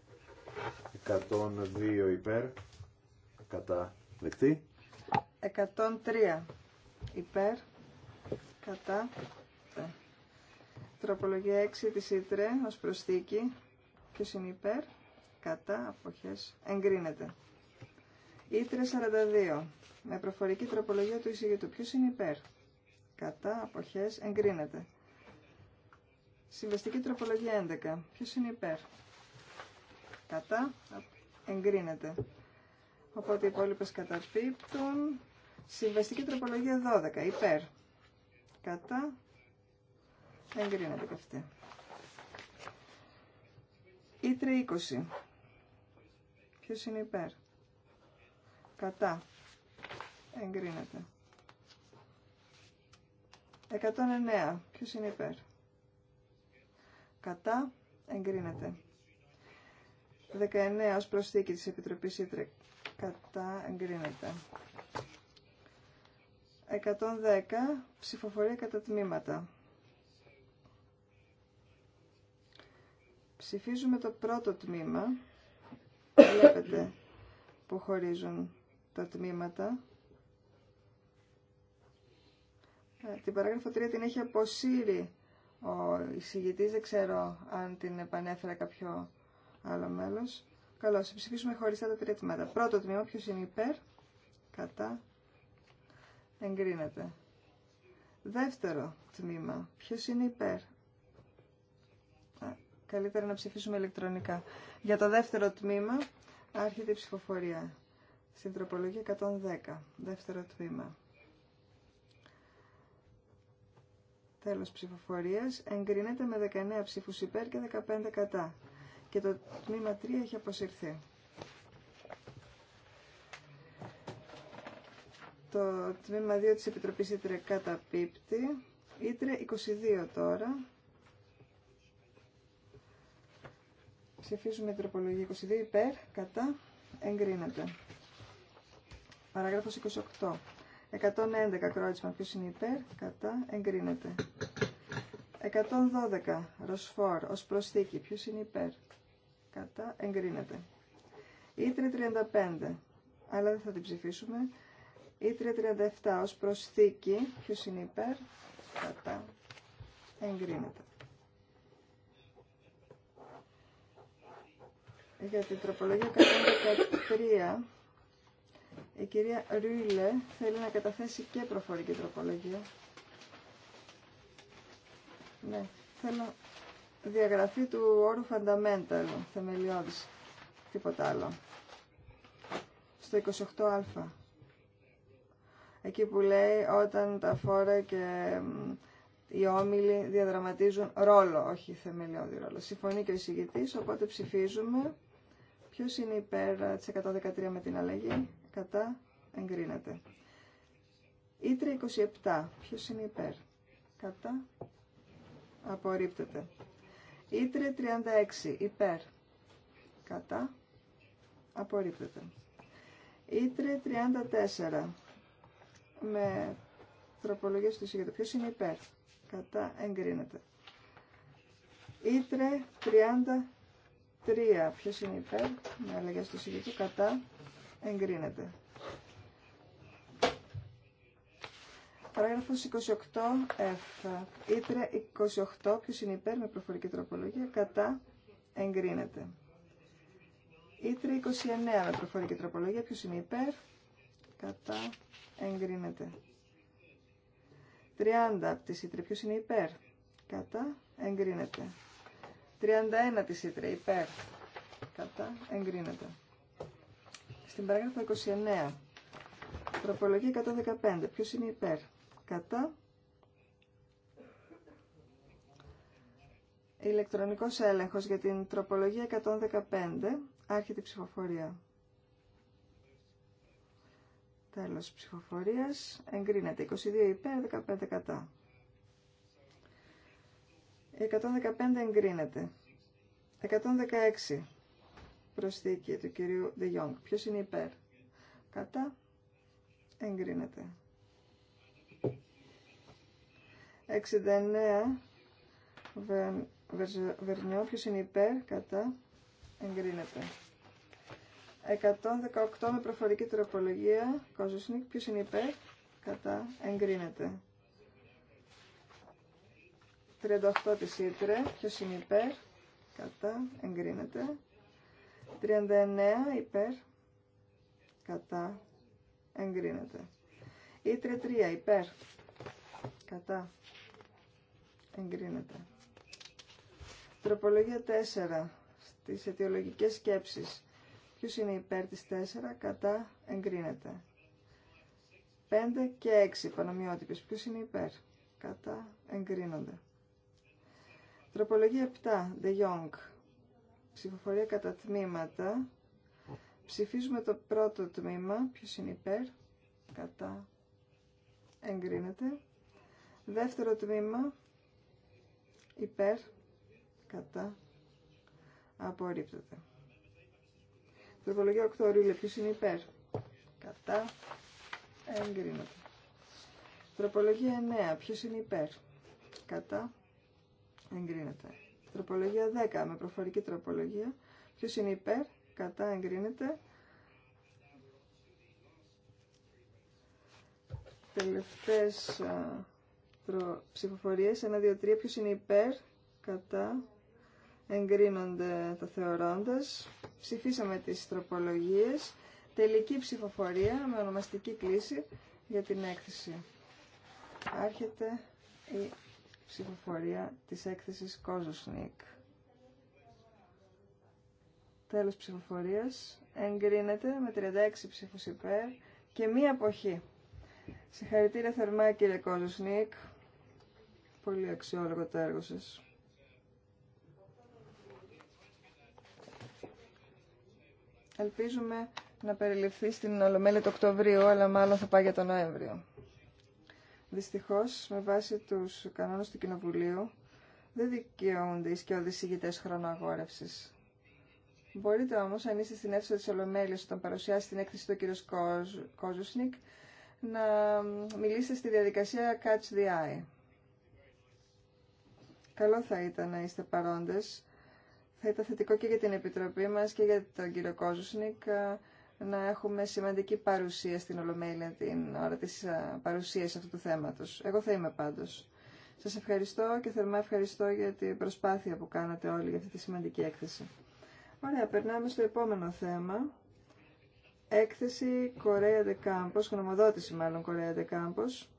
102 υπέρ κατά δεκτή 103 υπέρ κατά τροπολογία 6 της ΙΤΡΕ ως προσθήκη ποιος είναι υπέρ κατά αποχές εγκρίνεται ΙΤΡΕ 42 με προφορική τροπολογία του εισηγητού ποιος είναι υπέρ κατά αποχές εγκρίνεται Συμβαστική τροπολογία 11. Ποιος είναι υπέρ. Κατά. Εγκρίνεται. Οπότε οι υπόλοιπες καταπίπτουν. Συμβαστική τροπολογία 12. Υπέρ. Κατά. Εγκρίνεται και αυτή. Ήτρε 20. Ποιος είναι υπέρ. Κατά. Εγκρίνεται. 109. Ποιος είναι υπέρ. Κατά. Εγκρίνεται. 19 ως προσθήκη της Επιτροπής Ήτρε. Κατά. Εγκρίνεται. 110. Ψηφοφορία κατά τμήματα. Ψηφίζουμε το πρώτο τμήμα. Βλέπετε που χωρίζουν τα τμήματα. Ε, την παράγραφο 3 την έχει αποσύρει ο εισηγητής, δεν ξέρω αν την επανέφερα κάποιο άλλο μέλος. Καλώς, ψηφίσουμε χωρίς τα τρία τμήματα. Πρώτο τμήμα, ποιο είναι υπέρ, κατά, εγκρίνεται. Δεύτερο τμήμα, Ποιο είναι υπέρ. Α, καλύτερα να ψηφίσουμε ηλεκτρονικά. Για το δεύτερο τμήμα, άρχεται η ψηφοφορία. Στην τροπολογία 110, δεύτερο τμήμα. Τέλος ψηφοφορίας εγκρίνεται με 19 ψήφους υπέρ και 15 κατά. Και το τμήμα 3 έχει αποσυρθεί. Το τμήμα 2 της Επιτροπής Ήτρε καταπίπτει. Ήτρε 22 τώρα. Ψηφίζουμε τροπολογία 22 υπέρ, κατά, εγκρίνεται. Παράγραφος 28. 111 κρότσμα, ποιος είναι υπέρ, κατά, εγκρίνεται. 112 ροσφόρ, ως προσθήκη, ποιος είναι υπέρ, κατά, εγκρίνεται. Ήτρε 35, αλλά δεν θα την ψηφίσουμε. Ήτρε 37, ως προσθήκη, ποιος είναι υπέρ, κατά, εγκρίνεται. Για την τροπολογία 113, η κυρία Ρούιλε θέλει να καταθέσει και προφορική τροπολογία. Ναι, θέλω διαγραφή του όρου fundamental, θεμελιώδης, τίποτα άλλο. Στο 28α. Εκεί που λέει όταν τα φόρα και οι όμιλοι διαδραματίζουν ρόλο, όχι θεμελιώδη ρόλο. Συμφωνεί και ο εισηγητής, οπότε ψηφίζουμε. Ποιος είναι υπέρ της 113 με την αλλαγή κατά, εγκρίνεται. Ήτρε 27, Ποιο είναι υπέρ, κατά, απορρίπτεται. Ήτρε 36, υπέρ, κατά, απορρίπτεται. Ήτρε 34, με τροπολογία στο συγκεκριμένου, ποιος είναι υπέρ, κατά, εγκρίνεται. Ήτρε 33, ποιος είναι υπέρ, με αλλαγές στο συγκεκριμένου, κατά, εγκρίνεται. Παράγραφος 28F. Ήτρε 28. Ποιος είναι υπέρ με προφορική τροπολογία. Κατά. Εγκρίνεται. Ήτρε 29 με προφορική τροπολογία. Ποιος είναι υπέρ. Κατά. Εγκρίνεται. 30 από τις Ήτρε. Ποιος είναι υπέρ. Κατά. Εγκρίνεται. 31 της Ήτρε. Υπέρ. Κατά. Εγκρίνεται. Στην παράγραφο 29. Τροπολογία 115. Ποιος είναι υπέρ. Κατά. Ηλεκτρονικός έλεγχος για την τροπολογία 115. Άρχεται η ψηφοφορία. Τέλος ψηφοφορίας. Εγκρίνεται. 22 υπέρ, 15 κατά. 115 εγκρίνεται. 116 προσθήκη του κυρίου De Jong. Ποιος είναι υπέρ. Κατά. Εγκρίνεται. 69. Βερνιό. Ποιος είναι υπέρ. Κατά. Εγκρίνεται. 118 με προφορική τροπολογία. Κοζουσνικ. Ποιος είναι υπέρ. Κατά. Εγκρίνεται. 38 τη Ήτρε. Ποιος είναι υπέρ. Κατά. Εγκρίνεται. 39 υπέρ κατά εγκρίνεται. Ήτρε 3 υπέρ κατά εγκρίνεται. Τροπολογία 4 στις αιτιολογικές σκέψεις. Ποιος είναι υπέρ της 4 κατά εγκρίνεται. 5 και 6 πανομοιότυπες. Ποιος είναι υπέρ κατά εγκρίνονται. Τροπολογία 7 De Jong ψηφοφορία κατά τμήματα. Ψηφίζουμε το πρώτο τμήμα, Ποιο είναι υπέρ, κατά, εγκρίνεται. Δεύτερο τμήμα, υπέρ, κατά, απορρίπτεται. Τροπολογία 8 ρίλε, ποιος είναι υπέρ, κατά, εγκρίνεται. Τροπολογία 9, ποιος είναι υπέρ, κατά, εγκρίνεται. Τροπολογία 10 με προφορική τροπολογία. Ποιο είναι υπέρ, κατά εγκρίνεται. Τελευταίες ψηφοφοριε ψηφοφορίες. 1, 2, 3. Ποιος είναι υπέρ, κατά εγκρίνονται τα θεωρώντας. Ψηφίσαμε τις τροπολογίες. Τελική ψηφοφορία με ονομαστική κλίση για την έκθεση. Άρχεται η ψηφοφορία της έκθεσης Κόζοσνικ. Τέλος ψηφοφορίας. Εγκρίνεται με 36 ψήφους υπέρ και μία αποχή. Συγχαρητήρια θερμά κύριε Κόζοσνικ. Πολύ αξιόλογο το έργο σας. Ελπίζουμε να περιληφθεί στην Ολομέλεια του Οκτωβρίου, αλλά μάλλον θα πάει για τον Νοέμβριο. Δυστυχώς, με βάση τους κανόνες του Κοινοβουλίου, δεν δικαιούνται οι σκιώδεις ηγητές χρονοαγόρευσης. Μπορείτε όμως, αν είστε στην αίθουσα της Ολομέλειας, όταν παρουσιάσει την έκθεση του κ. Κόζουσνικ, να μιλήσετε στη διαδικασία Catch the Eye. Καλό θα ήταν να είστε παρόντες. Θα ήταν θετικό και για την Επιτροπή μας και για τον κύριο Κόζουσνικ να έχουμε σημαντική παρουσία στην Ολομέλεια την ώρα της παρουσίας αυτού του θέματος. Εγώ θα είμαι πάντως. Σας ευχαριστώ και θερμά ευχαριστώ για την προσπάθεια που κάνατε όλοι για αυτή τη σημαντική έκθεση. Ωραία, περνάμε στο επόμενο θέμα. Έκθεση Κορέα Δεκάμπος, γνωμοδότηση μάλλον Κορέα Δεκάμπος,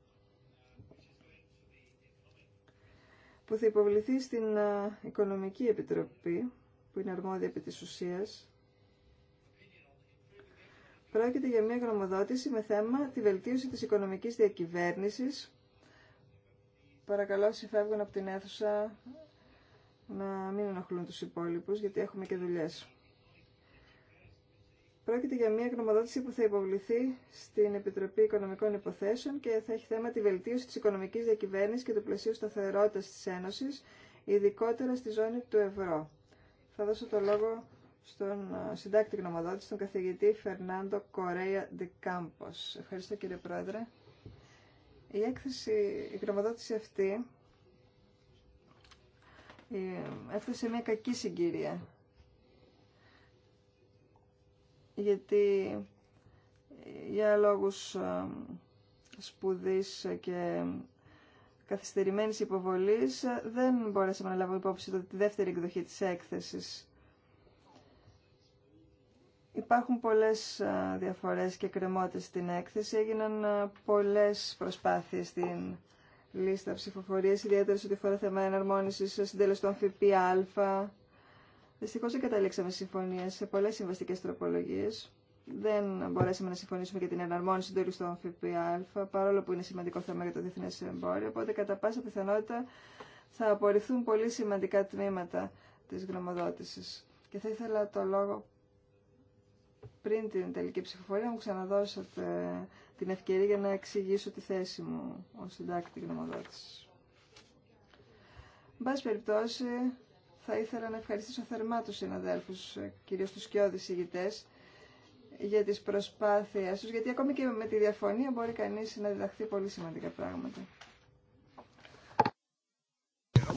που θα υποβληθεί στην Οικονομική Επιτροπή, που είναι αρμόδια επί της ουσίας, Πρόκειται για μια γνωμοδότηση με θέμα τη βελτίωση της οικονομικής διακυβέρνησης. Παρακαλώ όσοι φεύγουν από την αίθουσα να μην ενοχλούν τους υπόλοιπους, γιατί έχουμε και δουλειές. Πρόκειται για μια γνωμοδότηση που θα υποβληθεί στην Επιτροπή Οικονομικών Υποθέσεων και θα έχει θέμα τη βελτίωση της οικονομικής διακυβέρνησης και του πλαισίου σταθερότητας της Ένωσης, ειδικότερα στη ζώνη του ευρώ. Θα δώσω το λόγο στον ε, συντάκτη γνωμοδότηση, τον καθηγητή Φερνάντο Κορέα Campos. Ευχαριστώ κύριε Πρόεδρε. Η έκθεση, η γνωμοδότηση αυτή ε, έφτασε μια κακή συγκυρία. Γιατί ε, για λόγους σπουδής και καθυστερημένης υποβολής δεν μπόρεσαμε να λάβουμε υπόψη τη δεύτερη εκδοχή της έκθεσης Υπάρχουν πολλές διαφορές και κρεμότητες στην έκθεση. Έγιναν πολλές προσπάθειες στην λίστα ψηφοφορίας, ιδιαίτερα σε ό,τι φορά θέμα εναρμόνισης ε, συντελεστών ΦΠΑ. Δυστυχώς δεν καταλήξαμε συμφωνίες σε πολλές συμβαστικές τροπολογίες. Δεν μπορέσαμε να συμφωνήσουμε για την εναρμόνιση των τελεστών ΦΠΑ, παρόλο που είναι σημαντικό θέμα για το Διεθνέ εμπόριο, οπότε κατά πάσα πιθανότητα θα απορριφθούν πολύ σημαντικά τμήματα τη γνωμοδότηση. Και θα ήθελα το λόγο πριν την τελική ψηφοφορία μου ξαναδώσατε την ευκαιρία για να εξηγήσω τη θέση μου ως συντάκτη γνωμοδότηση. Εν πάση περιπτώσει, θα ήθελα να ευχαριστήσω θερμά τους συναδέλφους, κυρίως τους σκιώδης ηγητές, για τις προσπάθειες τους, γιατί ακόμη και με τη διαφωνία μπορεί κανείς να διδαχθεί πολύ σημαντικά πράγματα.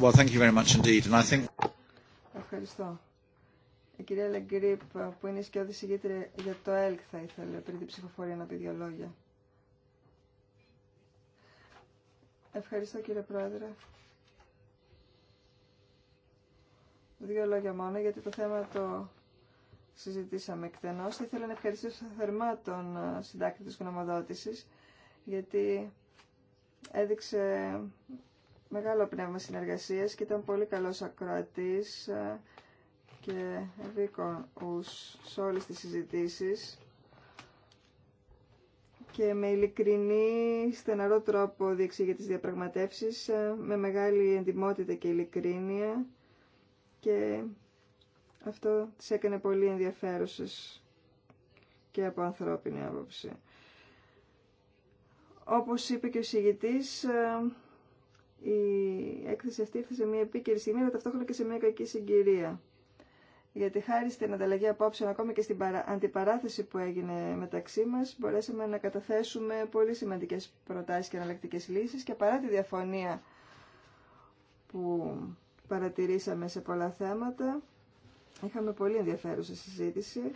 Well, thank you very much indeed. And I think... Ευχαριστώ. Η κυρία Λεγκρίπ, που είναι σκιώδη συγγήτρια για το ΕΛΚ, θα ήθελε πριν την ψηφοφορία να πει δύο λόγια. Ευχαριστώ κύριε Πρόεδρε. Δύο λόγια μόνο, γιατί το θέμα το συζητήσαμε εκτενώς. Θα ήθελα να ευχαριστήσω θερμά τον ε, συντάκτη της γνωμοδότησης, γιατί έδειξε μεγάλο πνεύμα συνεργασίας και ήταν πολύ καλός ακροατής ε, και ους σε όλες τις συζητήσεις και με ειλικρινή, στεναρό τρόπο για τις διαπραγματεύσεις, ε, με μεγάλη εντιμότητα και ειλικρίνεια και αυτό τις έκανε πολύ ενδιαφέρουσες και από ανθρώπινη άποψη. Όπως είπε και ο συγητής, ε, η έκθεση αυτή ήρθε σε μια επίκαιρη στιγμή, αλλά ταυτόχρονα και σε μια κακή συγκυρία γιατί χάρη στην ανταλλαγή απόψεων, ακόμη και στην αντιπαράθεση που έγινε μεταξύ μας, μπορέσαμε να καταθέσουμε πολύ σημαντικές προτάσεις και αναλλακτικέ λύσεις και παρά τη διαφωνία που παρατηρήσαμε σε πολλά θέματα, είχαμε πολύ ενδιαφέρουσα συζήτηση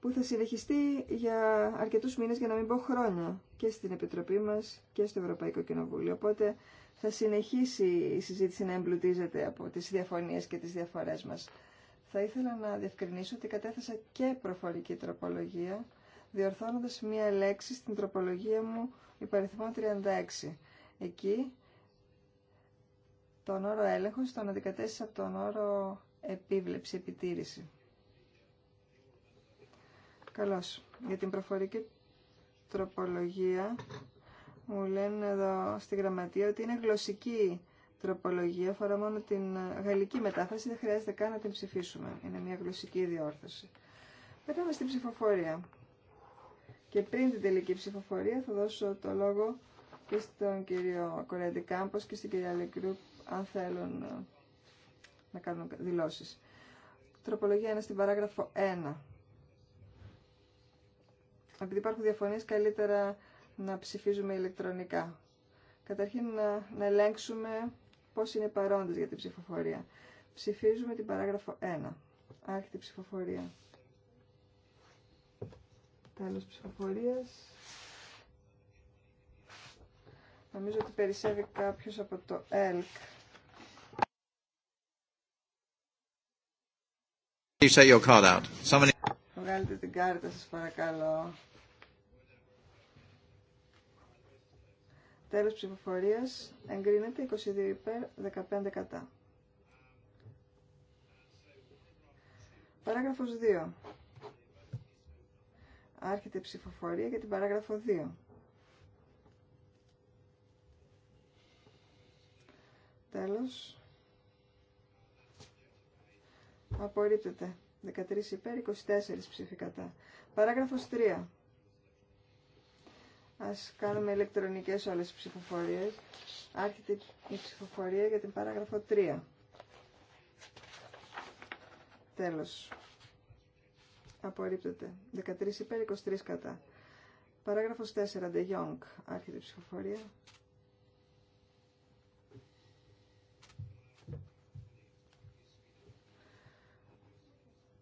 που θα συνεχιστεί για αρκετούς μήνες για να μην πω χρόνια και στην Επιτροπή μας και στο Ευρωπαϊκό Κοινοβούλιο. Οπότε θα συνεχίσει η συζήτηση να εμπλουτίζεται από τις διαφωνίες και τις διαφορές μας. Θα ήθελα να διευκρινίσω ότι κατέθεσα και προφορική τροπολογία, διορθώνοντας μία λέξη στην τροπολογία μου υπαριθμό 36. Εκεί τον όρο έλεγχος τον αντικατέστησα από τον όρο επίβλεψη, επιτήρηση. Καλώς. Για την προφορική τροπολογία μου λένε εδώ στη γραμματεία ότι είναι γλωσσική τροπολογία, αφορά μόνο την γαλλική μετάφραση, δεν χρειάζεται καν να την ψηφίσουμε. Είναι μια γλωσσική διόρθωση. Περνάμε στην ψηφοφορία. Και πριν την τελική ψηφοφορία θα δώσω το λόγο και στον κύριο Κορέντι Κάμπος και στην κυρία Λεκρούπ αν θέλουν ε, να κάνουν δηλώσεις. Τροπολογία είναι στην παράγραφο 1. Επειδή υπάρχουν διαφωνίες, καλύτερα να ψηφίζουμε ηλεκτρονικά. Καταρχήν να, ελέγξουμε πώς είναι παρόντες για την ψηφοφορία. Ψηφίζουμε την παράγραφο 1. Άρχεται η ψηφοφορία. Τέλος ψηφοφορίας. Νομίζω ότι περισσεύει κάποιος από το ΕΛΚ. Βγάλετε την κάρτα σας παρακαλώ. Τέλος ψηφοφορίας εγκρίνεται 22 υπέρ 15 κατά. Παράγραφος 2. Άρχεται ψηφοφορία για την παράγραφο 2. Τέλος. Απορρίπτεται. 13 υπέρ, 24 ψήφι κατά. Παράγραφος 3. Ας κάνουμε ηλεκτρονικές όλες τις ψηφοφορίες. Άρχεται η ψηφοφορία για την παράγραφο 3. Τέλος. Απορρίπτεται. 13 υπέρ, 23 κατά. Παράγραφος 4. De Jong. Άρχεται η ψηφοφορία.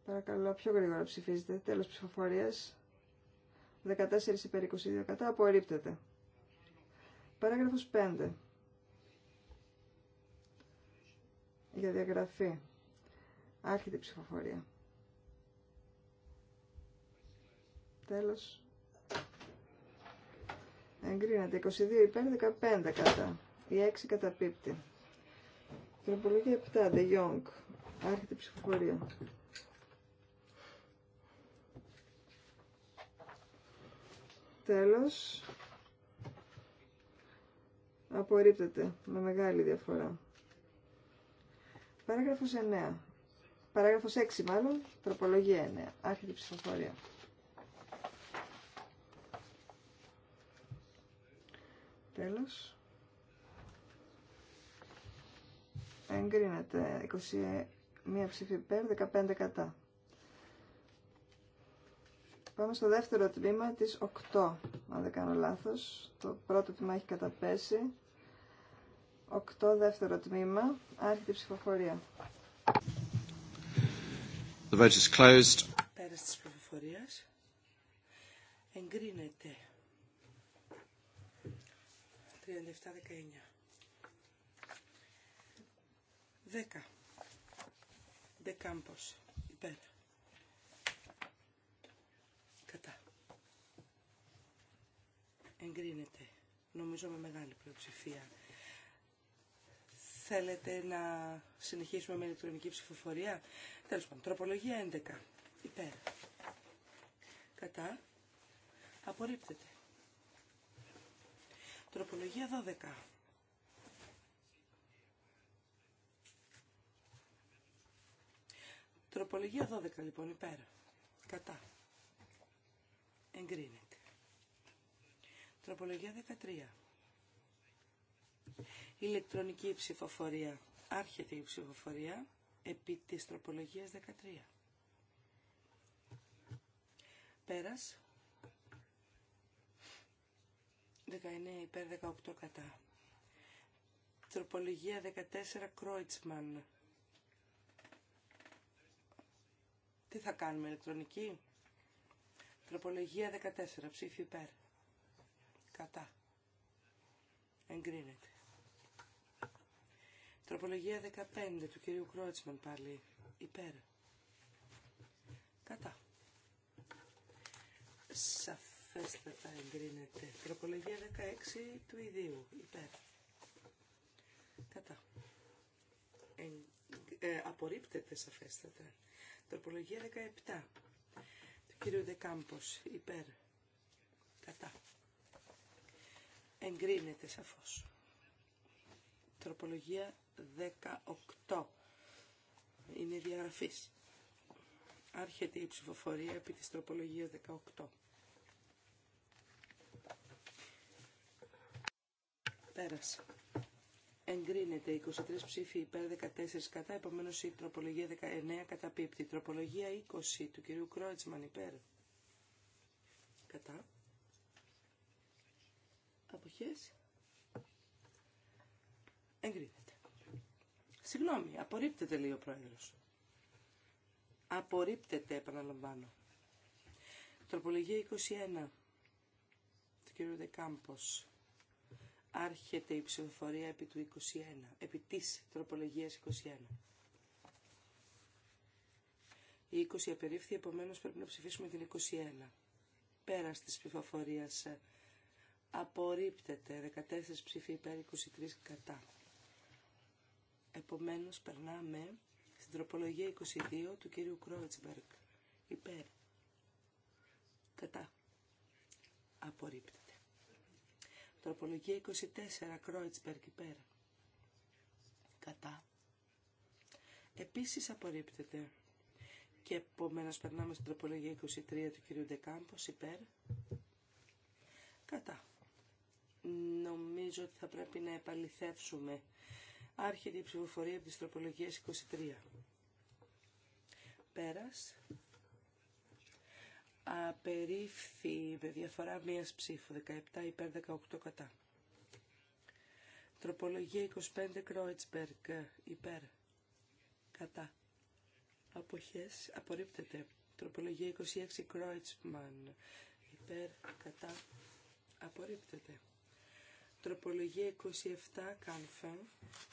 Παρακαλώ, πιο γρήγορα ψηφίζετε. Τέλος ψηφοφορίας. 14 υπέρ 22 κατά απορρίπτεται. Παράγραφος 5. Για διαγραφή. Άρχεται η ψηφοφορία. Τέλος. Εγκρίνεται. 22 υπέρ 15 κατά. Η 6 καταπίπτει. Τροπολογία 7. De Jong. Άρχεται η ψηφοφορία. Τέλος. Απορρίπτεται με μεγάλη διαφορά. Παράγραφος 9. Παράγραφος 6 μάλλον, τροπολογία 9. Άρχεται η ψηφοφορία. Τέλος. Εγκρίνεται 21 ψήφι υπέρ, 15 κατά. Πάμε στο δεύτερο τμήμα της 8, αν δεν κάνω λάθος. Το πρώτο τμήμα έχει καταπέσει. 8 δεύτερο τμήμα, άρχεται η ψηφοφορία. The vote is closed. Πέρας της ψηφοφορίας. Εγκρίνεται. 37-19. 10. Δεκάμπος. Υπέρ. Εγκρίνεται. Νομίζω με μεγάλη πλειοψηφία. Θέλετε να συνεχίσουμε με ηλεκτρονική ψηφοφορία. Τέλος πάντων. Τροπολογία 11. Υπέρ. Κατά. Απορρίπτεται. Τροπολογία 12. Τροπολογία 12 λοιπόν υπέρ. Κατά. Εγκρίνεται. Τροπολογία 13. Ηλεκτρονική ψηφοφορία. Άρχεται η ψηφοφορία επί της τροπολογίας 13. Πέρας. 19 υπέρ 18 κατά. Τροπολογία 14 Κρόιτσμαν. Τι θα κάνουμε ηλεκτρονική. Τροπολογία 14 ψήφι υπέρ. Κατά. Εγκρίνεται. Τροπολογία 15 του κυρίου Κρότσμαν πάλι. Υπέρ. Κατά. Σαφέστατα εγκρίνεται. Τροπολογία 16 του ιδίου. Υπέρ. Κατά. Ε, ε, απορρίπτεται σαφέστατα. Τροπολογία 17 του κυρίου Δεκάμπος. Υπέρ. Κατά. Εγκρίνεται σαφώς. Τροπολογία 18. Είναι διαγραφής. Άρχεται η ψηφοφορία επί της τροπολογίας 18. Πέρασε. Εγκρίνεται 23 ψήφοι υπέρ 14 κατά, επομένως η τροπολογία 19 καταπίπτει. Τροπολογία 20 του κυρίου Κρότσμαν υπέρ. Κατά αποχές εγκρίνεται. Συγγνώμη, απορρίπτεται λέει ο πρόεδρος. Απορρίπτεται, επαναλαμβάνω. Τροπολογία 21 του κ. Δεκάμπος. Άρχεται η ψηφοφορία επί του 21, επί της τροπολογίας 21. Η 20 απερίφθη, επομένως πρέπει να ψηφίσουμε την 21. Πέρα της ψηφοφορίας ε, Απορρίπτεται. 14 ψήφοι υπέρ 23 κατά. Επομένως περνάμε στην τροπολογία 22 του κυρίου Κρόιτσμπεργκ. Υπέρ. Κατά. Απορρίπτεται. Τροπολογία 24 Κρόιτσμπεργκ υπέρ. Κατά. Επίσης απορρίπτεται. Και επομένως, περνάμε στην τροπολογία 23 του κυρίου Ντεκάμπος υπέρ. Κατά νομίζω ότι θα πρέπει να επαληθεύσουμε. Άρχεται η ψηφοφορία από τις τροπολογίες 23. Πέρας. Απερίφθη με διαφορά μίας ψήφου, 17 υπέρ 18 κατά. Τροπολογία 25 Κρόιτσμπεργκ υπέρ κατά. Αποχές απορρίπτεται. Τροπολογία 26 Κρόιτσμαν υπέρ κατά. Απορρίπτεται. Τροπολογία 27, κάμφα,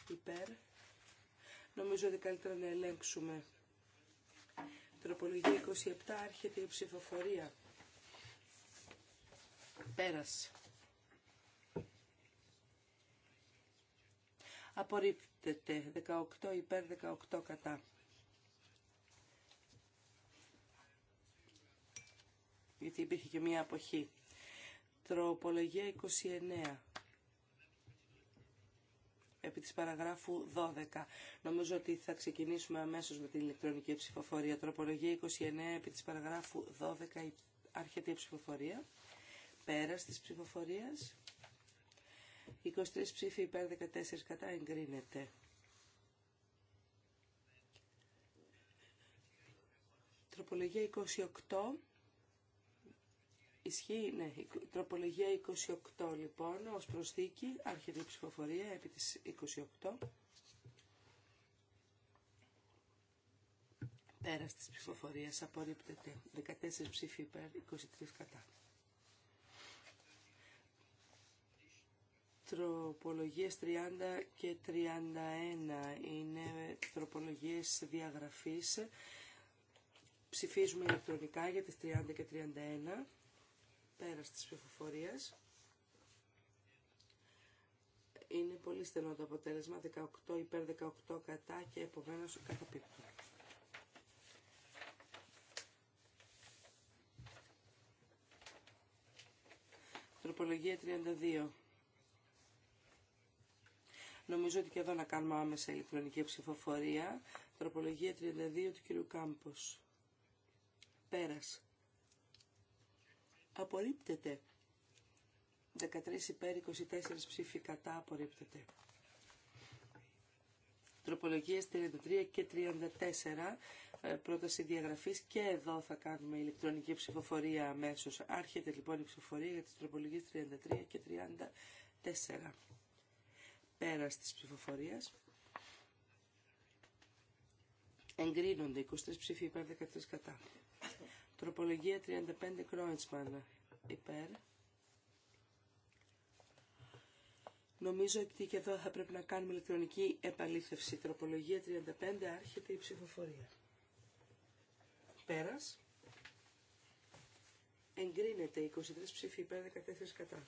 υπέρ. Νομίζω ότι καλύτερα να ελέγξουμε. Τροπολογία 27, άρχεται η ψηφοφορία. Πέρασε. Απορρίπτεται. 18 υπέρ, 18 κατά. Γιατί υπήρχε και μία αποχή. Τροπολογία 29 επί της παραγράφου 12. Νομίζω ότι θα ξεκινήσουμε αμέσως με την ηλεκτρονική ψηφοφορία. Τροπολογία 29 επί της παραγράφου 12 άρχεται η ψηφοφορία. Πέρας της ψηφοφορίας. 23 ψήφοι υπέρ 14 κατά εγκρίνεται. Τροπολογία 28 Ισχύει, ναι. τροπολογία 28 λοιπόν, ως προσθήκη, άρχεται η ψηφοφορία επί της 28. Πέρας της ψηφοφορίας απορρίπτεται 14 ψήφοι υπέρ, 23 κατά. Τροπολογίες 30 και 31 είναι τροπολογίες διαγραφής. Ψηφίζουμε ηλεκτρονικά για τις 30 και 31. Πέρας της ψηφοφορίας. Είναι πολύ στενό το αποτέλεσμα, 18 υπέρ 18 κατά και επομένως καταπίπτει. Τροπολογία 32. Νομίζω ότι και εδώ να κάνουμε άμεσα ηλεκτρονική ψηφοφορία. Τροπολογία 32 του κ. Κάμπος. Πέρας απορρίπτεται. 13 υπέρ 24 ψήφοι κατά απορρίπτεται. Τροπολογίες 33 και 34, ε, πρόταση διαγραφής και εδώ θα κάνουμε ηλεκτρονική ψηφοφορία αμέσω. Άρχεται λοιπόν η ψηφοφορία για τις τροπολογίες 33 και 34. Πέρας της ψηφοφορίας. Εγκρίνονται 23 ψήφοι υπέρ 13 κατά. Τροπολογία 35 Κρόιτσμαν. Υπέρ. Νομίζω ότι και εδώ θα πρέπει να κάνουμε ηλεκτρονική επαλήθευση. Τροπολογία 35 άρχεται η ψηφοφορία. Πέρας. Εγκρίνεται 23 ψήφοι υπέρ 14 κατά.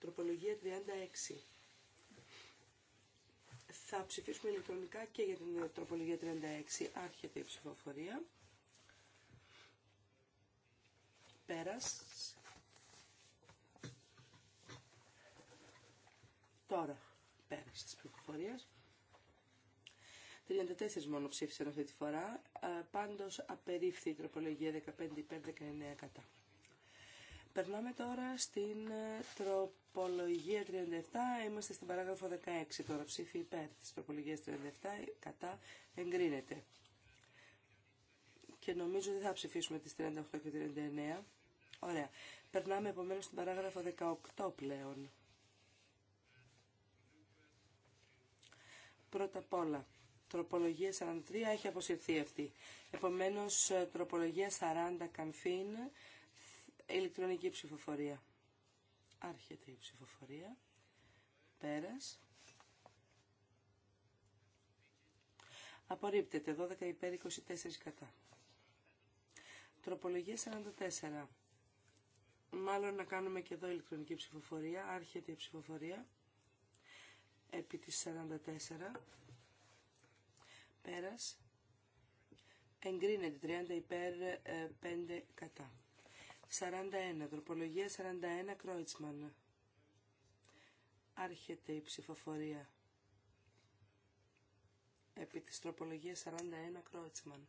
Τροπολογία 36. Θα ψηφίσουμε ηλεκτρονικά και για την τροπολογία 36. Άρχεται η ψηφοφορία. Πέρας. Τώρα, πέρασε τη πληροφορία. 34 μόνο ψήφισαν αυτή τη φορά, Πάντω απερίφθη η τροπολογία 15 υπέρ 19 κατά. Περνάμε τώρα στην ε, τροπολογία 37, είμαστε στην παράγραφο 16 τώρα, ψήφι υπέρ της τροπολογίας 37, κατά εγκρίνεται. Και νομίζω δεν θα ψηφίσουμε τις 38 και 39, Ωραία. Περνάμε επομένως στην παράγραφο 18 πλέον. Πρώτα απ' όλα, τροπολογία 43 έχει αποσυρθεί αυτή. Επομένως, τροπολογία 40 καμφίν, ηλεκτρονική ψηφοφορία. Άρχεται η ψηφοφορία. Πέρας. Απορρίπτεται 12 υπέρ 24 κατά. Τροπολογία 44. Μάλλον να κάνουμε και εδώ ηλεκτρονική ψηφοφορία. Άρχεται η ψηφοφορία. Επί της 44. Πέρας. Εγκρίνεται 30 υπέρ 5 ε, κατά. 41. Τροπολογία 41 Κρόιτσμαν. Άρχεται η ψηφοφορία. Επί της τροπολογίας 41 Κρόιτσμαν.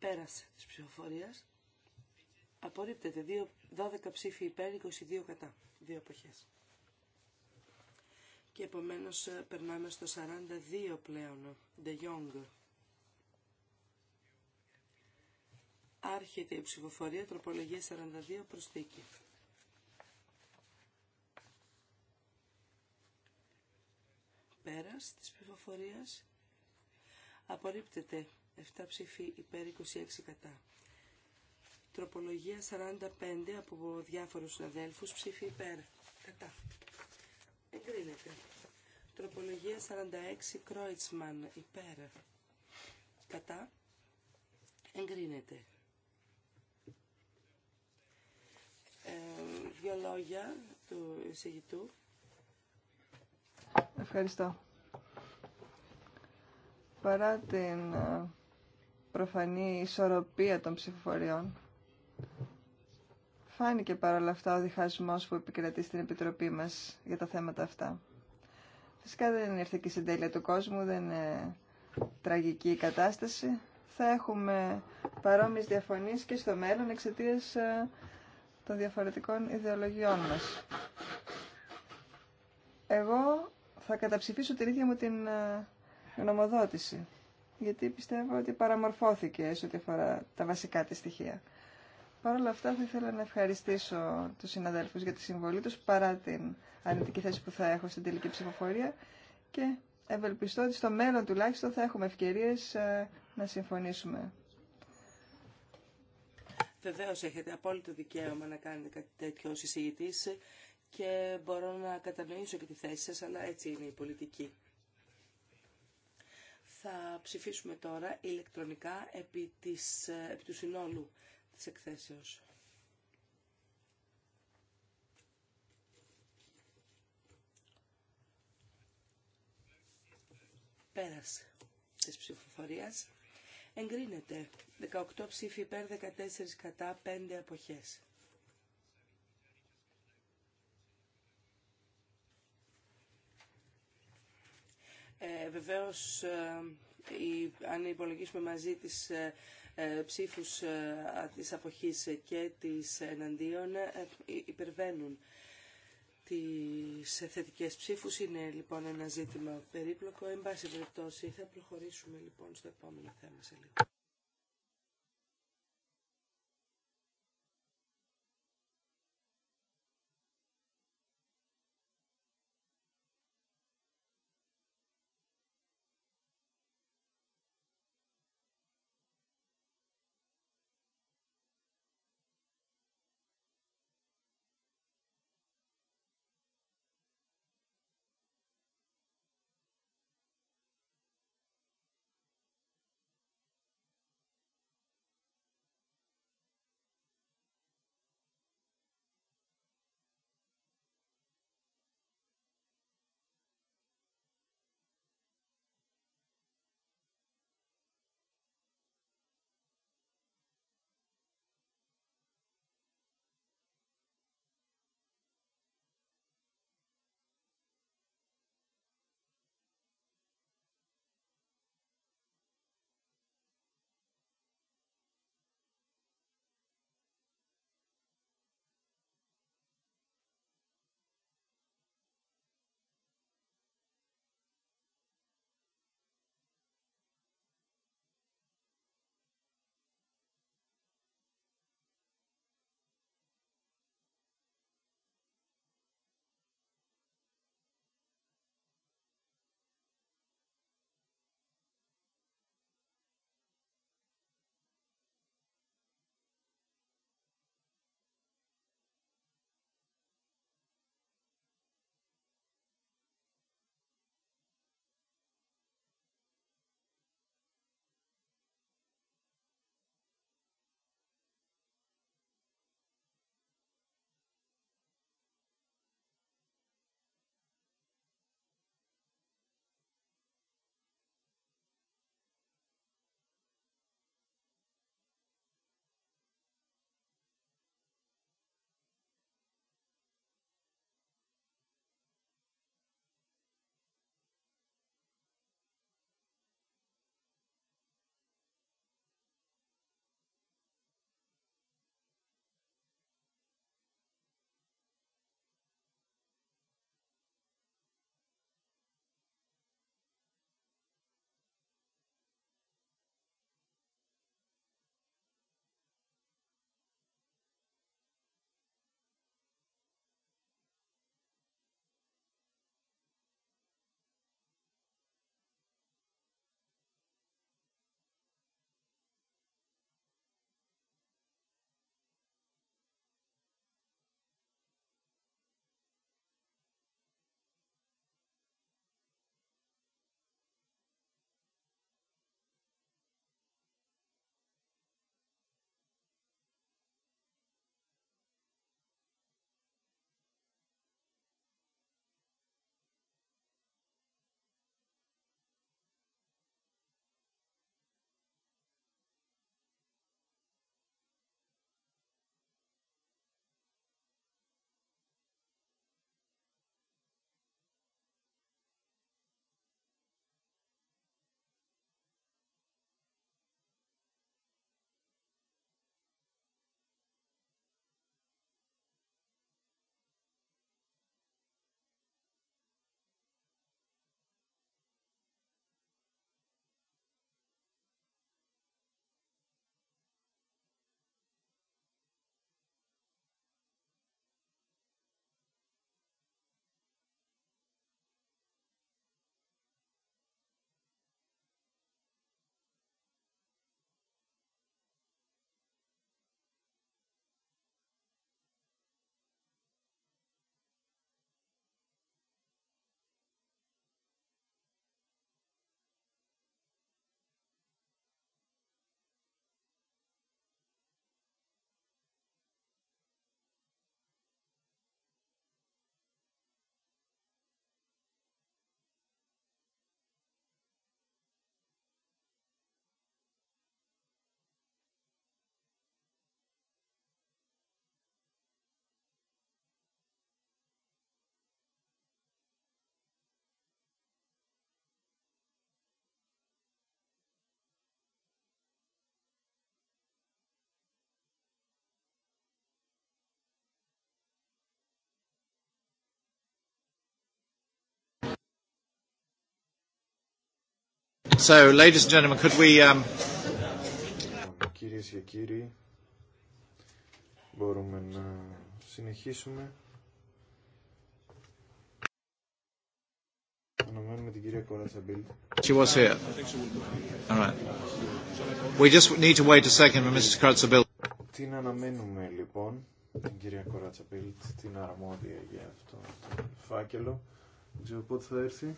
Πέρας της ψηφοφορίας. Απορρίπτεται. 12 ψήφοι υπέρ, 22 κατά. Δύο εποχές. Και επομένως περνάμε στο 42 πλέον. The Young Άρχεται η ψηφοφορία, τροπολογία 42 προσθήκη. Πέρας της ψηφοφορίας απορρίπτεται 7 ψήφοι υπέρ 26 κατά. Τροπολογία 45 από διάφορους συναδέλφους ψήφοι υπέρ κατά. Εγκρίνεται. Τροπολογία 46 Κρόιτσμαν υπέρ κατά. Εγκρίνεται. Ε, δύο λόγια του εισηγητού. Ευχαριστώ. Παρά την ε, προφανή ισορροπία των ψηφοφοριών. Φάνηκε παρόλα αυτά ο διχασμός που επικρατεί στην Επιτροπή μας για τα θέματα αυτά. Φυσικά δεν είναι και η συντέλεια του κόσμου, δεν είναι τραγική η κατάσταση. Θα έχουμε παρόμοιες διαφωνίες και στο μέλλον εξαιτία ε, των διαφορετικών ιδεολογιών μας. Εγώ θα καταψηφίσω την ίδια μου την ε, γνωμοδότηση γιατί πιστεύω ότι παραμορφώθηκε σε ό,τι αφορά τα βασικά της στοιχεία. Παρ' όλα αυτά θα ήθελα να ευχαριστήσω τους συναδέλφους για τη συμβολή τους παρά την αρνητική θέση που θα έχω στην τελική ψηφοφορία και ευελπιστώ ότι στο μέλλον τουλάχιστον θα έχουμε ευκαιρίες ε, να συμφωνήσουμε. Βεβαίω έχετε απόλυτο δικαίωμα να κάνετε κάτι τέτοιο ως και μπορώ να κατανοήσω και τη θέση σας, αλλά έτσι είναι η πολιτική. Θα ψηφίσουμε τώρα ηλεκτρονικά επί, της, του συνόλου της εκθέσεως. Πέρας της ψηφοφορίας εγκρίνεται 18 ψήφοι υπέρ 14 κατά 5 αποχές. Ε, βεβαίως, ε, αν υπολογίσουμε μαζί τις ε, ε, ψήφους τη αποχής και της εναντίον, υπερβαίνουν τις θετικέ ψήφους. Είναι λοιπόν ένα ζήτημα περίπλοκο. Εν πάση περιπτώσει, θα προχωρήσουμε λοιπόν στο επόμενο θέμα σε λίγο. So, um, Κυρίες και κύριοι, μπορούμε να συνεχίσουμε. Αναμένουμε την κυρία Κόρατσα She was here. All right. We just need to wait a second for Mrs. Κόρατσα Μπίλτ. Την αναμένουμε λοιπόν, την κυρία Κόρατσα Μπίλτ, την αρμόδια για αυτό το φάκελο. Δεν ξέρω πότε θα έρθει.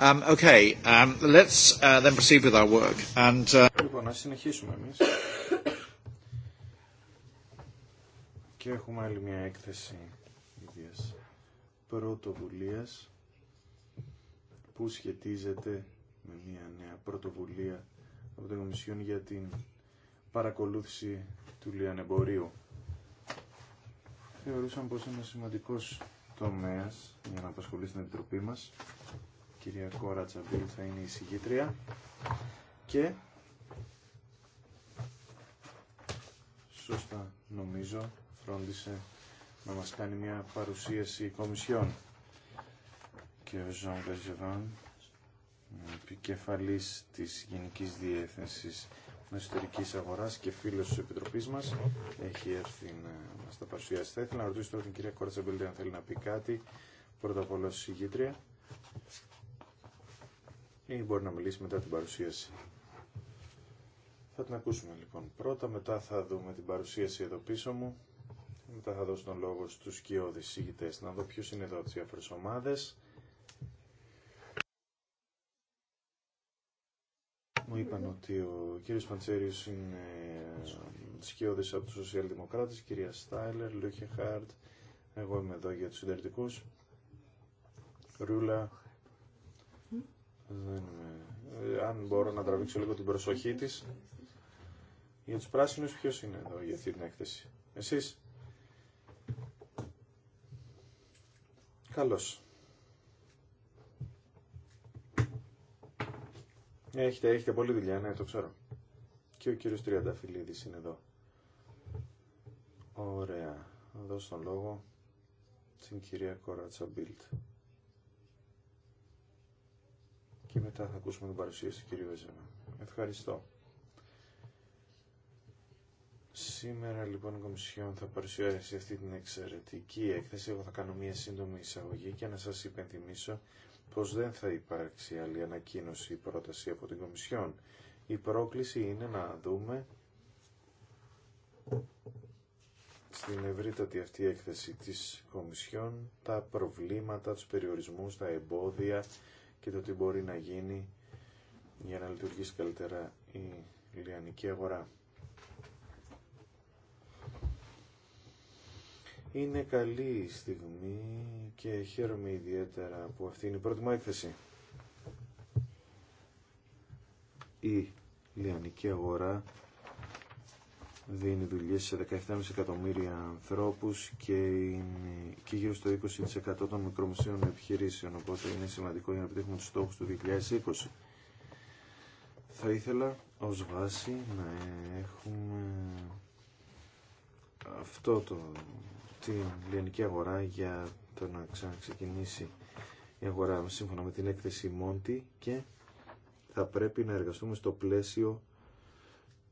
Um, okay, um, let's uh, then proceed with our work. And, uh, Λοιπόν, να συνεχίσουμε εμείς. Και έχουμε άλλη μια έκθεση ίδια πρωτοβουλία που σχετίζεται με μια νέα πρωτοβουλία από την Κομισιόν για την παρακολούθηση του λιανεμπορίου. Θεωρούσαμε πως είναι σημαντικός τομέας για να απασχολήσει την Επιτροπή μας κυρία Κόρα Τσαμπίλ θα είναι η συγγήτρια και σωστά νομίζω φρόντισε να μας κάνει μια παρουσίαση κομισιών και ο Ζαν Καζεβάν επικεφαλής της Γενικής Διεύθυνσης Μεσοτερικής Αγοράς και φίλος της Επιτροπής μας έχει έρθει να μας τα παρουσιάσει. Θα ήθελα να ρωτήσω τώρα την κυρία Κόρα Τσαμπίλ αν θέλει να πει κάτι πρώτα απ' όλα συγγήτρια ή μπορεί να μιλήσει μετά την παρουσίαση. Θα την ακούσουμε λοιπόν πρώτα, μετά θα δούμε την παρουσίαση εδώ πίσω μου. Μετά θα δώσω τον λόγο στους σκιώδεις ηγητές να δω ποιος είναι εδώ τις διάφορες ομάδες. Μου είπαν ότι ο κύριος Παντσέριος είναι ε, σκιώδης από τους σοσιαλδημοκράτες, κυρία Στάιλερ, Χάρτ, εγώ είμαι εδώ για τους συντερτικούς. Ρούλα, δεν... Ε, αν μπορώ να τραβήξω λίγο την προσοχή της. Για τους πράσινους ποιος είναι εδώ για αυτή την έκθεση. Εσείς. Καλώς. Ε, έχετε, έχετε πολλή δουλειά, ναι, το ξέρω. Και ο κύριος Τριανταφυλλίδης είναι εδώ. Ωραία. Δώσω τον λόγο στην κυρία Κόρατσα και μετά θα ακούσουμε την παρουσίαση του κυρίου Βεζένα. Ευχαριστώ. Σήμερα λοιπόν η Κομισιόν θα παρουσιάσει αυτή την εξαιρετική έκθεση. Εγώ θα κάνω μια σύντομη εισαγωγή και να σας υπενθυμίσω πως δεν θα υπάρξει άλλη ανακοίνωση ή πρόταση από την Κομισιόν. Η πρόκληση είναι να δούμε στην ευρύτατη αυτή έκθεση της Κομισιόν τα προβλήματα, τους περιορισμούς, τα εμπόδια, και το τι μπορεί να γίνει για να λειτουργήσει καλύτερα η λιανική αγορά. Είναι καλή η στιγμή και χαίρομαι ιδιαίτερα που αυτή είναι η πρώτη μου έκθεση. Η λιανική αγορά δίνει δουλειές σε 17,5 εκατομμύρια ανθρώπους και, είναι, και γύρω στο 20% των μικρομεσαίων επιχειρήσεων, οπότε είναι σημαντικό για να επιτύχουμε τους στόχους του 2020. Θα ήθελα ως βάση να έχουμε αυτό το, την λιανική αγορά για το να ξαναξεκινήσει η αγορά σύμφωνα με την έκθεση Μόντι και θα πρέπει να εργαστούμε στο πλαίσιο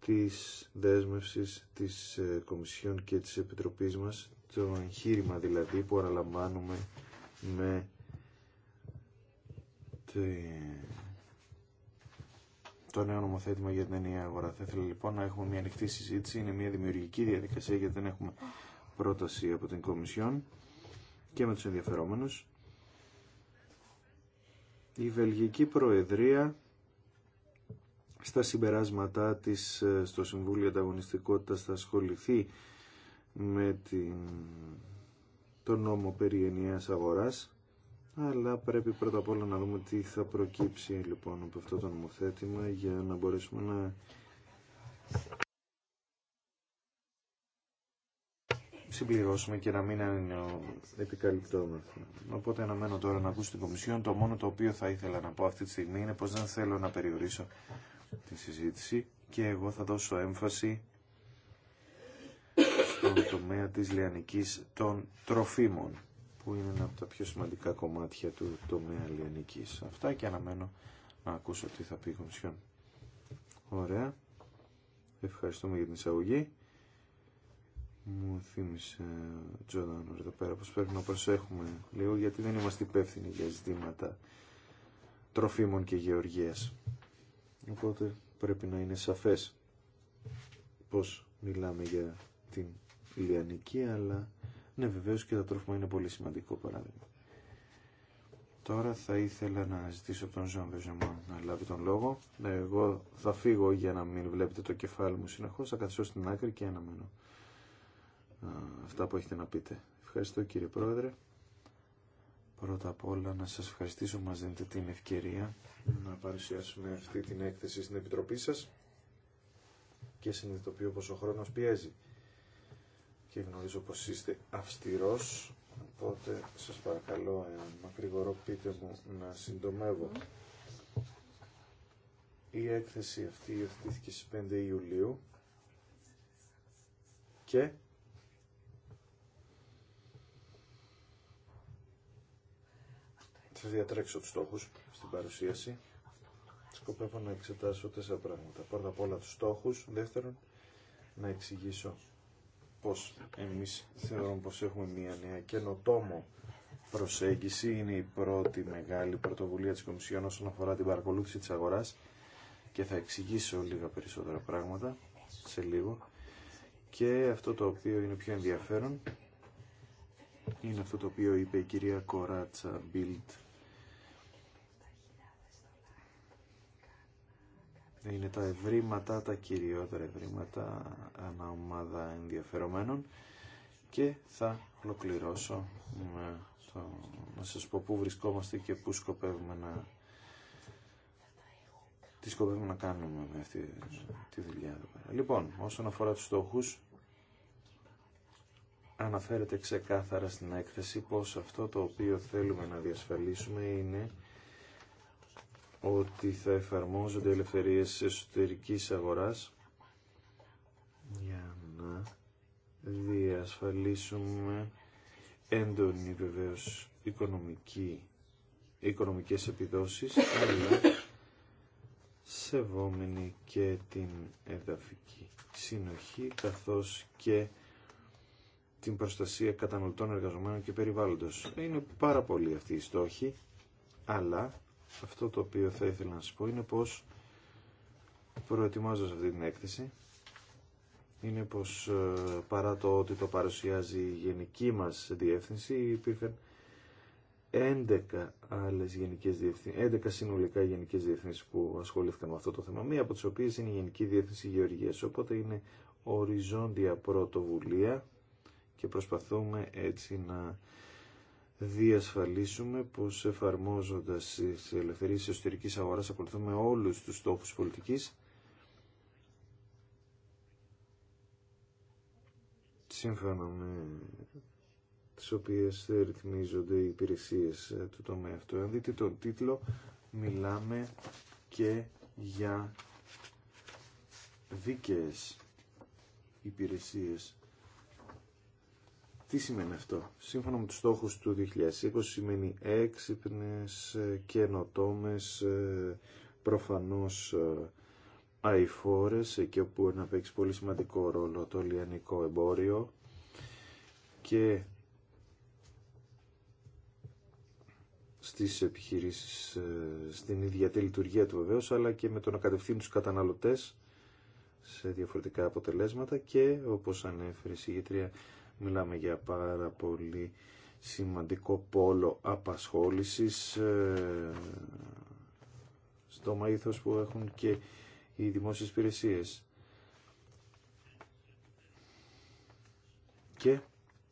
της δέσμευσης της ε, Κομισιόν και της Επιτροπής μας, το εγχείρημα δηλαδή που αναλαμβάνουμε με το νέο νομοθέτημα για την ενιαία αγορά. Θα ήθελα λοιπόν να έχουμε μια ανοιχτή συζήτηση, είναι μια δημιουργική διαδικασία γιατί δεν έχουμε πρόταση από την Κομισιόν και με τους ενδιαφερόμενους. Η Βελγική Προεδρία στα συμπεράσματά της ε, στο Συμβούλιο Ανταγωνιστικότητας θα ασχοληθεί με την... τον νόμο περί ενιαίας αγοράς αλλά πρέπει πρώτα απ' όλα να δούμε τι θα προκύψει λοιπόν από αυτό το νομοθέτημα για να μπορέσουμε να συμπληρώσουμε και να μην είναι επικαλυπτόμαστε. Οπότε αναμένω τώρα να ακούσω την Κομισιόν. Το μόνο το οποίο θα ήθελα να πω αυτή τη στιγμή είναι πως δεν θέλω να περιορίσω τη συζήτηση και εγώ θα δώσω έμφαση στον τομέα της λιανικής των τροφίμων που είναι ένα από τα πιο σημαντικά κομμάτια του τομέα λιανικής. Αυτά και αναμένω να ακούσω τι θα πει η Κομισιόν. Ωραία. Ευχαριστούμε για την εισαγωγή. Μου θύμισε ο εδώ πέρα πως πρέπει να προσέχουμε λίγο γιατί δεν είμαστε υπεύθυνοι για ζητήματα τροφίμων και γεωργίας. Οπότε πρέπει να είναι σαφές πως μιλάμε για την ηλιανική, αλλά ναι βεβαίως και το τρόφιμα είναι πολύ σημαντικό παράδειγμα. Τώρα θα ήθελα να ζητήσω από τον Ζωάν Βεζεμό να λάβει τον λόγο. Εγώ θα φύγω για να μην βλέπετε το κεφάλι μου συνεχώς, θα καθίσω στην άκρη και αναμένω αυτά που έχετε να πείτε. Ευχαριστώ κύριε Πρόεδρε. Πρώτα απ' όλα να σας ευχαριστήσω που μας δίνετε την ευκαιρία να παρουσιάσουμε αυτή την έκθεση στην Επιτροπή σας και συνειδητοποιώ πως ο χρόνος πιέζει και γνωρίζω πως είστε αυστηρός οπότε σας παρακαλώ εάν μακρηγορώ πείτε μου να συντομεύω. Η έκθεση αυτή ευθύθηκε στις 5 Ιουλίου και Θα διατρέξω τους στόχους στην παρουσίαση. Σκοπεύω να εξετάσω τέσσερα πράγματα. Πρώτα απ' όλα τους στόχους. Δεύτερον, να εξηγήσω πως εμείς θεωρούμε πως έχουμε μια νέα καινοτόμο προσέγγιση. Είναι η πρώτη μεγάλη πρωτοβουλία της Κομισιόν όσον αφορά την παρακολούθηση της αγοράς και θα εξηγήσω λίγα περισσότερα πράγματα σε λίγο. Και αυτό το οποίο είναι πιο ενδιαφέρον είναι αυτό το οποίο είπε η κυρία Κοράτσα Μπίλτ είναι τα ευρήματα, τα κυριότερα ευρήματα ανά ομάδα ενδιαφερομένων και θα ολοκληρώσω με να σας πω πού βρισκόμαστε και πού σκοπεύουμε να τι σκοπεύουμε να κάνουμε με αυτή τη δουλειά εδώ Λοιπόν, όσον αφορά τους στόχους, αναφέρεται ξεκάθαρα στην έκθεση πως αυτό το οποίο θέλουμε να διασφαλίσουμε είναι ότι θα εφαρμόζονται ελευθερίες εσωτερικής αγοράς για να διασφαλίσουμε έντονη βεβαίως οικονομική, οικονομικές επιδόσεις αλλά σεβόμενη και την εδαφική συνοχή καθώς και την προστασία καταναλωτών εργαζομένων και περιβάλλοντος. Είναι πάρα πολύ αυτή η στόχοι αλλά αυτό το οποίο θα ήθελα να σας πω είναι πως προετοιμάζοντας αυτή την έκθεση είναι πως ε, παρά το ότι το παρουσιάζει η γενική μας διεύθυνση υπήρχαν 11 άλλες γενικές διευθύνσεις, 11 συνολικά γενικές διευθύνσεις που ασχολήθηκαν με αυτό το θέμα, μία από τις οποίες είναι η Γενική Διεύθυνση Γεωργίας, οπότε είναι οριζόντια πρωτοβουλία και προσπαθούμε έτσι να διασφαλίσουμε πως εφαρμόζοντας τις ελευθερίες της εσωτερικής αγοράς ακολουθούμε όλους τους στόχους πολιτικής σύμφωνα με τις οποίες ρυθμίζονται οι υπηρεσίες ε, του τομέα αυτού. Αν δείτε τον τίτλο, μιλάμε και για δίκαιες υπηρεσίες τι σημαίνει αυτό. Σύμφωνα με τους στόχους του 2020 σημαίνει έξυπνες, ε, καινοτόμες, ε, προφανώς ε, αηφόρες, εκεί όπου να παίξει πολύ σημαντικό ρόλο το λιανικό εμπόριο και στις επιχειρήσεις στην ίδια τη λειτουργία του βεβαίως, αλλά και με το να κατευθύνουν τους καταναλωτές σε διαφορετικά αποτελέσματα και όπως ανέφερε η συγγετρία Μιλάμε για πάρα πολύ σημαντικό πόλο απασχόλησης ε, στο μαήθος που έχουν και οι δημόσιες υπηρεσίες. Και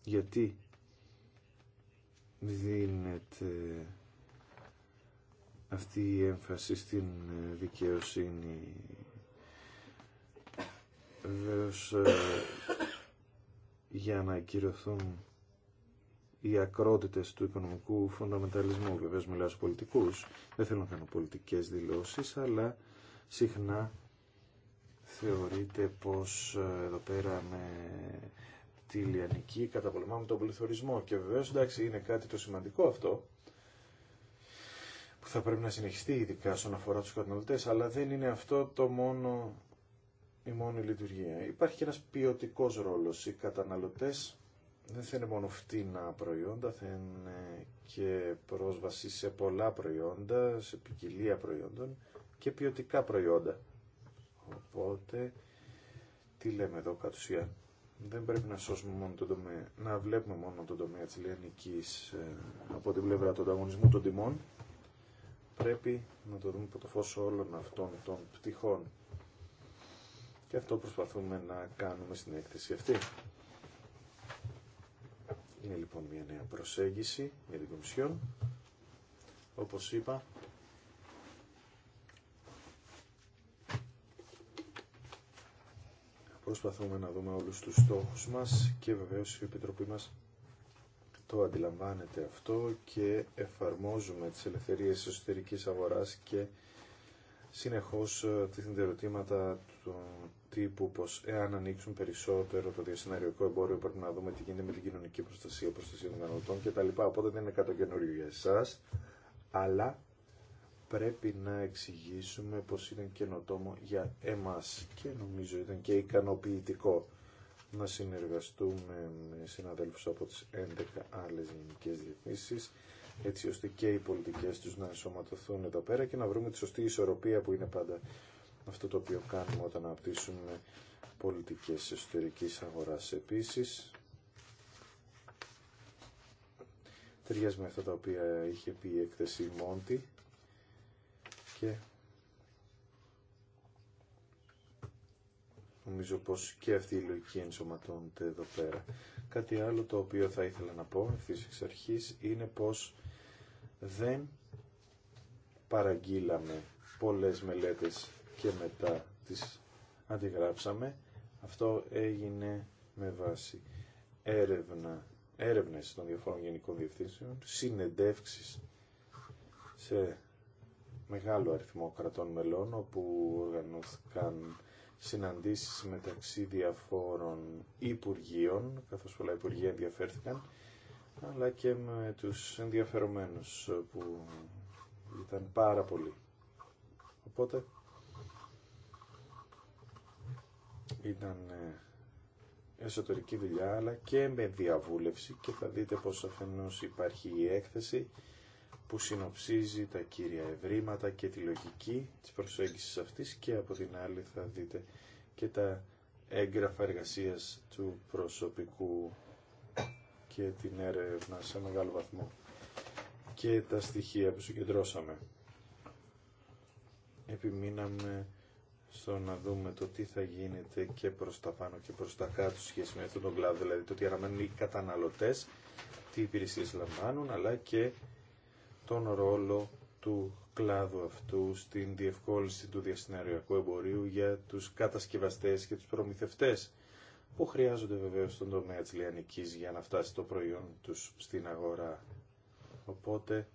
γιατί δίνεται αυτή η έμφαση στην ε, δικαιοσύνη. Βεβαίω ε, για να ακυρωθούν οι ακρότητες του οικονομικού φονταμεταλισμού. Βεβαίω μιλάω στους πολιτικούς, δεν θέλω να κάνω πολιτικές δηλώσεις, αλλά συχνά θεωρείται πως ε, εδώ πέρα με τη λιανική καταπολεμάμε τον πληθωρισμό και βεβαίως εντάξει είναι κάτι το σημαντικό αυτό που θα πρέπει να συνεχιστεί ειδικά στον αφορά τους καταναλωτές αλλά δεν είναι αυτό το μόνο η μόνη λειτουργία. Υπάρχει και ένας ποιοτικό ρόλος. Οι καταναλωτές δεν θα είναι μόνο φτηνά προϊόντα, θα είναι και πρόσβαση σε πολλά προϊόντα, σε ποικιλία προϊόντων και ποιοτικά προϊόντα. Οπότε, τι λέμε εδώ κατ' ουσία. Δεν πρέπει να σώσουμε μόνο τον να βλέπουμε μόνο τον τομέα της λιανικής ε, από την πλευρά του ανταγωνισμού των τιμών. Πρέπει να το δούμε από το φως όλων αυτών των πτυχών. Και αυτό προσπαθούμε να κάνουμε στην έκθεση αυτή. Είναι λοιπόν μια νέα προσέγγιση για την Κομισιόν. Όπως είπα, προσπαθούμε να δούμε όλους τους στόχους μας και βεβαίως η Επιτροπή μας το αντιλαμβάνεται αυτό και εφαρμόζουμε τις ελευθερίες της εσωτερικής αγοράς και συνεχώς ε, τίθενται ερωτήματα του τύπου πως εάν ανοίξουν περισσότερο το διασυναριακό εμπόριο πρέπει να δούμε τι γίνεται με την κοινωνική προστασία, προστασία των τα κτλ. Οπότε δεν είναι κάτι καινούριο για εσά. αλλά πρέπει να εξηγήσουμε πως είναι καινοτόμο για εμάς και νομίζω ήταν και ικανοποιητικό να συνεργαστούμε με συναδέλφους από τις 11 άλλες γενικές διευθύνσεις έτσι ώστε και οι πολιτικές τους να ενσωματωθούν εδώ πέρα και να βρούμε τη σωστή ισορροπία που είναι πάντα αυτό το οποίο κάνουμε όταν αναπτύσσουμε πολιτικές εσωτερικής αγοράς. Επίσης, ταιριάζει με αυτά τα οποία είχε πει η έκθεση Μόντι και νομίζω πως και αυτή η λογική ενσωματώνεται εδώ πέρα. Κάτι άλλο το οποίο θα ήθελα να πω ευθύς εξ αρχής είναι πως δεν παραγγείλαμε πολλές μελέτες και μετά τις αντιγράψαμε. Αυτό έγινε με βάση έρευνα, έρευνες των διαφόρων γενικών διευθύνσεων, συνεντεύξεις σε μεγάλο αριθμό κρατών μελών, όπου οργανώθηκαν συναντήσεις μεταξύ διαφόρων υπουργείων, καθώς πολλά υπουργεία ενδιαφέρθηκαν, αλλά και με τους ενδιαφερομένους που ήταν πάρα πολλοί. Οπότε Ήταν ε, εσωτερική δουλειά αλλά και με διαβούλευση και θα δείτε πως αφενός υπάρχει η έκθεση που συνοψίζει τα κύρια ευρήματα και τη λογική της προσέγγισης αυτής και από την άλλη θα δείτε και τα έγγραφα εργασίας του προσωπικού και την έρευνα σε μεγάλο βαθμό και τα στοιχεία που συγκεντρώσαμε. Επιμείναμε στο να δούμε το τι θα γίνεται και προς τα πάνω και προς τα κάτω σχέση με αυτόν τον κλάδο, δηλαδή το τι αναμένουν οι καταναλωτές, τι υπηρεσίες λαμβάνουν, αλλά και τον ρόλο του κλάδου αυτού στην διευκόλυνση του διασυναριακού εμπορίου για τους κατασκευαστές και τους προμηθευτές που χρειάζονται βεβαίως στον τομέα της λιανικής για να φτάσει το προϊόν τους στην αγορά. Οπότε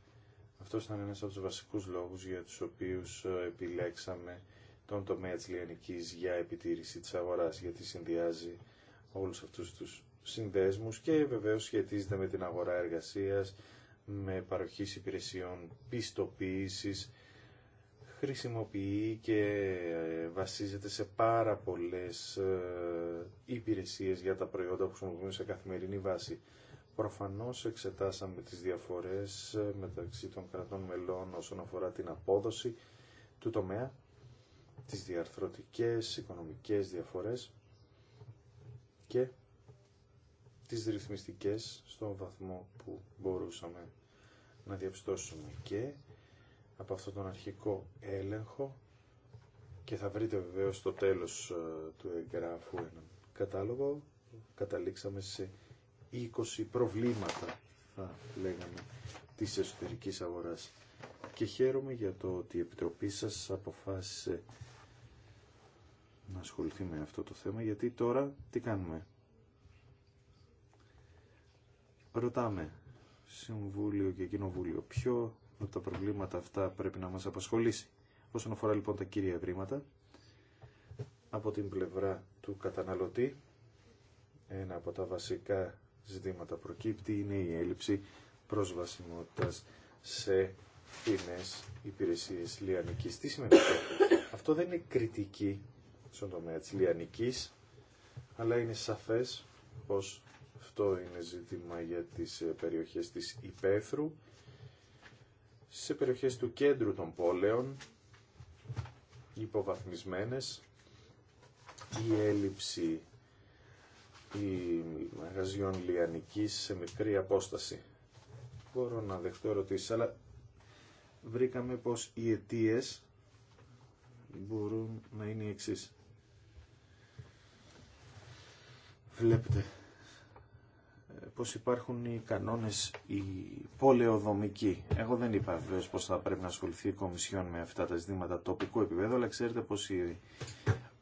αυτός ήταν ένας από τους βασικούς λόγους για τους οποίους ε, επιλέξαμε τον τομέα της λιανικής για επιτήρηση της αγοράς, γιατί συνδυάζει όλους αυτούς τους συνδέσμους και βεβαίως σχετίζεται με την αγορά εργασίας, με παροχή υπηρεσιών πιστοποίησης, χρησιμοποιεί και ε, βασίζεται σε πάρα πολλές ε, υπηρεσίες για τα προϊόντα που χρησιμοποιούμε σε καθημερινή βάση. Προφανώς εξετάσαμε τις διαφορές ε, μεταξύ των κρατών μελών όσον αφορά την απόδοση του τομέα τις διαρθρωτικές οικονομικές διαφορές και τις ρυθμιστικές στον βαθμό που μπορούσαμε να διαπιστώσουμε και από αυτόν τον αρχικό έλεγχο και θα βρείτε βεβαίως στο τέλος ε, του εγγράφου έναν κατάλογο καταλήξαμε σε 20 προβλήματα θα λέγαμε της εσωτερικής αγοράς και χαίρομαι για το ότι η Επιτροπή σας αποφάσισε να ασχοληθεί με αυτό το θέμα, γιατί τώρα τι κάνουμε. Ρωτάμε Συμβούλιο και Κοινοβούλιο ποιο από τα προβλήματα αυτά πρέπει να μας απασχολήσει. Όσον αφορά λοιπόν τα κύρια ευρήματα, από την πλευρά του καταναλωτή, ένα από τα βασικά ζητήματα προκύπτει είναι η έλλειψη προσβασιμότητας σε φθηνές υπηρεσίες λιανικής. Τι σημαίνει αυτό. Αυτό δεν είναι κριτική στον τομέα της λιανικής, αλλά είναι σαφές πως αυτό είναι ζήτημα για τις ε, περιοχές της Υπέθρου, σε περιοχές του κέντρου των πόλεων, υποβαθμισμένες, η έλλειψη η μαγαζιών λιανικής σε μικρή απόσταση. Μπορώ να δεχτώ ερωτήσεις, αλλά βρήκαμε πως οι αιτίες μπορούν να είναι οι βλέπετε ε, πως υπάρχουν οι κανόνες οι πολεοδομικοί. Εγώ δεν είπα βεβαίως πως θα πρέπει να ασχοληθεί η Κομισιόν με αυτά τα ζητήματα τοπικού επίπεδου, αλλά ξέρετε πως η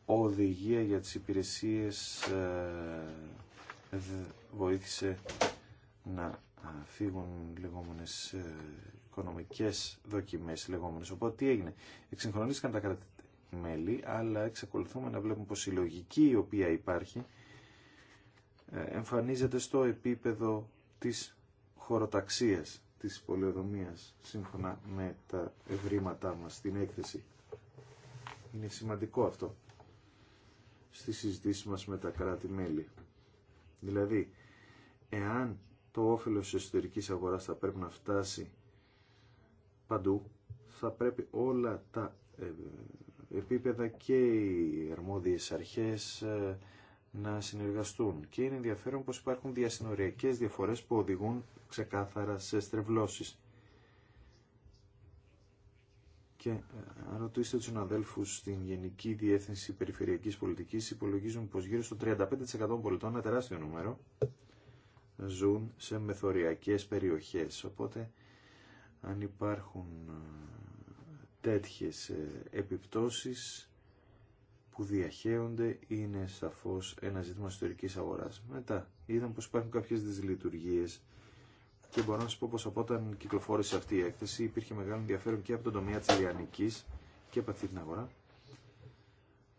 οδηγία για τις υπηρεσίες ε, βοήθησε να φύγουν λεγόμενες ε, οικονομικές δοκιμές λεγόμενες. Οπότε τι έγινε. Εξυγχρονίστηκαν τα κράτη-μέλη, αλλά εξακολουθούμε να βλέπουμε πως η λογική η οποία υπάρχει ε, εμφανίζεται στο επίπεδο της χωροταξίας, της πολεοδομίας, σύμφωνα με τα ευρήματά μας στην έκθεση. Είναι σημαντικό αυτό στη συζήτησή μας με τα κράτη-μέλη. Δηλαδή, εάν το όφελος της εσωτερικής αγοράς θα πρέπει να φτάσει παντού, θα πρέπει όλα τα ε, επίπεδα και οι αρμόδιες αρχές ε, να συνεργαστούν και είναι ενδιαφέρον πως υπάρχουν διασυνοριακές διαφορές που οδηγούν ξεκάθαρα σε στρεβλώσεις. Και ε, ρωτήσετε τους αδέλφους στην Γενική Διεύθυνση Περιφερειακής Πολιτικής υπολογίζουν πως γύρω στο 35% των πολιτών, ένα τεράστιο νούμερο, ζουν σε μεθοριακές περιοχές. Οπότε αν υπάρχουν ε, τέτοιες ε, επιπτώσεις που διαχέονται είναι σαφώς ένα ζήτημα ιστορικής αγοράς. Μετά είδαμε πως υπάρχουν κάποιες δυσλειτουργίες και μπορώ να σας πω πως από όταν κυκλοφόρησε αυτή η έκθεση υπήρχε μεγάλο ενδιαφέρον και από τον τομέα της λιανικής και από αυτή την αγορά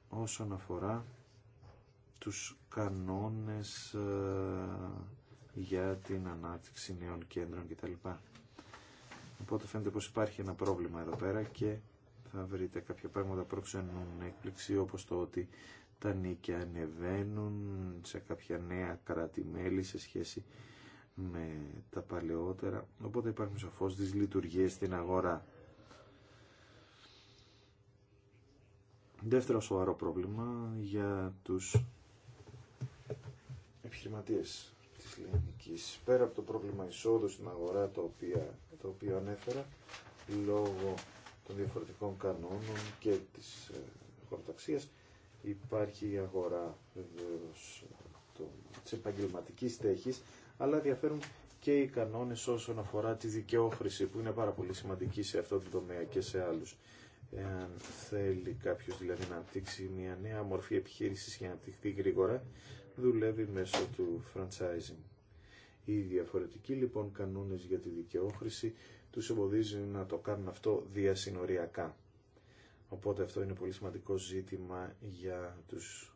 όσον αφορά τους κανόνες ε, για την ανάπτυξη νέων κέντρων κτλ. Οπότε φαίνεται πως υπάρχει ένα πρόβλημα εδώ πέρα και θα βρείτε κάποια πράγματα προξενούν έκπληξη όπως το ότι τα νίκια ανεβαίνουν σε κάποια νέα σε σχέση με τα παλαιότερα. Οπότε υπάρχουν σαφώς τις λειτουργίες στην αγορά. Δεύτερο σοβαρό πρόβλημα για τους επιχειρηματίες της Ελληνικής. Πέρα από το πρόβλημα εισόδου στην αγορά το οποίο, το οποίο ανέφερα, λόγω των διαφορετικών κανόνων και της ε, χωροταξίας. Υπάρχει η αγορά βεβαίως της επαγγελματικής στέχης, αλλά διαφέρουν και οι κανόνες όσον αφορά τη δικαιόχρηση που είναι πάρα πολύ σημαντική σε αυτό το τομέα και σε άλλους. Εάν θέλει κάποιος δηλαδή να αναπτύξει μια νέα μορφή επιχείρησης για να αναπτυχθεί γρήγορα, δουλεύει μέσω του franchising. Οι διαφορετικοί λοιπόν κανόνες για τη δικαιόχρηση τους εμποδίζει να το κάνουν αυτό διασυνοριακά. Οπότε αυτό είναι πολύ σημαντικό ζήτημα για τους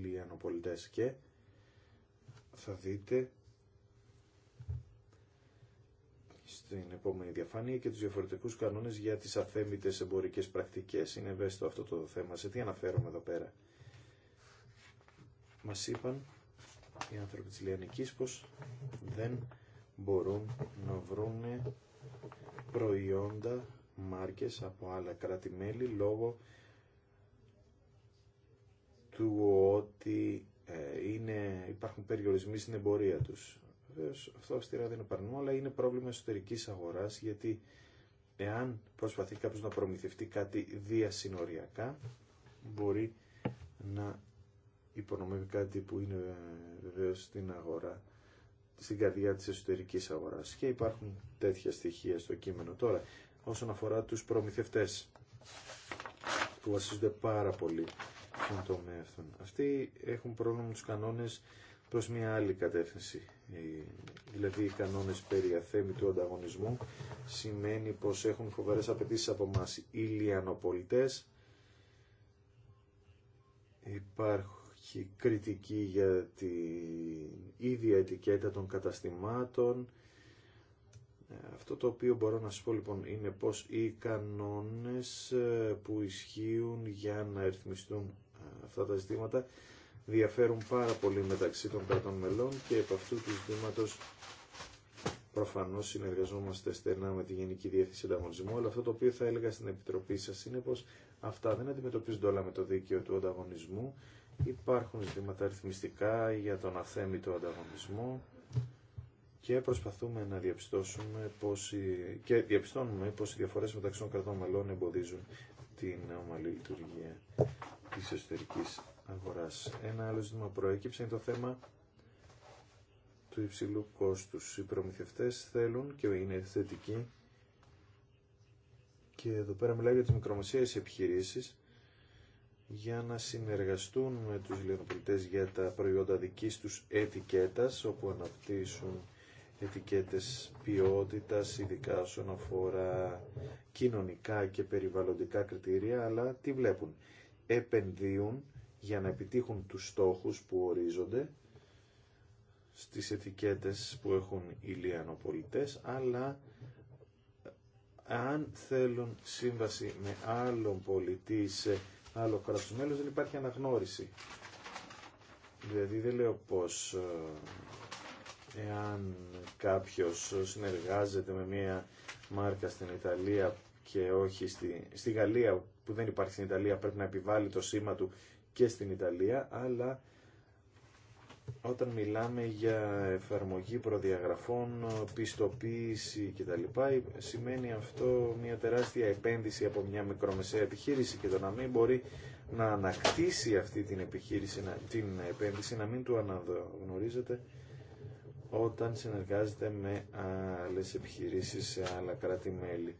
λιανοπολιτές και θα δείτε στην επόμενη διαφάνεια και τους διαφορετικούς κανόνες για τις αθέμητες εμπορικές πρακτικές. Είναι ευαίσθητο αυτό το θέμα. Σε τι αναφέρομαι εδώ πέρα. Μας είπαν οι άνθρωποι της Λιανικής πως δεν μπορούν να βρούνε προϊόντα, μάρκες από άλλα κράτη-μέλη λόγω του ότι ε, είναι, υπάρχουν περιορισμοί στην εμπορία τους. Βεβαίω αυτό αυστηρά δεν είναι αλλά είναι πρόβλημα εσωτερικής αγοράς γιατί εάν προσπαθεί κάποιος να προμηθευτεί κάτι διασυνοριακά μπορεί να υπονομεύει κάτι που είναι ε, βεβαίως στην αγορά στην καρδιά της εσωτερικής αγοράς και υπάρχουν τέτοια στοιχεία στο κείμενο τώρα όσον αφορά τους προμηθευτές που βασίζονται πάρα πολύ στον τομέα αυτών. Αυτοί έχουν πρόβλημα με τους κανόνες προς μια άλλη κατεύθυνση. Δηλαδή οι κανόνες περί αθέμη του ανταγωνισμού σημαίνει πως έχουν φοβερές απαιτήσει από εμάς οι λιανοπολιτές. Υπάρχουν Υπάρχει κριτική για την ίδια ετικέτα των καταστημάτων. Ε, αυτό το οποίο μπορώ να σας πω λοιπόν είναι πως οι κανόνες ε, που ισχύουν για να ρυθμιστούν ε, αυτά τα ζητήματα διαφέρουν πάρα πολύ μεταξύ των κρατών μελών και επ' αυτού του ζητήματο προφανώς συνεργαζόμαστε στενά με τη Γενική Διεύθυνση Ανταγωνισμού, αλλά αυτό το οποίο θα έλεγα στην Επιτροπή σας είναι πως αυτά δεν αντιμετωπίζονται όλα με το δίκαιο του ανταγωνισμού Υπάρχουν ζητήματα αριθμιστικά για τον αθέμητο ανταγωνισμό και προσπαθούμε να διαπιστώσουμε πώς οι... και διαπιστώνουμε πως οι διαφορές μεταξύ των κρατών μελών εμποδίζουν την ομαλή λειτουργία της εσωτερικής αγοράς. Ένα άλλο ζήτημα προέκυψε είναι το θέμα του υψηλού κόστους. Οι προμηθευτές θέλουν και είναι θετικοί και εδώ πέρα μιλάει για τις μικρομεσαίες επιχειρήσεις για να συνεργαστούν με τους λιανοπολιτές για τα προϊόντα δικής τους ετικέτας, όπου αναπτύσσουν ετικέτες ποιότητας, ειδικά όσον αφορά κοινωνικά και περιβαλλοντικά κριτήρια, αλλά τι βλέπουν. Επενδύουν για να επιτύχουν τους στόχους που ορίζονται στις ετικέτες που έχουν οι λιανοπολιτές, αλλά αν θέλουν σύμβαση με άλλον πολιτή σε άλλο κράτος μέλος δεν υπάρχει αναγνώριση. Δηλαδή δεν λέω πως ε, εάν κάποιος συνεργάζεται με μία μάρκα στην Ιταλία και όχι στη, στη Γαλλία που δεν υπάρχει στην Ιταλία πρέπει να επιβάλλει το σήμα του και στην Ιταλία αλλά όταν μιλάμε για εφαρμογή προδιαγραφών, πιστοποίηση κτλ. Σημαίνει αυτό μια τεράστια επένδυση από μια μικρομεσαία επιχείρηση και το να μην μπορεί να ανακτήσει αυτή την, επιχείρηση, την επένδυση, να μην του αναγνωρίζεται όταν συνεργάζεται με άλλες επιχειρήσεις σε άλλα κράτη-μέλη.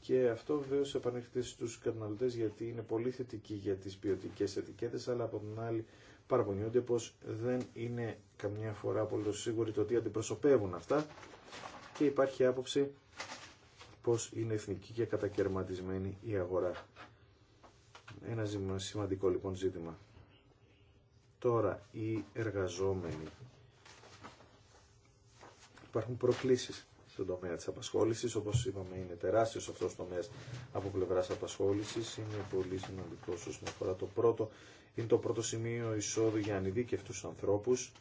Και αυτό βεβαίω επανέρχεται στους καταναλωτές γιατί είναι πολύ θετική για τις ποιοτικέ ετικέτες, αλλά από την άλλη παραπονιούνται πως δεν είναι καμιά φορά απολύτως σίγουροι το ότι αντιπροσωπεύουν αυτά και υπάρχει άποψη πως είναι εθνική και κατακαιρματισμένη η αγορά. Ένα σημαντικό λοιπόν ζήτημα. Τώρα, οι εργαζόμενοι. Υπάρχουν προκλήσεις στον τομέα της απασχόλησης, όπως είπαμε είναι τεράστιος αυτός τομέας από πλευράς απασχόλησης, είναι πολύ σημαντικό όσον αφορά το πρώτο είναι το πρώτο σημείο εισόδου για ανειδίκευτους ανθρώπους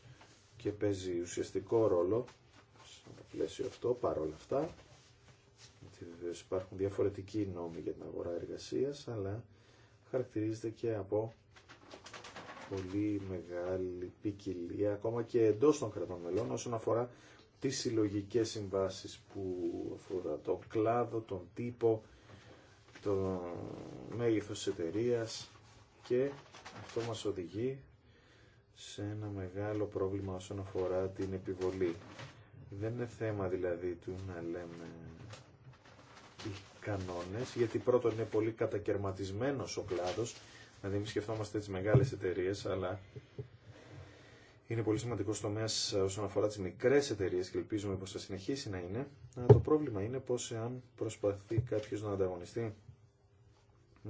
και παίζει ουσιαστικό ρόλο στο πλαίσιο αυτό, παρόλα αυτά. Βεβαίως υπάρχουν διαφορετικοί νόμοι για την αγορά εργασίας, αλλά χαρακτηρίζεται και από πολύ μεγάλη ποικιλία, ακόμα και εντός των κρατών μελών, όσον αφορά τις συλλογικέ συμβάσεις που αφορά το κλάδο, τον τύπο, το μέγεθος εταιρείας, και αυτό μας οδηγεί σε ένα μεγάλο πρόβλημα όσον αφορά την επιβολή. Δεν είναι θέμα δηλαδή του να λέμε οι κανόνες, γιατί πρώτον είναι πολύ κατακαιρματισμένος ο κλάδος, δηλαδή εμείς σκεφτόμαστε τις μεγάλες εταιρείε, αλλά είναι πολύ σημαντικό τομέα όσον αφορά τις μικρές εταιρείε και ελπίζουμε πως θα συνεχίσει να είναι. Αλλά το πρόβλημα είναι πω εάν προσπαθεί κάποιος να ανταγωνιστεί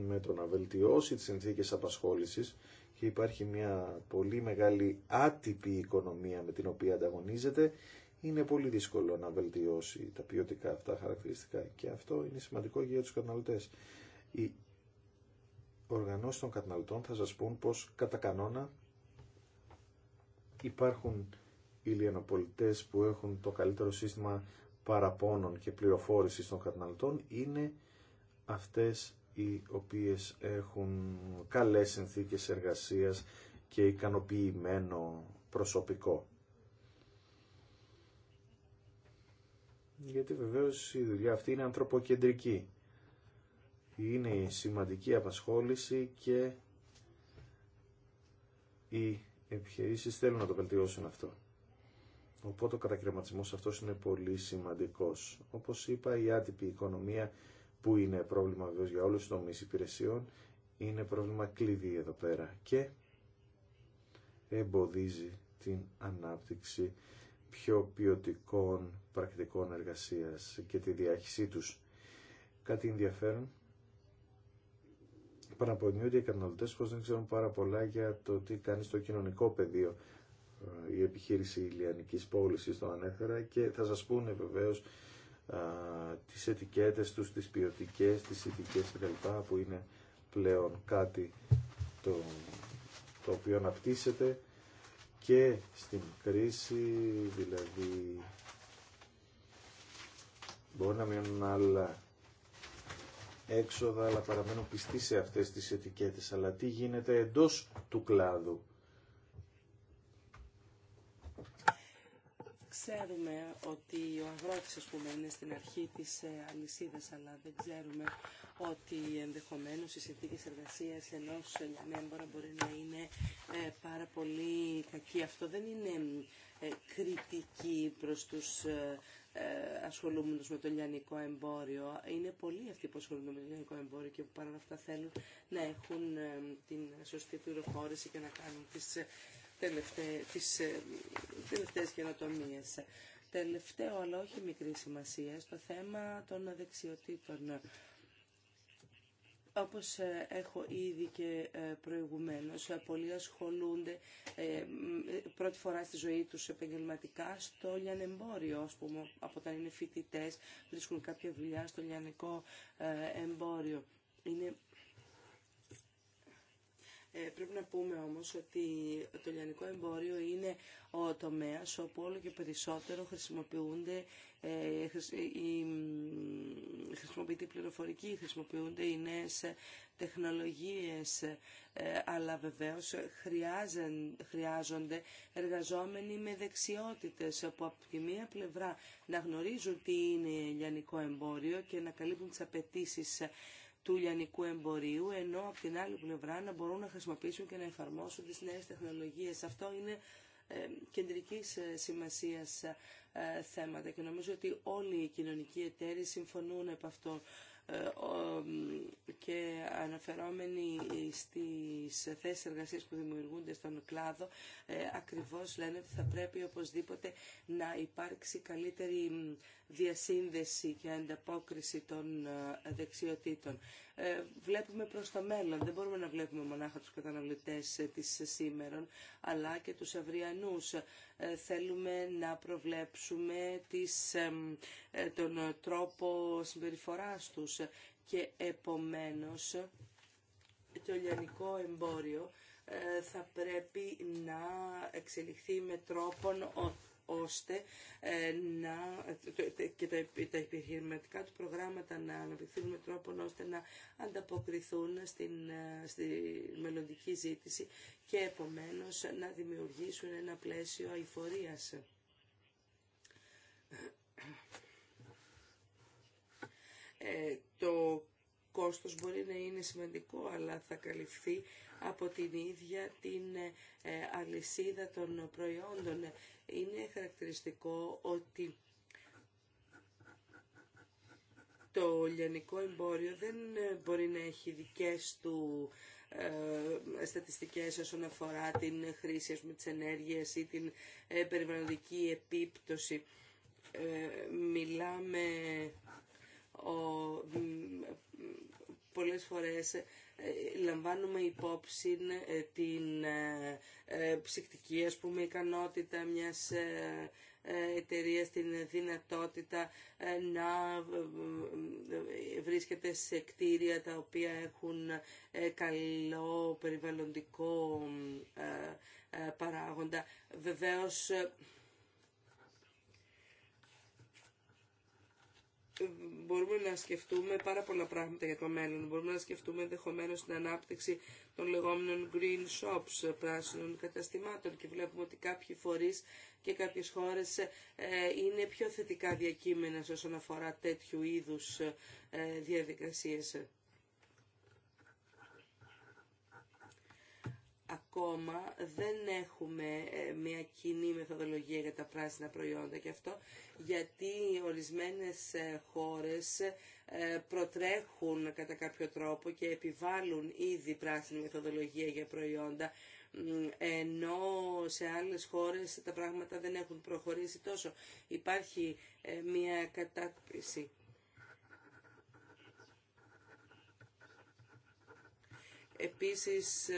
με το να βελτιώσει τις συνθήκες απασχόλησης και υπάρχει μια πολύ μεγάλη άτυπη οικονομία με την οποία ανταγωνίζεται, είναι πολύ δύσκολο να βελτιώσει τα ποιοτικά αυτά χαρακτηριστικά και αυτό είναι σημαντικό για τους καταναλωτές. Οι οργανώσεις των καταναλωτών θα σας πούν πως κατά κανόνα υπάρχουν ηλιανοπολιτές που έχουν το καλύτερο σύστημα παραπώνων και πληροφόρησης των καταναλωτών είναι αυτές οι οποίες έχουν καλές συνθήκες εργασίας και ικανοποιημένο προσωπικό. Γιατί βεβαίως η δουλειά αυτή είναι ανθρωποκεντρική. Είναι η σημαντική απασχόληση και οι επιχειρήσεις θέλουν να το βελτιώσουν αυτό. Οπότε ο κατακρεματισμός αυτός είναι πολύ σημαντικός. Όπως είπα η άτυπη οικονομία που είναι πρόβλημα βεβαίως για όλους τους τομείς υπηρεσιών, είναι πρόβλημα κλειδί εδώ πέρα και εμποδίζει την ανάπτυξη πιο ποιοτικών πρακτικών εργασίας και τη διάχυσή τους. Κάτι ενδιαφέρον, παραπονιούνται οι καταναλωτέ πω δεν ξέρουν πάρα πολλά για το τι κάνει στο κοινωνικό πεδίο ε, η επιχείρηση ηλιανική πώληση το ανέφερα και θα σα πούνε βεβαίω τις ετικέτες τους, τις ποιοτικέ, τις ηθικές κλπ που είναι πλέον κάτι το, το οποίο αναπτύσσεται και στην κρίση, δηλαδή μπορεί να μείνουν άλλα έξοδα, αλλά παραμένουν πιστοί σε αυτές τις ετικέτες. Αλλά τι γίνεται εντός του κλάδου Ξέρουμε ότι ο αγρότης, ας πούμε, είναι στην αρχή της ε, αλυσίδας, αλλά δεν ξέρουμε ότι ενδεχομένως οι συνθήκες εργασίας ενός λιανέμπορα ε, μπορεί να είναι ε, πάρα πολύ κακή. Αυτό δεν είναι κριτική προς τους ασχολούμενους με το λιανικό εμπόριο. Είναι πολλοί αυτοί που ασχολούνται με το λιανικό εμπόριο και που παρά αυτά θέλουν να έχουν την σωστή πληροφόρηση και να κάνουν τις τις ε, τελευταίες καινοτομίες. Τελευταίο, αλλά όχι μικρή σημασία, στο θέμα των δεξιοτήτων. Όπως ε, έχω ήδη και ε, προηγουμένως, πολλοί ασχολούνται πρώτη φορά στη ζωή τους επαγγελματικά στο λιανεμπόριο, ας πούμε, από όταν είναι φοιτητέ, βρίσκουν κάποια δουλειά στο λιανικό εμπόριο. Είναι ε, πρέπει να πούμε όμως ότι το λιανικό εμπόριο είναι ο τομέας όπου όλο και περισσότερο χρησιμοποιούνται ε, οι η πληροφορική, χρησιμοποιούνται οι νέες τεχνολογίες, ε, αλλά βεβαίως χρειάζονται εργαζόμενοι με δεξιότητες που από τη μία πλευρά να γνωρίζουν τι είναι λιανικό εμπόριο και να καλύπτουν τις απαιτήσει του λιανικού εμπορίου, ενώ από την άλλη πλευρά να μπορούν να χρησιμοποιήσουν και να εφαρμόσουν τις νέες τεχνολογίες. Αυτό είναι ε, κεντρικής ε, σημασίας ε, θέματα και νομίζω ότι όλοι οι κοινωνικοί εταίροι συμφωνούν από αυτό και αναφερόμενοι στις θέσεις εργασίας που δημιουργούνται στον κλάδο ακριβώς λένε ότι θα πρέπει οπωσδήποτε να υπάρξει καλύτερη διασύνδεση και ανταπόκριση των ε, δεξιοτήτων. Ε, βλέπουμε προς το μέλλον. Δεν μπορούμε να βλέπουμε μονάχα τους καταναλωτές ε, της σήμερα, αλλά και τους αυριανούς. Θέλουμε να προβλέψουμε τις, τον τρόπο συμπεριφοράς τους και επομένως το λιανικό εμπόριο θα πρέπει να εξελιχθεί με τρόπον ώστε ε, να, και τα επιχειρηματικά του προγράμματα να αναπτυχθούν με τρόπο ώστε να ανταποκριθούν στην, ε, στη μελλοντική ζήτηση και επομένως να δημιουργήσουν ένα πλαίσιο αηφορίας. Ε, το κόστος μπορεί να είναι σημαντικό, αλλά θα καλυφθεί από την ίδια την ε, αλυσίδα των προϊόντων. Είναι χαρακτηριστικό ότι το λιανικό εμπόριο δεν ε, μπορεί να έχει δικές του ε, στατιστικές όσον αφορά την χρήση με πούμε, ενέργεια ή την περιβαλλοντική επίπτωση. μιλάμε ο, πολλές φορές ε, λαμβάνουμε υπόψη ε, την ε, ψυχτική ας πούμε ικανότητα μιας εταιρεία την δυνατότητα να βρίσκεται σε κτίρια τα οποία έχουν καλό περιβαλλοντικό παράγοντα. Βεβαίως μπορούμε να σκεφτούμε πάρα πολλά πράγματα για το μέλλον. Μπορούμε να σκεφτούμε ενδεχομένω την ανάπτυξη των λεγόμενων green shops, πράσινων καταστημάτων και βλέπουμε ότι κάποιοι φορεί και κάποιες χώρες ε, είναι πιο θετικά διακείμενε όσον αφορά τέτοιου είδους ε, διαδικασίες. ακόμα δεν έχουμε ε, μια κοινή μεθοδολογία για τα πράσινα προϊόντα και αυτό γιατί ορισμένες ε, χώρες ε, προτρέχουν κατά κάποιο τρόπο και επιβάλλουν ήδη πράσινη μεθοδολογία για προϊόντα ενώ σε άλλες χώρες τα πράγματα δεν έχουν προχωρήσει τόσο. Υπάρχει μια κατάκριση. Επίσης,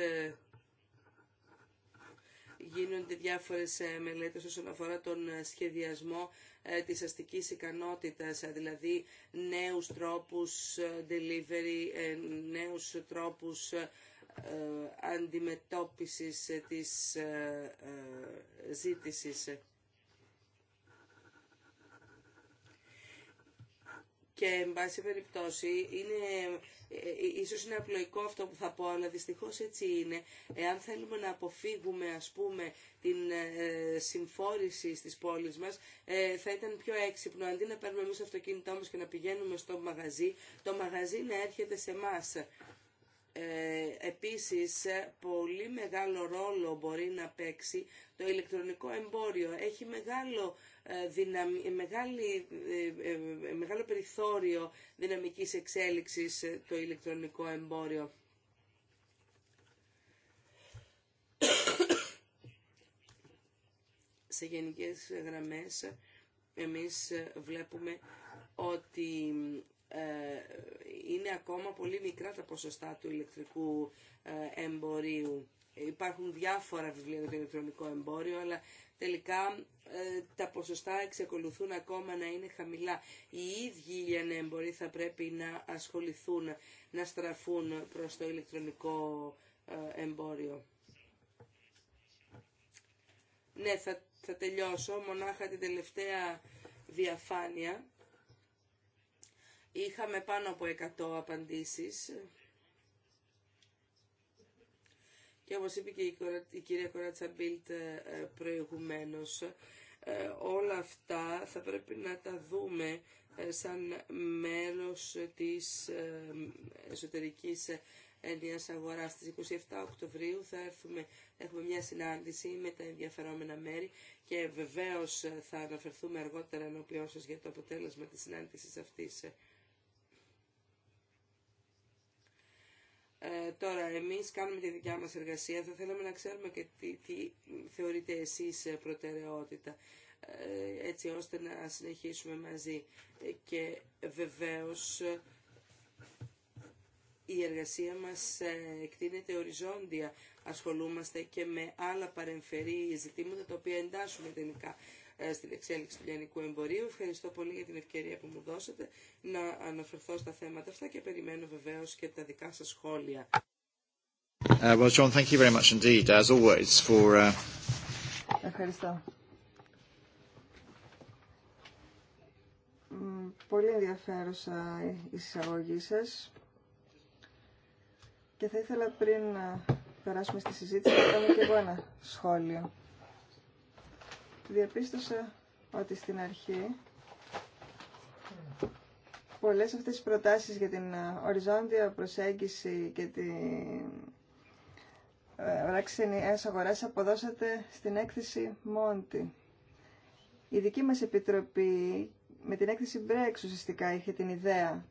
γίνονται διάφορες ε, μελέτες όσον αφορά τον ε, σχεδιασμό ε, της αστικής ικανότητας, δηλαδή νέους τρόπους delivery, νέους τρόπους αντιμετώπισης της ζήτησης. και εν πάση περιπτώσει είναι, ε, ε, ίσως είναι απλοϊκό αυτό που θα πω, αλλά δυστυχώς έτσι είναι. Εάν θέλουμε να αποφύγουμε ας πούμε την ε, συμφόρηση στις πόλεις μας, θα ήταν πιο έξυπνο αντί να παίρνουμε εμείς αυτοκίνητό μας και να πηγαίνουμε στο μαγαζί, το μαγαζί να έρχεται σε εμά. Επίσης, πολύ μεγάλο ρόλο μπορεί να παίξει το ηλεκτρονικό εμπόριο. Έχει μεγάλο ε, ε, μεγάλη, ε, μεγάλο περιθώριο δυναμικής εξέλιξης το ηλεκτρονικό εμπόριο. Σε γενικές γραμμές εμείς βλέπουμε ότι είναι ακόμα πολύ μικρά τα ποσοστά του ηλεκτρικού εμπορίου. Υπάρχουν διάφορα βιβλία για το ηλεκτρονικό εμπόριο, αλλά τελικά ε, τα ποσοστά εξακολουθούν ακόμα να είναι χαμηλά. Οι ίδιοι οι ανέμποροι θα πρέπει να ασχοληθούν, να στραφούν προς το ηλεκτρονικό ε, εμπόριο. Ναι, θα, θα τελειώσω. Μονάχα την τελευταία διαφάνεια. Είχαμε πάνω από 100 απαντήσεις. Και όπως είπε και η κυρία Κοράτσα Μπίλτ ε, ε, προηγουμένως, ε, όλα αυτά θα πρέπει να τα δούμε σαν μέλος της εσωτερικής ενίας αγοράς. Στις 27 Οκτωβρίου θα έρθουμε, έχουμε μια συνάντηση με τα ενδιαφερόμενα μέρη και βεβαίως θα αναφερθούμε αργότερα ενώπιόν σας για το αποτέλεσμα της συνάντησης αυτής. Ε, τώρα, εμείς κάνουμε τη δικιά μας εργασία, θα θέλαμε να ξέρουμε και τι, τι θεωρείτε εσείς ε, προτεραιότητα, ε, έτσι ώστε να συνεχίσουμε μαζί. Και βεβαίως η εργασία μας εκτείνεται οριζόντια. Ασχολούμαστε και με άλλα παρεμφερή ζητήματα, τα οποία εντάσσουμε τελικά ε, στην εξέλιξη του λιανικού εμπορίου. Ευχαριστώ πολύ για την ευκαιρία που μου δώσατε να αναφερθώ στα θέματα αυτά και περιμένω βεβαίω και τα δικά σας σχόλια. Ευχαριστώ. Πολύ ενδιαφέρουσα η εισαγωγή σας και θα ήθελα πριν ε, περάσουμε στη συζήτηση να κάνω και εγώ ένα σχόλιο διαπίστωσα ότι στην αρχή πολλές αυτές τις προτάσεις για την ε, οριζόντια προσέγγιση και την βράξη ε, ενιαίας αποδώσατε στην έκθεση Μόντι. Η δική μας επιτροπή με την έκθεση Brex ουσιαστικά είχε την ιδέα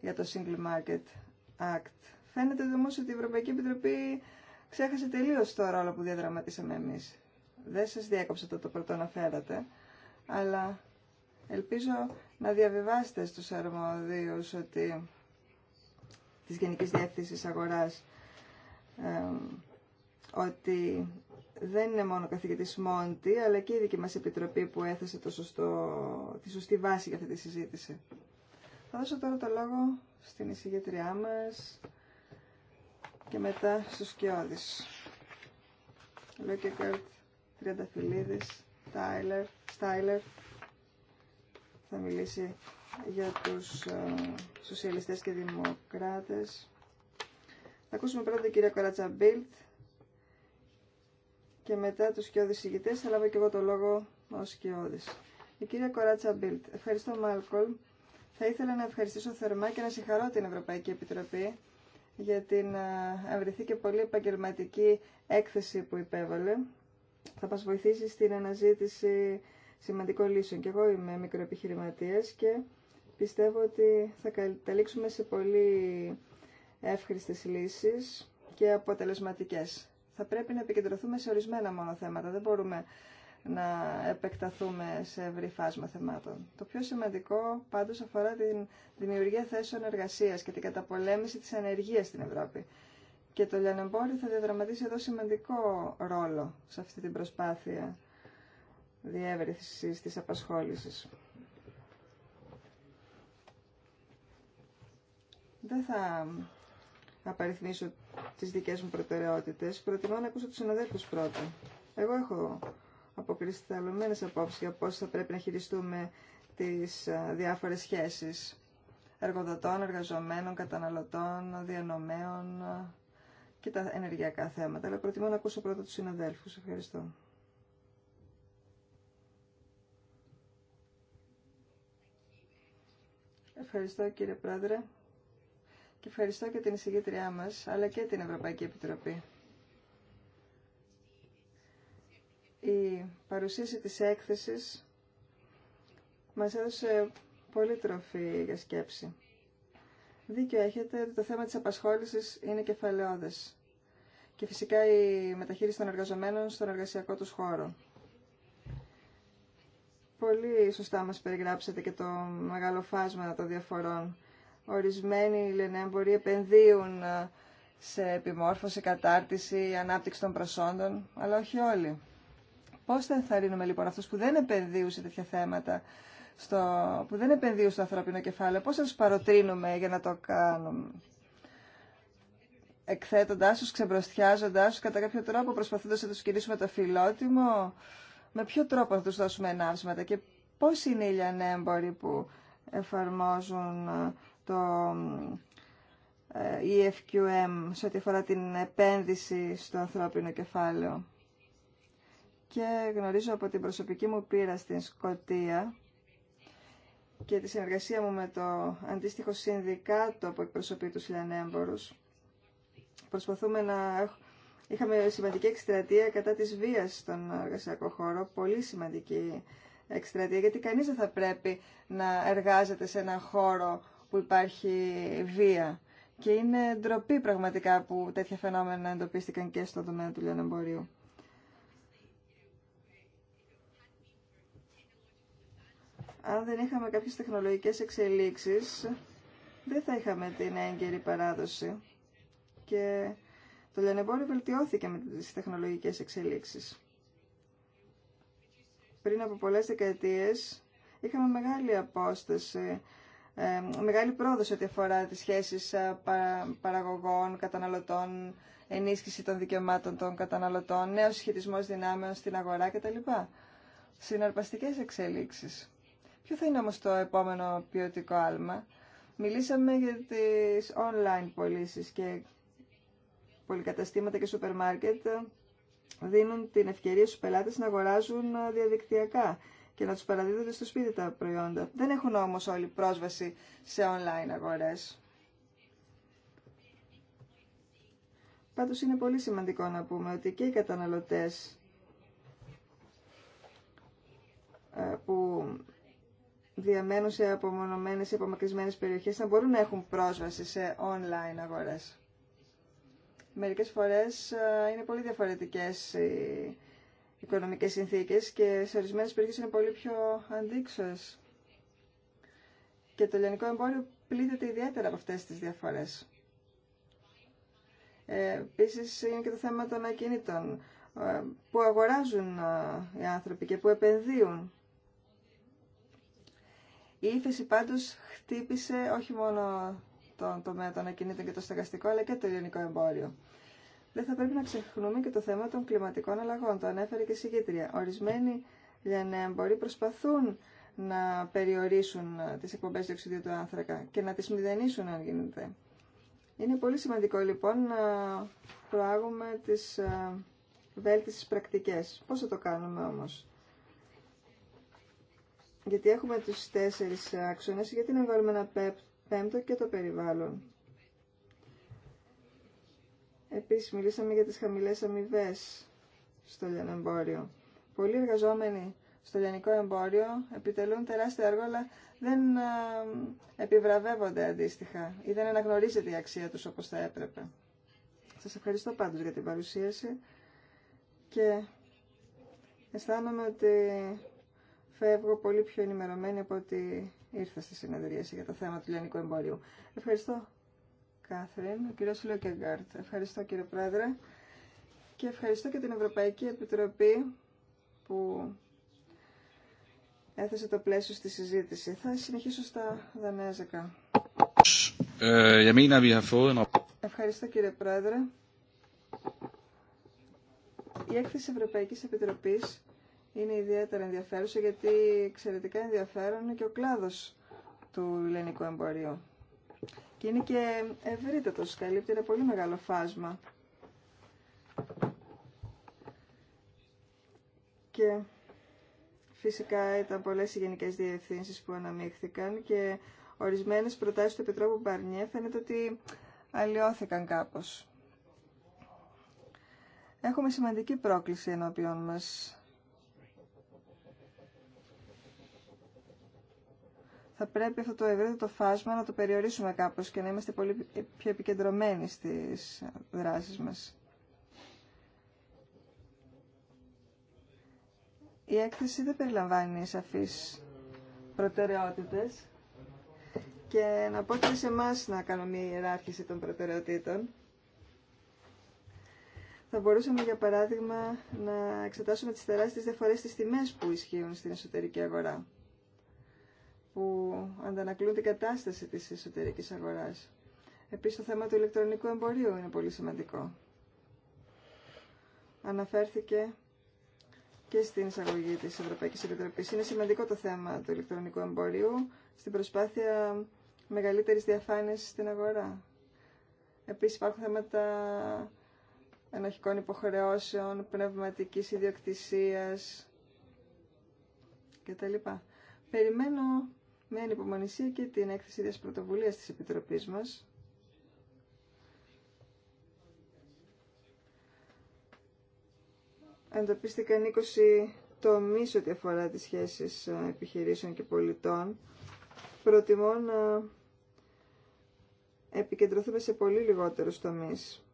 για το Single Market Act. Φαίνεται όμως ότι η Ευρωπαϊκή Επιτροπή ξέχασε τελείως το ρόλο που διαδραματίσαμε εμείς δεν σας διέκοψα το, το φέρατε, αλλά ελπίζω να διαβιβάσετε στους αρμοδίους ότι της Γενικής Διεύθυνσης Αγοράς ότι δεν είναι μόνο ο καθηγητής Μόντι, αλλά και η δική μας επιτροπή που έθεσε το σωστό, τη σωστή βάση για αυτή τη συζήτηση. Θα δώσω τώρα το λόγο στην εισηγητριά μας και μετά στους Κιώδης. Λέω και Τριανταφυλλίδης, Τάιλερ, Στάιλερ θα μιλήσει για τους ε, σοσιαλιστές και δημοκράτες. Θα ακούσουμε πρώτα την κυρία Κοράτσα Μπίλτ και μετά τους σκιώδης ηγητές. θα λάβω και εγώ το λόγο ως σκιώδης. Η κυρία Κοράτσα Μπίλτ. Ευχαριστώ Μάλκολ. Θα ήθελα να ευχαριστήσω θερμά και να συγχαρώ την Ευρωπαϊκή Επιτροπή για την ε, ευρυθή και πολύ επαγγελματική έκθεση που υπέβαλε θα μας βοηθήσει στην αναζήτηση σημαντικών λύσεων. Και εγώ είμαι μικροεπιχειρηματίας και πιστεύω ότι θα καταλήξουμε σε πολύ εύχριστες λύσεις και αποτελεσματικές. Θα πρέπει να επικεντρωθούμε σε ορισμένα μόνο θέματα. Δεν μπορούμε να επεκταθούμε σε ευρύ φάσμα θεμάτων. Το πιο σημαντικό πάντως αφορά την δημιουργία θέσεων εργασίας και την καταπολέμηση της ανεργίας στην Ευρώπη. Και το λιανεμπόριο θα διαδραματίσει εδώ σημαντικό ρόλο σε αυτή την προσπάθεια διεύρυνσης της απασχόλησης. Δεν θα απαριθμίσω τις δικές μου προτεραιότητες. Προτιμώ να ακούσω τους συναδέλφους πρώτα. Εγώ έχω αποκρισταλωμένες απόψεις για πώς θα πρέπει να χειριστούμε τις διάφορες σχέσεις εργοδοτών, εργαζομένων, καταναλωτών, διανομέων, και τα ενεργειακά θέματα, αλλά προτιμώ να ακούσω πρώτα τους συναδέλφους. Ευχαριστώ. Ευχαριστώ κύριε Πρόεδρε και ευχαριστώ και την εισηγήτριά μας, αλλά και την Ευρωπαϊκή Επιτροπή. Η παρουσίαση της έκθεσης μας έδωσε πολύ τροφή για σκέψη. Δίκιο έχετε ότι το θέμα της απασχόλησης είναι κεφαλαιόδες και φυσικά η μεταχείριση των εργαζομένων στον εργασιακό τους χώρο. Πολύ σωστά μας περιγράψατε και το μεγάλο φάσμα των διαφορών. Ορισμένοι λενέμποροι «Ε, επενδύουν ε, σε επιμόρφωση, κατάρτιση, ανάπτυξη των προσόντων, αλλά όχι όλοι. Πώς θα ενθαρρύνουμε λοιπόν αυτούς που δεν επενδύουν σε τέτοια θέματα στο, που δεν επενδύουν στο ανθρώπινο κεφάλαιο, πώς θα τους παροτρύνουμε για να το κάνουν εκθέτοντάς τους, ξεμπροστιάζοντάς τους, κατά κάποιο τρόπο προσπαθώντας να τους κηρύσουμε το φιλότιμο, με ποιο τρόπο θα τους δώσουμε ενάψματα και πώς είναι οι λιανέμποροι που εφαρμόζουν ε, το ε, EFQM σε ό,τι αφορά την επένδυση στο ανθρώπινο κεφάλαιο. Και γνωρίζω από την προσωπική μου πείρα στην Σκοτία και τη συνεργασία μου με το αντίστοιχο συνδικάτο που εκπροσωπεί τους λιανέμπορους. Προσπαθούμε να Είχαμε σημαντική εκστρατεία κατά της βίας στον εργασιακό χώρο, πολύ σημαντική εκστρατεία, γιατί κανείς δεν θα πρέπει να εργάζεται σε έναν χώρο που υπάρχει βία. Και είναι ντροπή πραγματικά που τέτοια φαινόμενα εντοπίστηκαν και στον τομέα του λιανεμπορίου. Αν δεν είχαμε κάποιες τεχνολογικές εξελίξεις, δεν θα είχαμε την έγκαιρη παράδοση. Και το λιανεμπόριο βελτιώθηκε με τις τεχνολογικές εξελίξεις. Πριν από πολλές δεκαετίες είχαμε μεγάλη απόσταση, ε, μεγάλη πρόοδο ό,τι αφορά τις σχέσεις ε, παραγωγών, καταναλωτών, ενίσχυση των δικαιωμάτων των καταναλωτών, νέος σχετισμός δυνάμεων στην αγορά κτλ. Συναρπαστικές εξελίξεις. Ποιο θα είναι όμως το επόμενο ποιοτικό άλμα. Μιλήσαμε για τις online πωλήσει και πολυκαταστήματα και σούπερ μάρκετ δίνουν την ευκαιρία στους πελάτες να αγοράζουν ε, διαδικτυακά και να τους παραδίδονται στο σπίτι τα προϊόντα. Δεν έχουν όμως όλη πρόσβαση σε online αγορές. Πάντως είναι πολύ σημαντικό να πούμε ότι και οι καταναλωτές ε, που διαμένουν σε απομονωμένες ή απομακρυσμένες περιοχές να μπορούν να έχουν πρόσβαση σε online αγορές. Μερικές φορές ε, είναι πολύ διαφορετικές οι οικονομικές συνθήκες και σε ορισμένες περιοχές είναι πολύ πιο αντίξωε. Και το λιανικό εμπόριο πλήττεται ιδιαίτερα από αυτές τις διαφορές. Ε, Επίση είναι και το θέμα των ακινήτων ε, που αγοράζουν ε, οι άνθρωποι και που επενδύουν η ύφεση πάντως χτύπησε όχι μόνο τον τομέα των ακινήτων και το στεγαστικό, αλλά και το ελληνικό εμπόριο. Δεν θα πρέπει να ξεχνούμε και το θέμα των κλιματικών αλλαγών. Το ανέφερε και η συγκήτρια. Ορισμένοι λιανέμποροι προσπαθούν να περιορίσουν τις εκπομπές διοξιδίου του άνθρακα και να τις μηδενίσουν αν γίνεται. Είναι πολύ σημαντικό λοιπόν να προάγουμε τι ε, βέλτιστες πρακτικέ. Πώς θα το κάνουμε όμω, γιατί έχουμε τους τέσσερις άξονες, γιατί να βάλουμε ένα πέμπτο και το περιβάλλον. Επίσης μιλήσαμε για τις χαμηλές αμοιβέ στο εμπόριο. Πολλοί εργαζόμενοι στο λιανικό εμπόριο επιτελούν τεράστια έργο, αλλά δεν ε, επιβραβεύονται αντίστοιχα ή δεν αναγνωρίζεται η αξία τους όπως θα έπρεπε. Σας ευχαριστώ πάντως για την παρουσίαση και αισθάνομαι ότι φεύγω πολύ πιο ενημερωμένη από ότι ήρθα στη συνεδρίαση για το θέμα του λιανικού εμπορίου. Ευχαριστώ, Κάθριν, ο κύριο Λόκεγκάρτ. Ευχαριστώ, κύριε Πρόεδρε. Και ευχαριστώ και την Ευρωπαϊκή Επιτροπή που έθεσε το πλαίσιο στη συζήτηση. Θα συνεχίσω στα δανέζικα. Ε, ευχαριστώ, κύριε Πρόεδρε. Η έκθεση Ευρωπαϊκής Επιτροπής είναι ιδιαίτερα ενδιαφέρουσα γιατί εξαιρετικά ενδιαφέρον είναι και ο κλάδος του ελληνικού εμπορίου. Και είναι και ευρύτατος, καλύπτει ένα πολύ μεγάλο φάσμα. Και φυσικά ήταν πολλές οι γενικές διευθύνσεις που αναμίχθηκαν και ορισμένες προτάσεις του Επιτρόπου Μπαρνιέ φαίνεται ότι αλλοιώθηκαν κάπως. Έχουμε σημαντική πρόκληση ενώπιον μας θα πρέπει αυτό το ευρύτερο φάσμα να το περιορίσουμε κάπως και να είμαστε πολύ πιο επικεντρωμένοι στις δράσεις μας. Η έκθεση δεν περιλαμβάνει σαφείς προτεραιότητες και να πω και σε εμά να κάνουμε μια ιεράρχηση των προτεραιοτήτων. Θα μπορούσαμε, για παράδειγμα, να εξετάσουμε τις τεράστιες διαφορές στις τιμές που ισχύουν στην εσωτερική αγορά που αντανακλούν την κατάσταση της εσωτερικής αγοράς. Επίσης το θέμα του ηλεκτρονικού εμπορίου είναι πολύ σημαντικό. Αναφέρθηκε και στην εισαγωγή της Ευρωπαϊκής Επιτροπής. Είναι σημαντικό το θέμα του ηλεκτρονικού εμπορίου στην προσπάθεια μεγαλύτερης διαφάνειας στην αγορά. Επίσης υπάρχουν θέματα ενοχικών υποχρεώσεων, πνευματικής ιδιοκτησίας κτλ. Περιμένω με ανυπομονησία και την έκθεση της πρωτοβουλίας της Επιτροπής μας. Εντοπίστηκαν 20 τομείς ό,τι αφορά τις σχέσεις ε, επιχειρήσεων και πολιτών. Προτιμώ να επικεντρωθούμε σε πολύ λιγότερους τομείς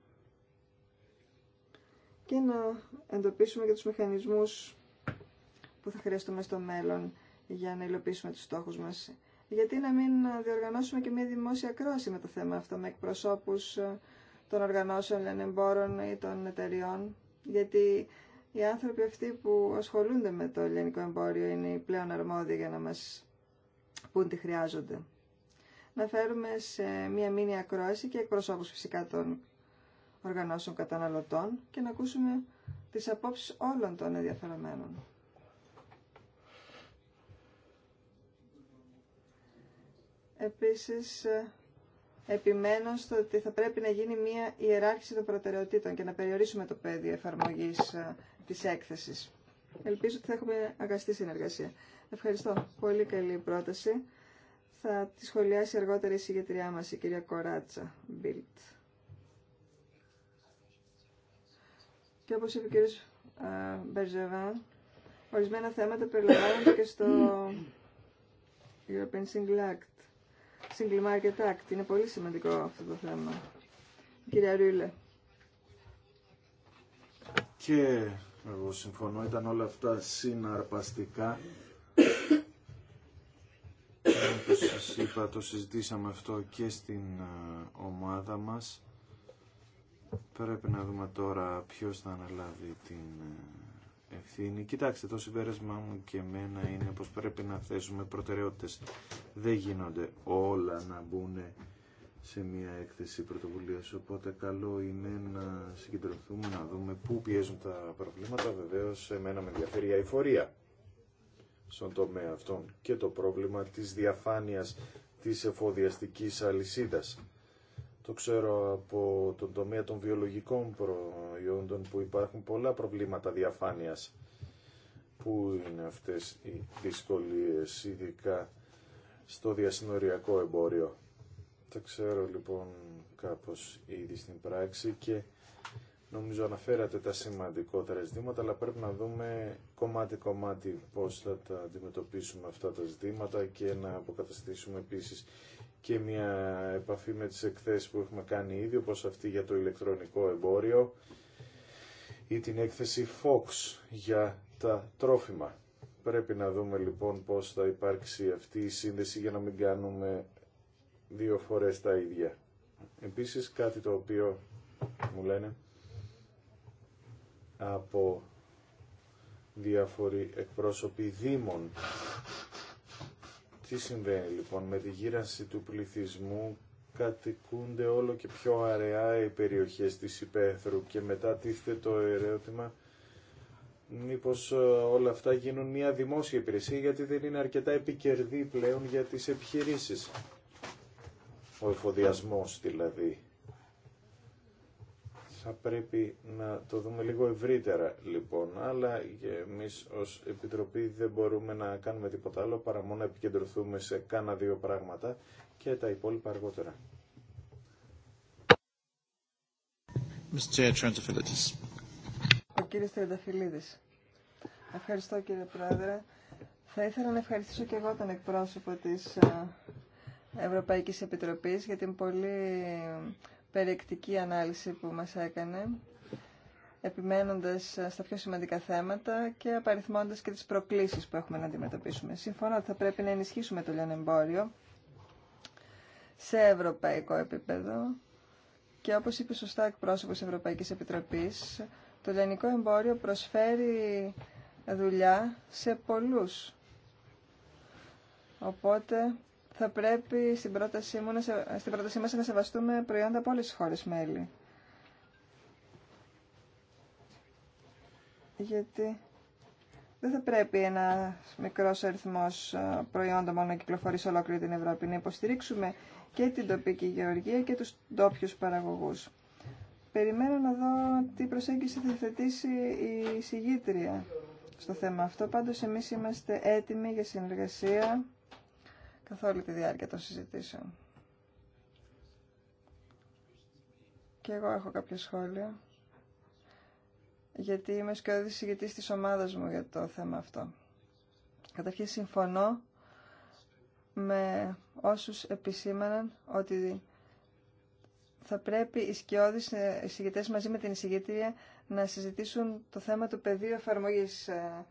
και να εντοπίσουμε και τους μηχανισμούς που θα χρειαστούμε στο μέλλον για να υλοποιήσουμε τους στόχους μας. Γιατί να μην διοργανώσουμε και μια δημόσια κρόση με το θέμα αυτό, με εκπροσώπους ε, των οργανώσεων εμπόρων ή των εταιριών. Γιατί οι άνθρωποι αυτοί που ασχολούνται με το ελληνικό εμπόριο είναι οι πλέον αρμόδιοι για να μας πούν τι χρειάζονται. Να φέρουμε σε μία μήνυα ακρόαση και εκπροσώπους φυσικά των οργανώσεων καταναλωτών και να ακούσουμε τις απόψεις όλων των ενδιαφερομένων. Επίσης, ε, επιμένω στο ότι θα πρέπει να γίνει μια ιεράρχηση των προτεραιοτήτων και να περιορίσουμε το πεδίο εφαρμογής ε, της έκθεσης. Ελπίζω ότι θα έχουμε αγαστή συνεργασία. Ευχαριστώ. Πολύ καλή πρόταση. Θα τη σχολιάσει αργότερα η συγγετριά μας, η κυρία Κοράτσα Μπίλτ. Και όπως είπε ο κύριος Μπερζεβάν, ορισμένα θέματα περιλαμβάνονται και στο European Single Act. Single Market Act. Είναι πολύ σημαντικό αυτό το θέμα. Κυρία Ρούλε. Και εγώ συμφωνώ, ήταν όλα αυτά συναρπαστικά. Όπως σας είπα, το συζητήσαμε αυτό και στην ομάδα μας. Πρέπει να δούμε τώρα ποιος θα αναλάβει την Κοιτάξτε, το συμπέρασμά μου και εμένα είναι πως πρέπει να θέσουμε προτεραιότητες. Δεν γίνονται όλα να μπουν σε μια έκθεση πρωτοβουλία. Οπότε καλό είναι να συγκεντρωθούμε, να δούμε πού πιέζουν τα προβλήματα. Βεβαίω, εμένα με ενδιαφέρει η αηφορία στον τομέα αυτόν και το πρόβλημα της διαφάνειας της εφοδιαστικής αλυσίδας. Το ξέρω από τον τομέα των βιολογικών προϊόντων που υπάρχουν πολλά προβλήματα διαφάνειας. Πού είναι αυτές οι δυσκολίες, ειδικά στο διασυνοριακό εμπόριο. Τα ξέρω λοιπόν κάπως ήδη στην πράξη και νομίζω αναφέρατε τα σημαντικότερα ζητήματα, αλλά πρέπει να δούμε κομμάτι-κομμάτι πώς θα τα αντιμετωπίσουμε αυτά τα ζητήματα και να αποκαταστήσουμε επίσης και μια επαφή με τις εκθέσεις που έχουμε κάνει ήδη, όπως αυτή για το ηλεκτρονικό εμπόριο ή την έκθεση Fox για τα τρόφιμα. Πρέπει να δούμε λοιπόν πώς θα υπάρξει αυτή η σύνδεση για να μην κάνουμε δύο φορές τα ίδια. Επίσης κάτι το οποίο μου λένε από διάφοροι εκπρόσωποι δήμων τι συμβαίνει λοιπόν με τη γύρανση του πληθυσμού κατοικούνται όλο και πιο αραιά οι περιοχές της υπαίθρου και μετά τίθεται το ερώτημα μήπως ε, όλα αυτά γίνουν μια δημόσια υπηρεσία γιατί δεν είναι αρκετά επικερδή πλέον για τις επιχειρήσεις. Ο εφοδιασμός δηλαδή θα πρέπει να το δούμε λίγο ευρύτερα λοιπόν, αλλά εμείς ως Επιτροπή δεν μπορούμε να κάνουμε τίποτα άλλο παρά μόνο να επικεντρωθούμε σε κάνα δύο πράγματα και τα υπόλοιπα αργότερα. Ο κύριος Τριανταφυλλίδης. Ευχαριστώ κύριε Πρόεδρε. Θα ήθελα να ευχαριστήσω και εγώ τον εκπρόσωπο της ε, Ευρωπαϊκής Επιτροπής για την πολύ περιεκτική ανάλυση που μας έκανε, επιμένοντας στα πιο σημαντικά θέματα και απαριθμώντας και τις προκλήσεις που έχουμε να αντιμετωπίσουμε. Συμφωνώ ότι θα πρέπει να ενισχύσουμε το εμπόριο σε ευρωπαϊκό επίπεδο και όπως είπε σωστά εκπρόσωπος Ευρωπαϊκής Επιτροπής, το λιανικό εμπόριο προσφέρει δουλειά σε πολλούς. Οπότε θα πρέπει στην πρότασή, μου, στην πρότασή μας να σεβαστούμε προϊόντα από όλες τις χώρες μέλη. Γιατί δεν θα πρέπει ένα μικρό αριθμό προϊόντων μόνο να κυκλοφορεί σε ολόκληρη την Ευρώπη. Να υποστηρίξουμε και την τοπική γεωργία και του ντόπιου παραγωγού. Περιμένω να δω τι προσέγγιση θα θετήσει η συγγήτρια στο θέμα αυτό. Πάντως εμείς είμαστε έτοιμοι για συνεργασία καθ' τη διάρκεια των συζητήσεων. Και εγώ έχω κάποια σχόλια. γιατί είμαι σκιώδης της ομάδας μου για το θέμα αυτό. Καταρχήν συμφωνώ με όσους επισήμαναν ότι θα πρέπει οι σκιώδεις ε, μαζί με την εισηγητήρια να συζητήσουν το θέμα του πεδίου εφαρμογής ε,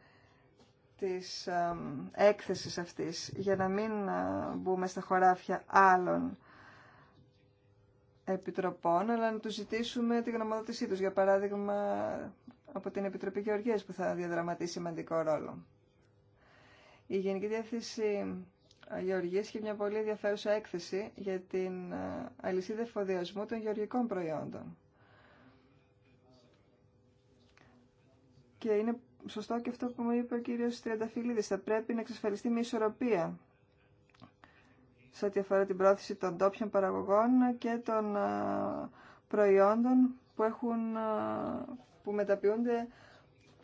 της έκθεσης αυτής για να μην ε, μπούμε στα χωράφια άλλων επιτροπών, αλλά να τους ζητήσουμε την γνωμοδότησή τους. Για παράδειγμα, από την Επιτροπή Γεωργίας που θα διαδραματίσει σημαντικό ρόλο. Η Γενική Διεύθυνση ε, Γεωργίας έχει μια πολύ ενδιαφέρουσα έκθεση για την ε, αλυσίδα εφοδιασμού των γεωργικών προϊόντων. Και είναι σωστό και αυτό που μου είπε ο κύριος Τριανταφυλλίδης. Θα πρέπει να εξασφαλιστεί μια ισορροπία σε ό,τι αφορά την πρόθεση των τόπιων παραγωγών και των προϊόντων που, έχουν, που μεταποιούνται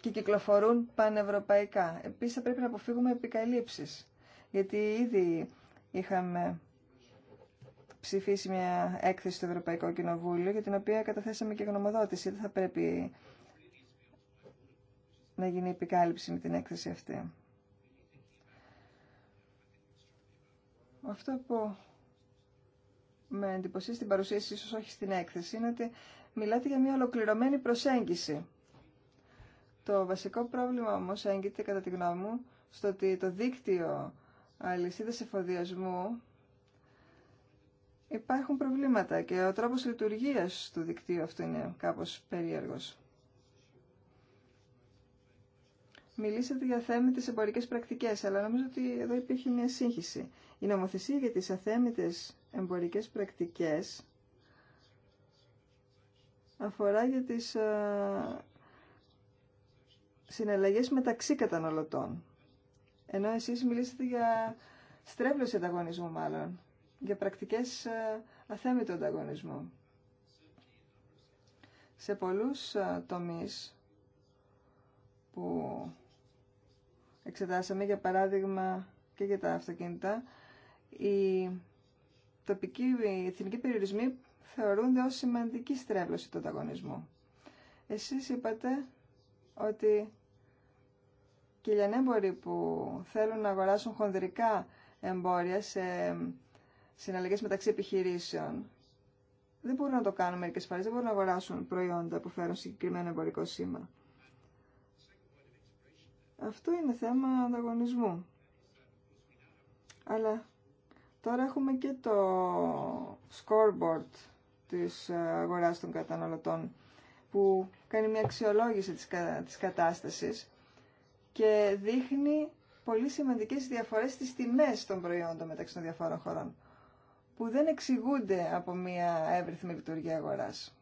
και κυκλοφορούν πανευρωπαϊκά. Επίσης θα πρέπει να αποφύγουμε επικαλύψεις, γιατί ήδη είχαμε ψηφίσει μια έκθεση στο Ευρωπαϊκό Κοινοβούλιο, για την οποία καταθέσαμε και γνωμοδότηση. θα πρέπει να γίνει επικάλυψη με την έκθεση αυτή. Αυτό που με εντυπωσία στην παρουσίαση, ίσως όχι στην έκθεση, είναι ότι μιλάτε για μια ολοκληρωμένη προσέγγιση. Το βασικό πρόβλημα όμως έγκυται κατά τη γνώμη μου στο ότι το δίκτυο αλυσίδες εφοδιασμού υπάρχουν προβλήματα και ο τρόπος λειτουργίας του δικτύου αυτό είναι κάπως περίεργος. μιλήσατε για θέμητες εμπορικές πρακτικές, αλλά νομίζω ότι εδώ υπήρχε μια σύγχυση. Η νομοθεσία για τις αθέμητες εμπορικές πρακτικές αφορά για τις ε, α, μεταξύ καταναλωτών. Ενώ εσείς μιλήσατε για στρέβλωση ανταγωνισμού μάλλον, για πρακτικές ε, αθέμητου ανταγωνισμού. Σε πολλούς α, ε, τομείς που εξετάσαμε, για παράδειγμα και για τα αυτοκίνητα, οι τοπικοί, εθνικοί περιορισμοί θεωρούνται ως σημαντική στρέβλωση του ανταγωνισμού. Εσείς είπατε ότι και οι ανέμποροι που θέλουν να αγοράσουν χονδρικά εμπόρια σε συναλλαγές μεταξύ επιχειρήσεων δεν μπορούν να το κάνουν μερικές φορές, δεν μπορούν να αγοράσουν προϊόντα που φέρουν συγκεκριμένο εμπορικό σήμα. Αυτό είναι θέμα ανταγωνισμού. Αλλά τώρα έχουμε και το scoreboard της αγοράς των καταναλωτών που κάνει μια αξιολόγηση της, κατάστασης και δείχνει πολύ σημαντικές διαφορές στις τιμές των προϊόντων μεταξύ των διαφόρων χωρών που δεν εξηγούνται από μια εύρυθμη λειτουργία αγοράς.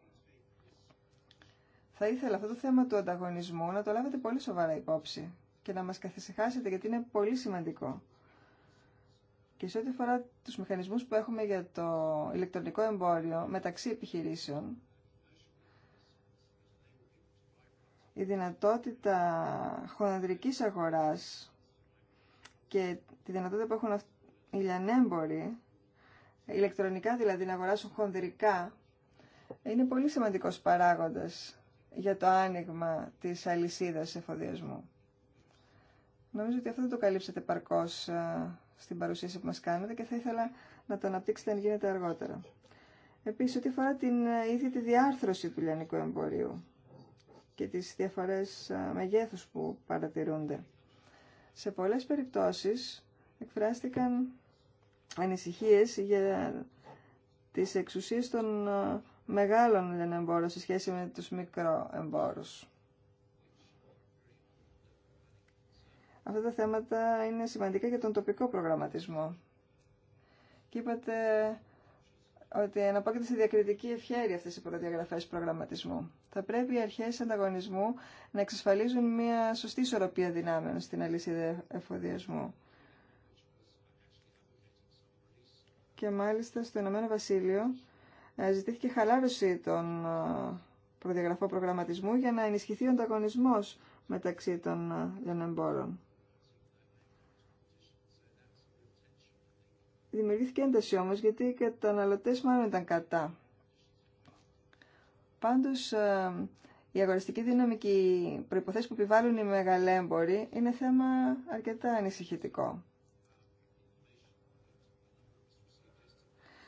Θα ήθελα αυτό το θέμα του ανταγωνισμού να το λάβετε πολύ σοβαρά υπόψη και να μας καθησυχάσετε γιατί είναι πολύ σημαντικό. Και σε ό,τι αφορά τους μηχανισμούς που έχουμε για το ηλεκτρονικό εμπόριο μεταξύ επιχειρήσεων, η δυνατότητα χονδρικής αγοράς και τη δυνατότητα που έχουν οι λιανέμποροι, ηλεκτρονικά δηλαδή να αγοράσουν χονδρικά, είναι πολύ σημαντικός παράγοντας για το άνοιγμα της αλυσίδας εφοδιασμού. Νομίζω ότι αυτό δεν το καλύψατε παρκώς ε, στην παρουσίαση που μας κάνετε και θα ήθελα να το αναπτύξετε αν γίνεται αργότερα. Επίσης, ό,τι αφορά την ε, ίδια τη διάρθρωση του λιανικού εμπορίου και τις διαφορές ε, μεγέθους που παρατηρούνται. Σε πολλές περιπτώσεις εκφράστηκαν ανησυχίες για τις εξουσίες των μεγάλων λιανεμπόρων σε σχέση με τους μικροεμπόρους. Αυτά τα θέματα είναι σημαντικά για τον τοπικό προγραμματισμό. Και είπατε ότι αναπόκειται σε διακριτική ευχαίρεια αυτές οι προδιαγραφές προγραμματισμού. Θα πρέπει οι αρχές ανταγωνισμού να εξασφαλίζουν μια σωστή ισορροπία δυνάμεων στην αλυσίδα εφοδιασμού. Και μάλιστα στο Ηνωμένο Βασίλειο ε, ζητήθηκε χαλάρωση των ε, προδιαγραφών προγραμματισμού για να ενισχυθεί ο ανταγωνισμός μεταξύ των ε, λιανεμπόρων. Δημιουργήθηκε ένταση όμως γιατί οι καταναλωτές μάλλον ήταν κατά. Πάντως ε, η αγοραστική δύναμη και οι προϋποθέσεις που επιβάλλουν οι μεγαλέμποροι είναι θέμα αρκετά ανησυχητικό.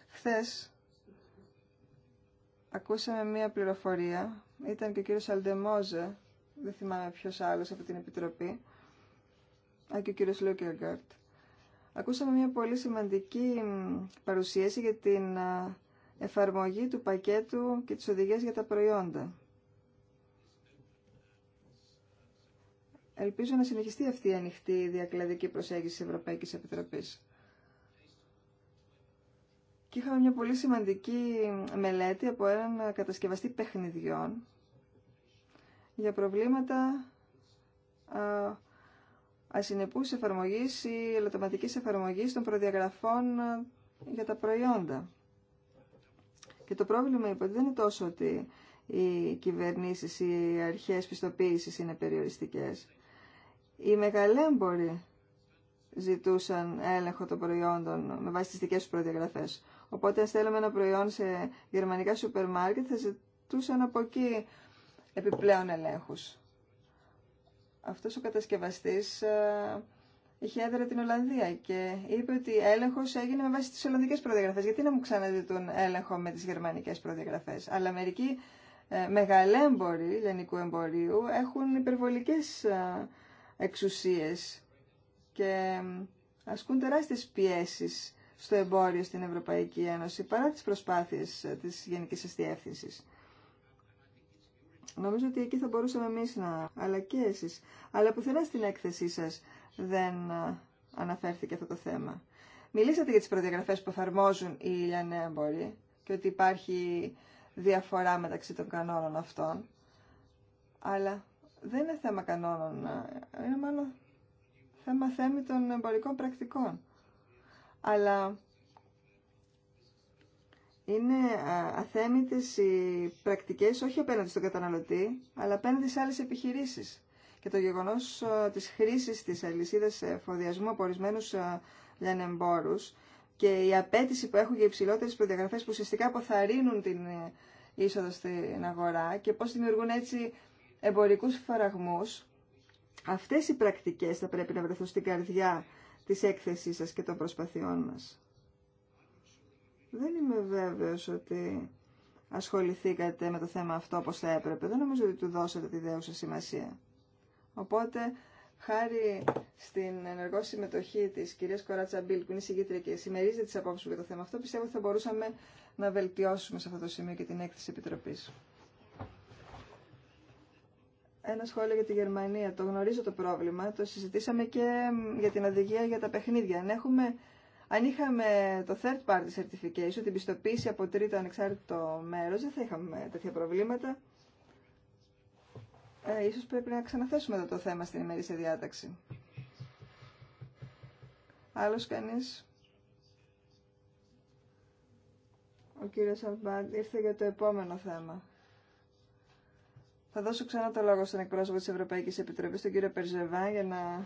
Χθες ακούσαμε μία πληροφορία, ήταν και ο κύριος Αλντεμόζε, δεν θυμάμαι ποιος άλλος από την Επιτροπή, αλλά και ο κύριος Λούκεργαρτ, Ακούσαμε μια πολύ σημαντική παρουσίαση για την εφαρμογή του πακέτου και τις οδηγίες για τα προϊόντα. Ελπίζω να συνεχιστεί αυτή η ανοιχτή διακλαδική προσέγγιση της Ευρωπαϊκής Επιτροπής. Και είχαμε μια πολύ σημαντική μελέτη από έναν κατασκευαστή παιχνιδιών για προβλήματα ασυνεπούς εφαρμογής ή ελαττωματικής εφαρμογής των προδιαγραφών ε, για τα προϊόντα. Και το πρόβλημα είπε δεν είναι τόσο ότι οι κυβερνήσεις ή οι αρχές πιστοποίησης είναι περιοριστικές. Οι μεγαλέμποροι ζητούσαν έλεγχο των προϊόντων με βάση τις προδιαγραφές. Οπότε αν στέλναμε ένα προϊόν σε γερμανικά σούπερ μάρκετ θα ζητούσαν από εκεί επιπλέον ελέγχους αυτός ο κατασκευαστής ε, είχε έδρα την Ολλανδία και είπε ότι έλεγχος έγινε με βάση τις Ολλανδικές προδιαγραφές. Γιατί να μου τον έλεγχο με τις γερμανικές προδιαγραφές. Αλλά μερικοί ε, μεγαλέμποροι ελληνικού εμπορίου έχουν υπερβολικές ε, εξουσίες και ασκούν τεράστιες πιέσεις στο εμπόριο στην Ευρωπαϊκή Ένωση παρά τις προσπάθειες της Γενικής Αστιεύθυνσης. Νομίζω ότι εκεί θα μπορούσαμε εμείς να, αλλά και εσείς. Αλλά πουθενά στην έκθεσή σας δεν ε, αναφέρθηκε αυτό το θέμα. Μιλήσατε για τις προδιαγραφές που εφαρμόζουν οι λιανέμποροι και ότι υπάρχει διαφορά μεταξύ των κανόνων αυτών. Αλλά δεν είναι θέμα κανόνων, ε, είναι μάλλον θέμα θέμη των εμπορικών πρακτικών. Αλλά είναι αθέμητες οι πρακτικές όχι απέναντι στον καταναλωτή, αλλά απέναντι σε άλλες επιχειρήσεις. Και το γεγονός της χρήσης της αλυσίδας εφοδιασμού από ορισμένου λιανεμπόρους και η απέτηση που έχουν για υψηλότερες προδιαγραφές που ουσιαστικά αποθαρρύνουν την ε, είσοδο στην αγορά και πώς δημιουργούν έτσι εμπορικούς φαραγμούς, αυτές οι πρακτικές θα πρέπει να βρεθούν στην καρδιά της έκθεσής σας και των προσπαθειών μας. Δεν είμαι βέβαιος ότι ασχοληθήκατε με το θέμα αυτό όπως θα έπρεπε. Δεν νομίζω ότι του δώσατε τη δέουσα σημασία. Οπότε, χάρη στην ενεργό συμμετοχή της κυρίας Κοράτσα Μπίλ, που είναι συγκήτρια και συμμερίζεται τις απόψεις για το θέμα αυτό, πιστεύω ότι θα μπορούσαμε να βελτιώσουμε σε αυτό το σημείο και την έκθεση επιτροπή. Ένα σχόλιο για τη Γερμανία. Το γνωρίζω το πρόβλημα. Το συζητήσαμε και για την οδηγία για τα παιχνίδια. Αν έχουμε αν είχαμε το third party certification, την πιστοποίηση από τρίτο ανεξάρτητο μέρος, δεν θα είχαμε τέτοια προβλήματα. Ε, ίσως πρέπει να ξαναθέσουμε εδώ το θέμα στην ημερήσια διάταξη. Άλλος κανείς. Ο κύριος Αμπάντ ήρθε για το επόμενο θέμα. Θα δώσω ξανά το λόγο στον εκπρόσωπο της Ευρωπαϊκής Επιτροπής, τον κύριο Περζεβά, για να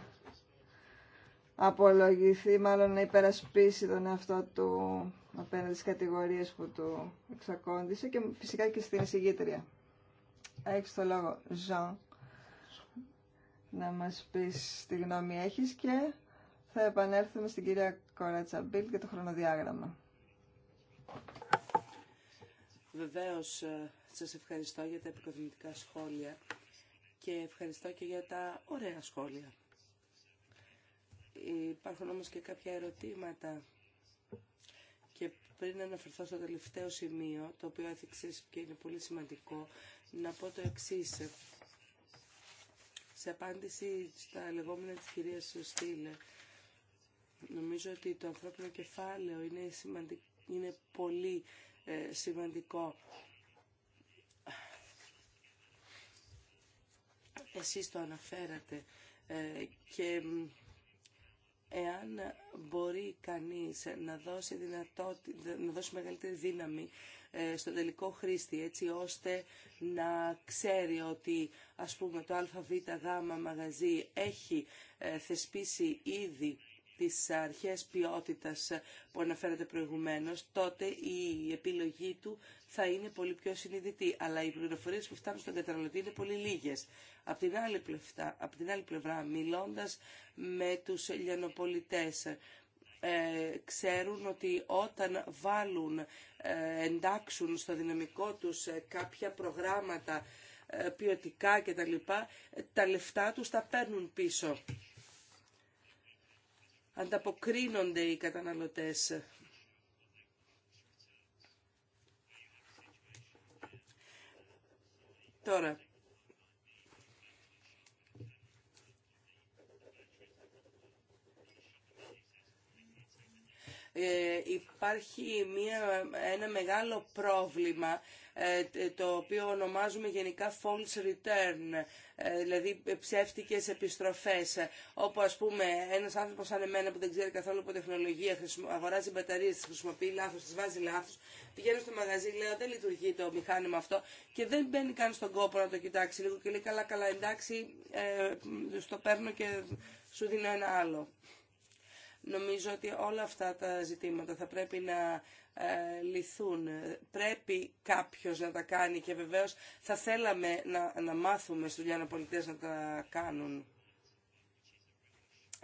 απολογηθεί, μάλλον να υπερασπίσει τον εαυτό του απέναντι στις κατηγορίες που του εξακόντισε και φυσικά και στην εισηγήτρια. Έχεις το λόγο, Ζαν, να μας πεις τη γνώμη έχεις και θα επανέλθουμε στην κυρία Κορατσαμπίλ και το χρονοδιάγραμμα. Βεβαίως, ε, σας ευχαριστώ για τα επικοδομητικά σχόλια και ευχαριστώ και για τα ωραία σχόλια. Υπάρχουν όμως και κάποια ερωτήματα και πριν αναφερθώ στο τελευταίο σημείο, το οποίο έθιξε και είναι πολύ σημαντικό, να πω το εξή. Σε απάντηση στα λεγόμενα της κυρίας Στήλε, νομίζω ότι το ανθρώπινο κεφάλαιο είναι, σημαντικ... είναι πολύ ε, σημαντικό. Εσείς το αναφέρατε ε, και εάν μπορεί κανείς να δώσει, να δώσει μεγαλύτερη δύναμη ε, στο τελικό χρήστη, έτσι ώστε να ξέρει ότι ας πούμε το ΑΒΓ μαγαζί έχει ε, θεσπίσει ήδη τις αρχές ποιότητας που αναφέρατε προηγουμένως, τότε η επιλογή του θα είναι πολύ πιο συνειδητή. Αλλά οι πληροφορίες που φτάνουν στον καταναλωτή είναι πολύ λίγες. Από την άλλη πλευρά, απ την άλλη πλευρά μιλώντας με τους λιανοπολιτές, ε, ξέρουν ότι όταν βάλουν, ε, εντάξουν στο δυναμικό τους ε, κάποια προγράμματα ποιοτικά κτλ, τα λεφτά τους τα παίρνουν πίσω ανταποκρίνονται οι καταναλωτές. Τώρα, Ε, υπάρχει μια, ένα μεγάλο πρόβλημα ε, το οποίο ονομάζουμε γενικά false return, ε, δηλαδή ψεύτικες επιστροφές, όπου ας πούμε ένας άνθρωπος σαν εμένα που δεν ξέρει καθόλου από τεχνολογία, αγοράζει μπαταρίες, τις χρησιμοποιεί λάθος, τις βάζει λάθος, πηγαίνει στο μαγαζί, λέω δεν λειτουργεί το μηχάνημα αυτό και δεν μπαίνει καν στον κόπο να το κοιτάξει λίγο και λέει καλά καλά εντάξει, ε, στο παίρνω και σου δίνω ένα άλλο. Νομίζω ότι όλα αυτά τα ζητήματα θα πρέπει να ε, λυθούν. Πρέπει κάποιος να τα κάνει και βεβαίως θα θέλαμε να, να μάθουμε στους Λιανοπολιτές να τα κάνουν.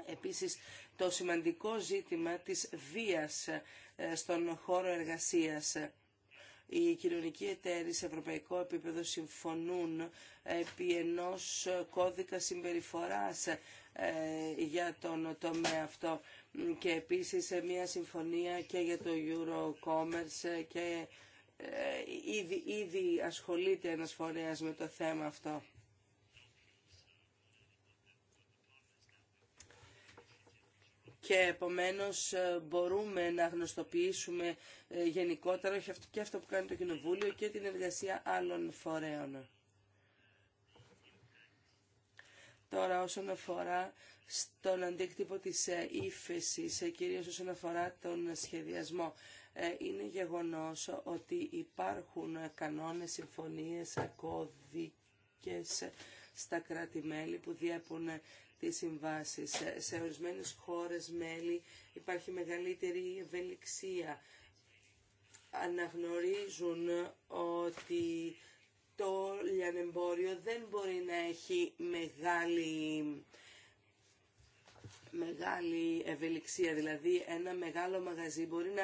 Επίσης, το σημαντικό ζήτημα της βίας ε, στον χώρο εργασίας. Οι κοινωνικοί εταίροι σε ευρωπαϊκό επίπεδο συμφωνούν ε, επί ενός κώδικα συμπεριφοράς για τον τομέα αυτό και επίσης μια συμφωνία και για το Eurocommerce και ε, ήδη, ασχολείται ένας φορέας με το θέμα αυτό. και επομένως ε, μπορούμε να γνωστοποιήσουμε ε, γενικότερα και αυτό που κάνει το Κοινοβούλιο και την εργασία άλλων φορέων. Τώρα όσον αφορά στον αντίκτυπο της ε, ύφεση, ε, κυρίως όσον αφορά τον σχεδιασμό. Ε, είναι γεγονός ότι υπάρχουν κανόνες, συμφωνίες, κώδικες στα κράτη-μέλη που διέπουν τις συμβάσεις. Σε ορισμένες χώρες μέλη υπάρχει μεγαλύτερη ευελιξία. Αναγνωρίζουν ότι το λιανεμπόριο δεν μπορεί να έχει μεγάλη μεγάλη ευελιξία. Δηλαδή ένα μεγάλο μαγαζί μπορεί να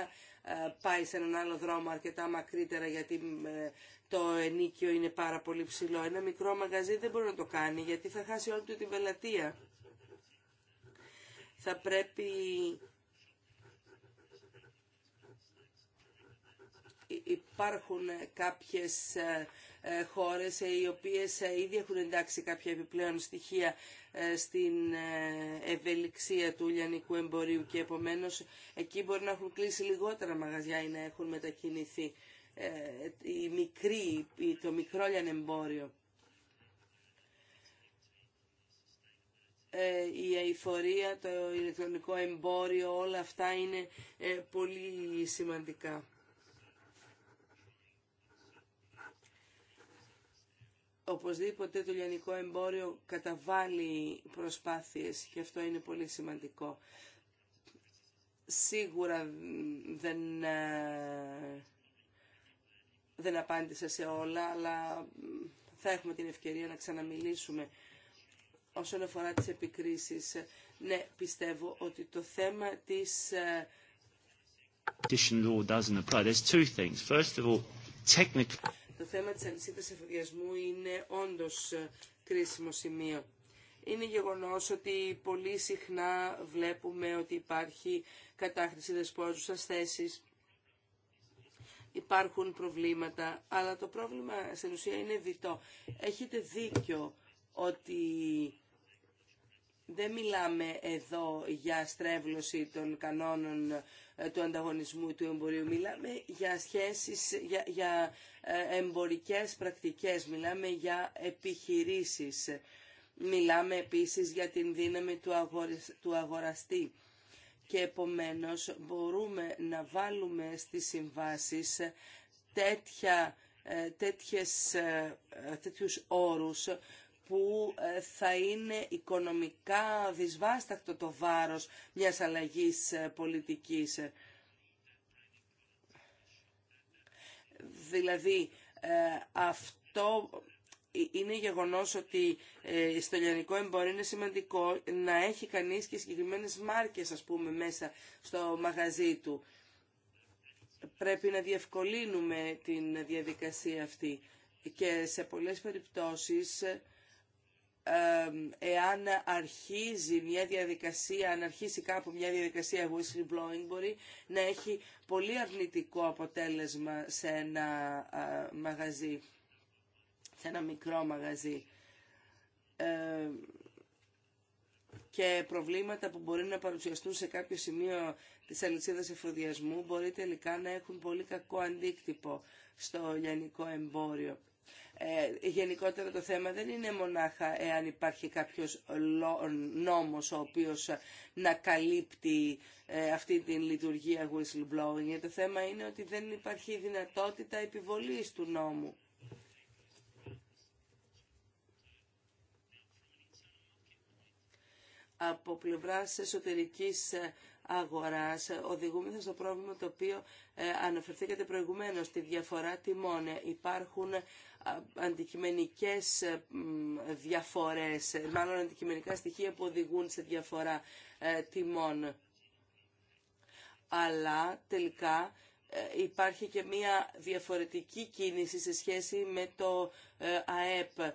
ε, πάει σε έναν άλλο δρόμο αρκετά μακρύτερα γιατί ε, το ενίκιο είναι πάρα πολύ ψηλό. Ένα μικρό μαγαζί δεν μπορεί να το κάνει γιατί θα χάσει όλη του την πελατεία. Θα πρέπει υπάρχουν κάποιες ε, χώρες οι οποίες ήδη έχουν εντάξει κάποια επιπλέον στοιχεία ε, στην ε, ευελιξία του λιανικού εμπορίου και επομένως εκεί μπορεί να έχουν κλείσει λιγότερα μαγαζιά ή να έχουν μετακινηθεί ε, η μικρή, το μικρό λιανεμπόριο. η αηφορία, το ηλεκτρονικό εμπόριο, όλα αυτά είναι πολύ σημαντικά. Οπωσδήποτε το λιανικό εμπόριο καταβάλει προσπάθειες και αυτό είναι πολύ σημαντικό. Σίγουρα δεν, ε, δεν απάντησα σε όλα, αλλά θα έχουμε την ευκαιρία να ξαναμιλήσουμε. Όσον αφορά τις επικρίσεις, ναι, πιστεύω ότι το θέμα της... Το θέμα της αλυσίδας εφοδιασμού είναι όντως ε, κρίσιμο σημείο. Είναι γεγονός ότι πολύ συχνά βλέπουμε ότι υπάρχει κατάχρηση δεσπόζουσας θέσης, υπάρχουν προβλήματα, αλλά το πρόβλημα στην ουσία είναι διτό. Έχετε δίκιο ότι δεν μιλάμε εδώ για στρέβλωση των κανόνων ε, του ανταγωνισμού του εμπορίου. Μιλάμε για σχέσεις, για, για ε, εμπορικές πρακτικές. Μιλάμε για επιχειρήσεις. Μιλάμε επίσης για την δύναμη του, αγοραστή. Και επομένως μπορούμε να βάλουμε στις συμβάσεις τέτοια, ε, τέτοιες, τέτοιους όρους που ε, θα είναι οικονομικά δυσβάστακτο το βάρος μιας αλλαγής ε, πολιτικής. Δηλαδή, ε, αυτό είναι γεγονός ότι στο λιανικό εμπόριο είναι σημαντικό να έχει κανείς και συγκεκριμένες μάρκες, ας πούμε, μέσα στο μαγαζί του. Πρέπει να διευκολύνουμε την διαδικασία αυτή και σε πολλές περιπτώσεις εάν αρχίζει μια διαδικασία, αν αρχίσει κάπου μια διαδικασία whistleblowing μπορεί να έχει πολύ αρνητικό αποτέλεσμα σε ένα ε, μαγαζί, σε ένα μικρό μαγαζί και προβλήματα που μπορεί να παρουσιαστούν σε κάποιο σημείο της αλυσίδας εφοδιασμού μπορεί τελικά να έχουν πολύ κακό αντίκτυπο στο λιανικό εμπόριο. Ε, γενικότερα το θέμα δεν είναι μονάχα εάν υπάρχει κάποιος νόμος ο οποίος να καλύπτει ε, αυτή την λειτουργία whistleblowing. Ε, το θέμα είναι ότι δεν υπάρχει δυνατότητα επιβολής του νόμου. από πλευράς εσωτερικής αγοράς οδηγούμεθα στο πρόβλημα το οποίο αναφερθήκατε προηγουμένως, τη διαφορά τιμών. Υπάρχουν αντικειμενικές ε, διαφορές, ε, μάλλον αντικειμενικά στοιχεία που οδηγούν σε διαφορά ε, τιμών. Αλλά τελικά υπάρχει και μία διαφορετική κίνηση σε σχέση με το ΑΕΠ.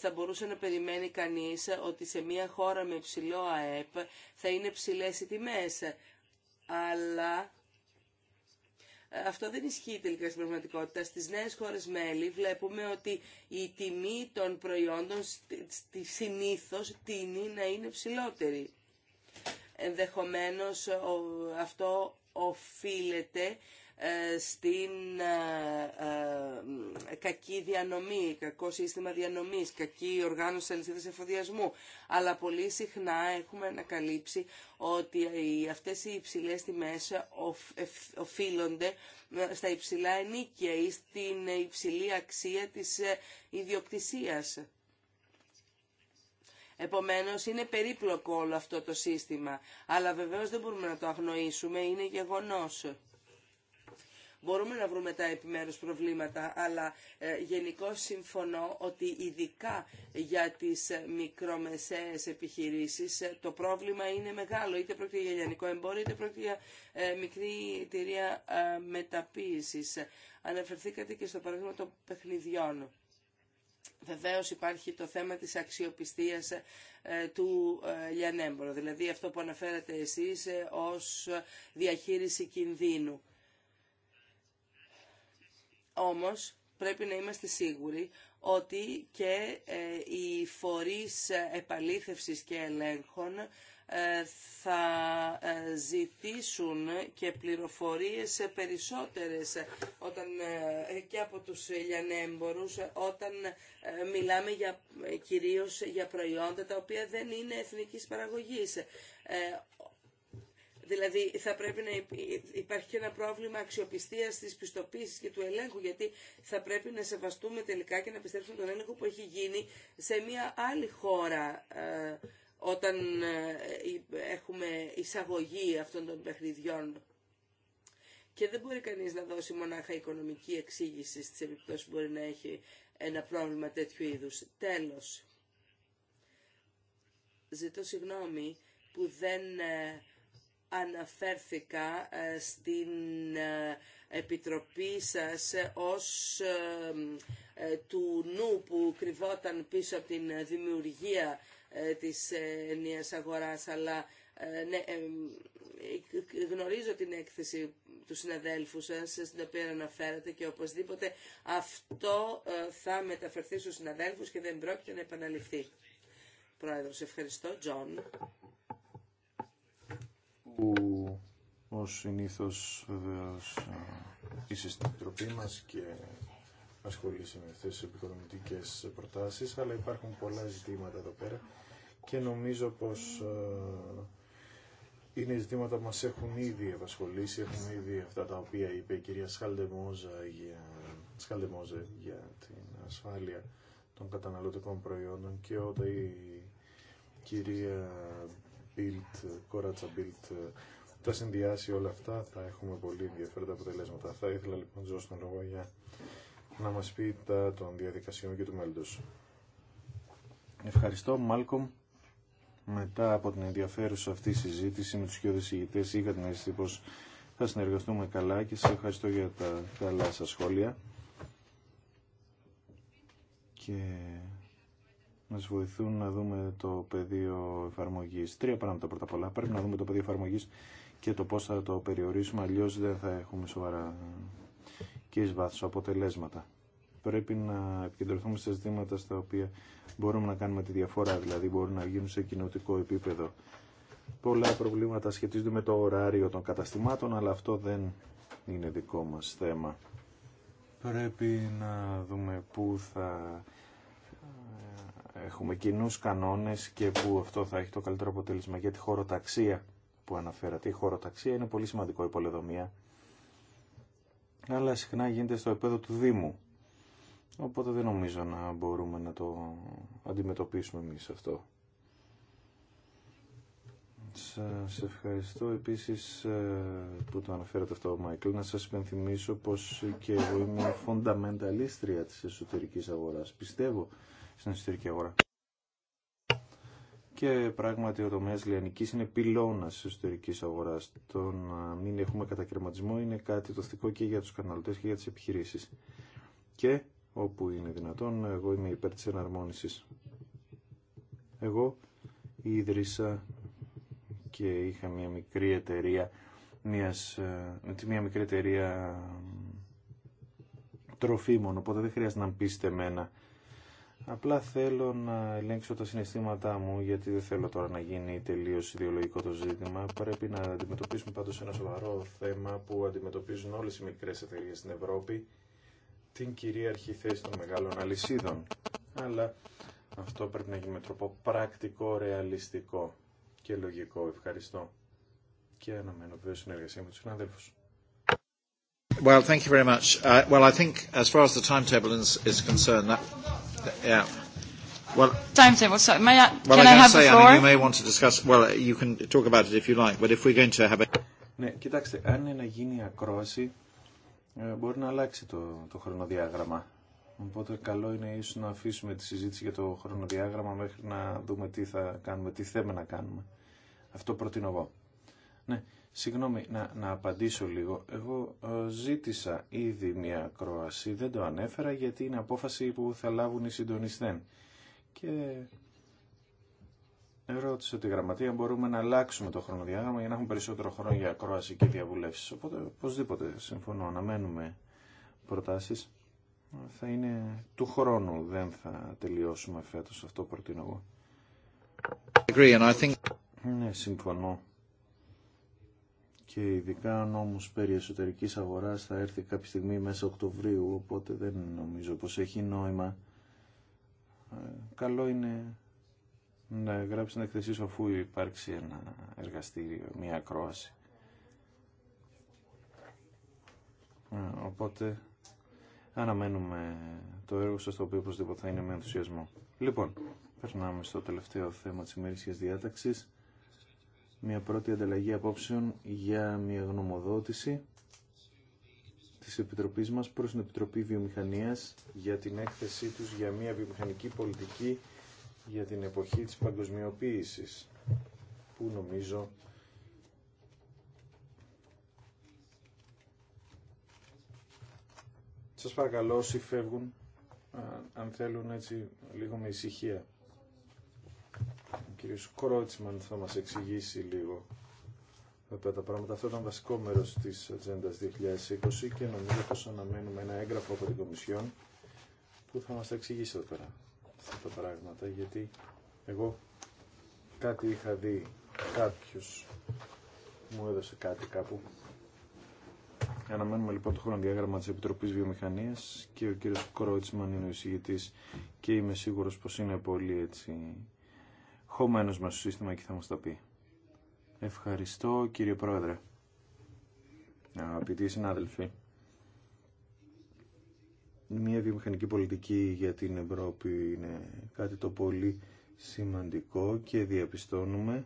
Θα μπορούσε να περιμένει κανείς ότι σε μία χώρα με ψηλό ΑΕΠ θα είναι ψηλές οι τιμές. Αλλά αυτό δεν ισχύει τελικά στην πραγματικότητα. Στις νέες χώρες μέλη βλέπουμε ότι η τιμή των προϊόντων συνήθως τίνει να είναι ψηλότερη. Ενδεχομένως αυτό οφείλεται ε, στην ε, ε, κακή διανομή, κακό σύστημα διανομής, κακή οργάνωση αλυσίδας εφοδιασμού. Αλλά πολύ συχνά έχουμε ανακαλύψει ότι αυτές οι υψηλές τιμές οφείλονται στα υψηλά ενίκια ή στην υψηλή αξία της ιδιοκτησίας. Επομένως είναι περίπλοκο όλο αυτό το σύστημα, αλλά βεβαίως δεν μπορούμε να το αγνοήσουμε, είναι γεγονός. Μπορούμε να βρούμε τα επιμέρους προβλήματα, αλλά ε, γενικώ συμφωνώ ότι ειδικά για τις ε, μικρομεσαίες επιχειρήσεις ε, το πρόβλημα είναι μεγάλο. Είτε πρόκειται για λιανικό εμπόριο, είτε πρόκειται για μικρή εταιρεία μεταποίησης. Αναφερθήκατε και στο παράδειγμα των παιχνιδιών. Βεβαίως υπάρχει το θέμα της αξιοπιστίας του λιανέμπορου, δηλαδή αυτό που αναφέρατε εσείς ως διαχείριση κινδύνου. Όμως πρέπει να είμαστε σίγουροι ότι και ε, οι φορείς επαλήθευσης και ελέγχων ε, θα ε, ζητήσουν και πληροφορίες περισσότερες όταν, και από τους λιανέμπορους όταν μιλάμε για, κυρίως για προϊόντα τα οποία δεν είναι εθνικής παραγωγής. Δηλαδή θα πρέπει να υπάρχει και ένα πρόβλημα αξιοπιστίας τη πιστοποίηση και του ελέγχου γιατί θα πρέπει να σεβαστούμε τελικά και να πιστέψουμε τον έλεγχο που έχει γίνει σε μια άλλη χώρα ε, όταν ε, έχουμε εισαγωγή αυτών των παιχνιδιών. Και δεν μπορεί κανείς να δώσει μονάχα οικονομική εξήγηση στις επιπτώσεις που μπορεί να έχει ένα πρόβλημα τέτοιου είδους. Τέλος, ζητώ συγγνώμη που δεν ε, αναφέρθηκα ε, στην ε, επιτροπή σας ως ε, του νου που κρυβόταν πίσω από την δημιουργία της νέας αγοράς, αλλά ναι, γνωρίζω την έκθεση του συναδέλφου σας στην οποία αναφέρατε και οπωσδήποτε αυτό θα μεταφερθεί στους συναδέλφους και δεν πρόκειται να επαναληφθεί. Πρόεδρος, ευχαριστώ. Τζον που ως συνήθως βεβαίως ε, είσαι στην Επιτροπή μας και ασχολείσαι με αυτές τις επικοδομητικέ προτάσεις, αλλά υπάρχουν πολλά ζητήματα εδώ πέρα και νομίζω πως ε, είναι ζητήματα που μας έχουν ήδη απασχολήσει, έχουν ήδη αυτά τα οποία είπε η κυρία Σχάλδεμοζα για, Σχαλδεμόζα για την ασφάλεια των καταναλωτικών προϊόντων και όταν η κυρία Build, Κόρατσα build, θα συνδυάσει όλα αυτά, θα έχουμε πολύ ενδιαφέροντα αποτελέσματα. Θα ήθελα λοιπόν να τον λόγο για να μας πει τα των διαδικασιών και του μέλλοντος. Ευχαριστώ Μάλκομ. Μετά από την ενδιαφέρουσα αυτή συζήτηση με τους κοιόδες ηγητές είχα την αίσθηση πως θα συνεργαστούμε καλά και σας ευχαριστώ για τα καλά σας σχόλια. Και να σας βοηθούν να δούμε το πεδίο εφαρμογής. Τρία πράγματα πρώτα απ' όλα. Πρέπει να δούμε το πεδίο εφαρμογής και το πώς θα το περιορίσουμε, αλλιώς δεν θα έχουμε σοβαρά και εις βάθος αποτελέσματα. Πρέπει να επικεντρωθούμε σε ζητήματα στα οποία μπορούμε να κάνουμε τη διαφορά, δηλαδή μπορούν να γίνουν σε κοινωτικό επίπεδο. Πολλά προβλήματα σχετίζονται με το ωράριο των καταστημάτων, αλλά αυτό δεν είναι δικό μας θέμα. Πρέπει να δούμε πού θα έχουμε κοινού κανόνες και που αυτό θα έχει το καλύτερο αποτέλεσμα για τη χωροταξία που αναφέρατε. Η χωροταξία είναι πολύ σημαντικό η πολεδομία, αλλά συχνά γίνεται στο επίπεδο του Δήμου. Οπότε δεν νομίζω να μπορούμε να το αντιμετωπίσουμε εμείς αυτό. Σας ευχαριστώ επίσης ε, που το αναφέρατε αυτό, Μάικλ. Να σας υπενθυμίσω πως και εγώ είμαι φονταμενταλίστρια της εσωτερικής αγοράς. Πιστεύω στην εσωτερική αγορά. Και πράγματι ο τομέας λιανική είναι πυλώνας τη εσωτερική αγορά. Το να μην έχουμε κατακαιρματισμό είναι κάτι το τοθικό και για τους καταναλωτέ και για τις επιχειρήσεις. Και όπου είναι δυνατόν, εγώ είμαι υπέρ τη εναρμόνιση. Εγώ ίδρυσα και είχα μια μικρή εταιρεία, μιας, ε, μια μικρή εταιρεία τροφίμων, οπότε δεν χρειάζεται να πείστε εμένα Απλά θέλω να ελέγξω τα συναισθήματά μου, γιατί δεν θέλω τώρα να γίνει τελείω ιδεολογικό το ζήτημα. Πρέπει να αντιμετωπίσουμε πάντω ένα σοβαρό θέμα που αντιμετωπίζουν όλες οι μικρές εταιρείε στην Ευρώπη, την κυρίαρχη θέση των μεγάλων αλυσίδων. Αλλά αυτό πρέπει να γίνει με τρόπο πρακτικό, ρεαλιστικό και λογικό. Ευχαριστώ. Και αναμένω βέβαια συνεργασία με του συναδέλφου. Well, thank you very much. Uh, Well, I think as far as the timetable is is concerned, that, that yeah. Well, timetable. So, may I, Well, can I, I have say, the floor? I you may want to discuss. Well, you can talk about it if you like, but if we're going to have a... Ναι, κοιτάξτε, αν είναι να γίνει ακρόαση, ε, μπορεί να αλλάξει το, το χρονοδιάγραμμα. Οπότε καλό είναι ίσως να αφήσουμε τη συζήτηση για το χρονοδιάγραμμα μέχρι να δούμε τι θα κάνουμε, τι θέμε να κάνουμε. Αυτό προτείνω εγώ. Ναι, Συγγνώμη, να, να απαντήσω λίγο. Εγώ ε, ζήτησα ήδη μια κρόαση, δεν το ανέφερα γιατί είναι απόφαση που θα λάβουν οι συντονιστέν. Και ρώτησε τη γραμματεία μπορούμε να αλλάξουμε το χρονοδιάγραμμα για να έχουμε περισσότερο χρόνο για κρόαση και διαβουλεύσει. Οπότε οπωσδήποτε συμφωνώ, αναμένουμε προτάσεις. Θα είναι του χρόνου, δεν θα τελειώσουμε φέτος, αυτό προτείνω εγώ. Ναι, συμφωνώ και ειδικά ο νόμος περί εσωτερικής αγοράς θα έρθει κάποια στιγμή μέσα Οκτωβρίου, οπότε δεν νομίζω πως έχει νόημα. Ε, καλό είναι να γράψει την εκθεσή αφού υπάρξει ένα εργαστήριο, μια ακρόαση. Ε, οπότε αναμένουμε το έργο σας το οποίο οπωσδήποτε θα είναι με ενθουσιασμό. Λοιπόν, περνάμε στο τελευταίο θέμα της ημερήσιας διάταξης μια πρώτη ανταλλαγή απόψεων για μια γνωμοδότηση της Επιτροπής μας προς την Επιτροπή Βιομηχανίας για την έκθεσή τους για μια βιομηχανική πολιτική για την εποχή της παγκοσμιοποίησης που νομίζω Σας παρακαλώ όσοι φεύγουν αν θέλουν έτσι λίγο με ησυχία κύριος Κρότσμαν θα μας εξηγήσει λίγο βέβαια τα πράγματα. Αυτό ήταν βασικό μέρος της Ατζέντα 2020 και νομίζω πως αναμένουμε ένα έγγραφο από την Κομισιόν που θα μας τα εξηγήσει εδώ πέρα αυτά τα πράγματα γιατί εγώ κάτι είχα δει κάποιος μου έδωσε κάτι κάπου Αναμένουμε λοιπόν το χρονοδιάγραμμα τη Επιτροπή Βιομηχανία και ο κύριο Κρότσμαν είναι ο εισηγητή και είμαι σίγουρο πω είναι πολύ έτσι χωμένος μας στο σύστημα και θα μας το πει. Ευχαριστώ κύριε Πρόεδρε. Αγαπητοί συνάδελφοι. Μια βιομηχανική πολιτική για την Ευρώπη είναι κάτι το πολύ σημαντικό και διαπιστώνουμε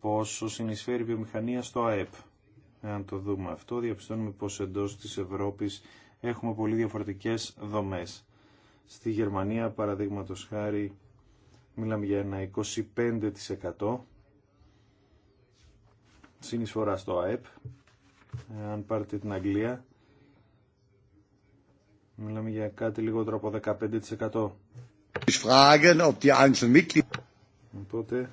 πόσο συνεισφέρει η βιομηχανία στο ΑΕΠ αν το δούμε αυτό, διαπιστώνουμε πως εντός της Ευρώπης έχουμε πολύ διαφορετικές δομές. Στη Γερμανία, παραδείγματο χάρη, μιλάμε για ένα 25% συνεισφορά στο ΑΕΠ. Αν πάρετε την Αγγλία, μιλάμε για κάτι λιγότερο από 15%. Οπότε,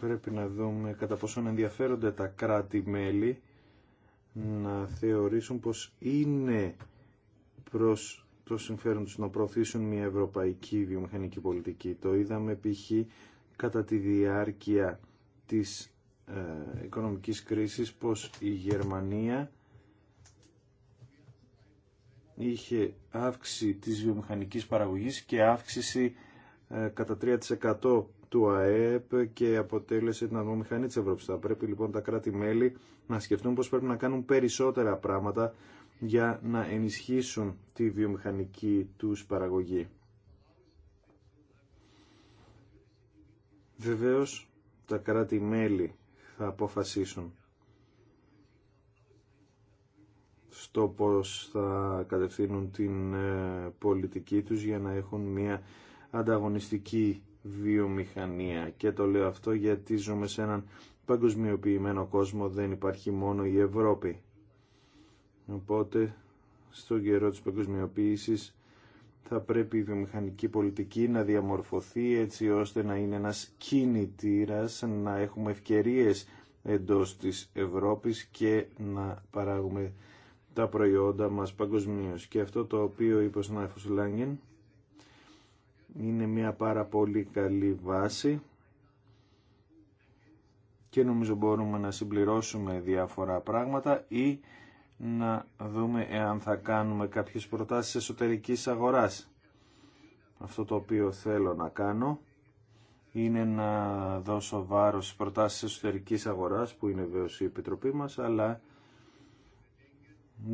πρέπει να δούμε κατά πόσον ενδιαφέρονται τα κράτη-μέλη να θεωρήσουν πως είναι προς το συμφέρον τους να προωθήσουν μια ευρωπαϊκή βιομηχανική πολιτική. Το είδαμε π.χ. κατά τη διάρκεια της ε, οικονομικής κρίσης πως η Γερμανία είχε αύξηση της βιομηχανικής παραγωγής και αύξηση ε, κατά 3% του ΑΕΠ και αποτέλεσε την αγρομηχανή τη Ευρώπη. Θα πρέπει λοιπόν τα κράτη-μέλη να σκεφτούν πώς πρέπει να κάνουν περισσότερα πράγματα για να ενισχύσουν τη βιομηχανική τους παραγωγή. Βεβαίω τα κράτη-μέλη θα αποφασίσουν στο πώς θα κατευθύνουν την ε, πολιτική τους για να έχουν μια ανταγωνιστική βιομηχανία. Και το λέω αυτό γιατί ζούμε σε έναν παγκοσμιοποιημένο κόσμο, δεν υπάρχει μόνο η Ευρώπη. Οπότε, στον καιρό της παγκοσμιοποίησης, θα πρέπει η βιομηχανική πολιτική να διαμορφωθεί έτσι ώστε να είναι ένας κινητήρας, να έχουμε ευκαιρίες εντός της Ευρώπης και να παράγουμε τα προϊόντα μας παγκοσμίω. Και αυτό το οποίο είπε ο Λάγγεν είναι μια πάρα πολύ καλή βάση και νομίζω μπορούμε να συμπληρώσουμε διάφορα πράγματα ή να δούμε εάν θα κάνουμε κάποιες προτάσεις εσωτερικής αγοράς. Αυτό το οποίο θέλω να κάνω είναι να δώσω βάρος στις προτάσεις εσωτερικής αγοράς που είναι βέβαια η Επιτροπή μας αλλά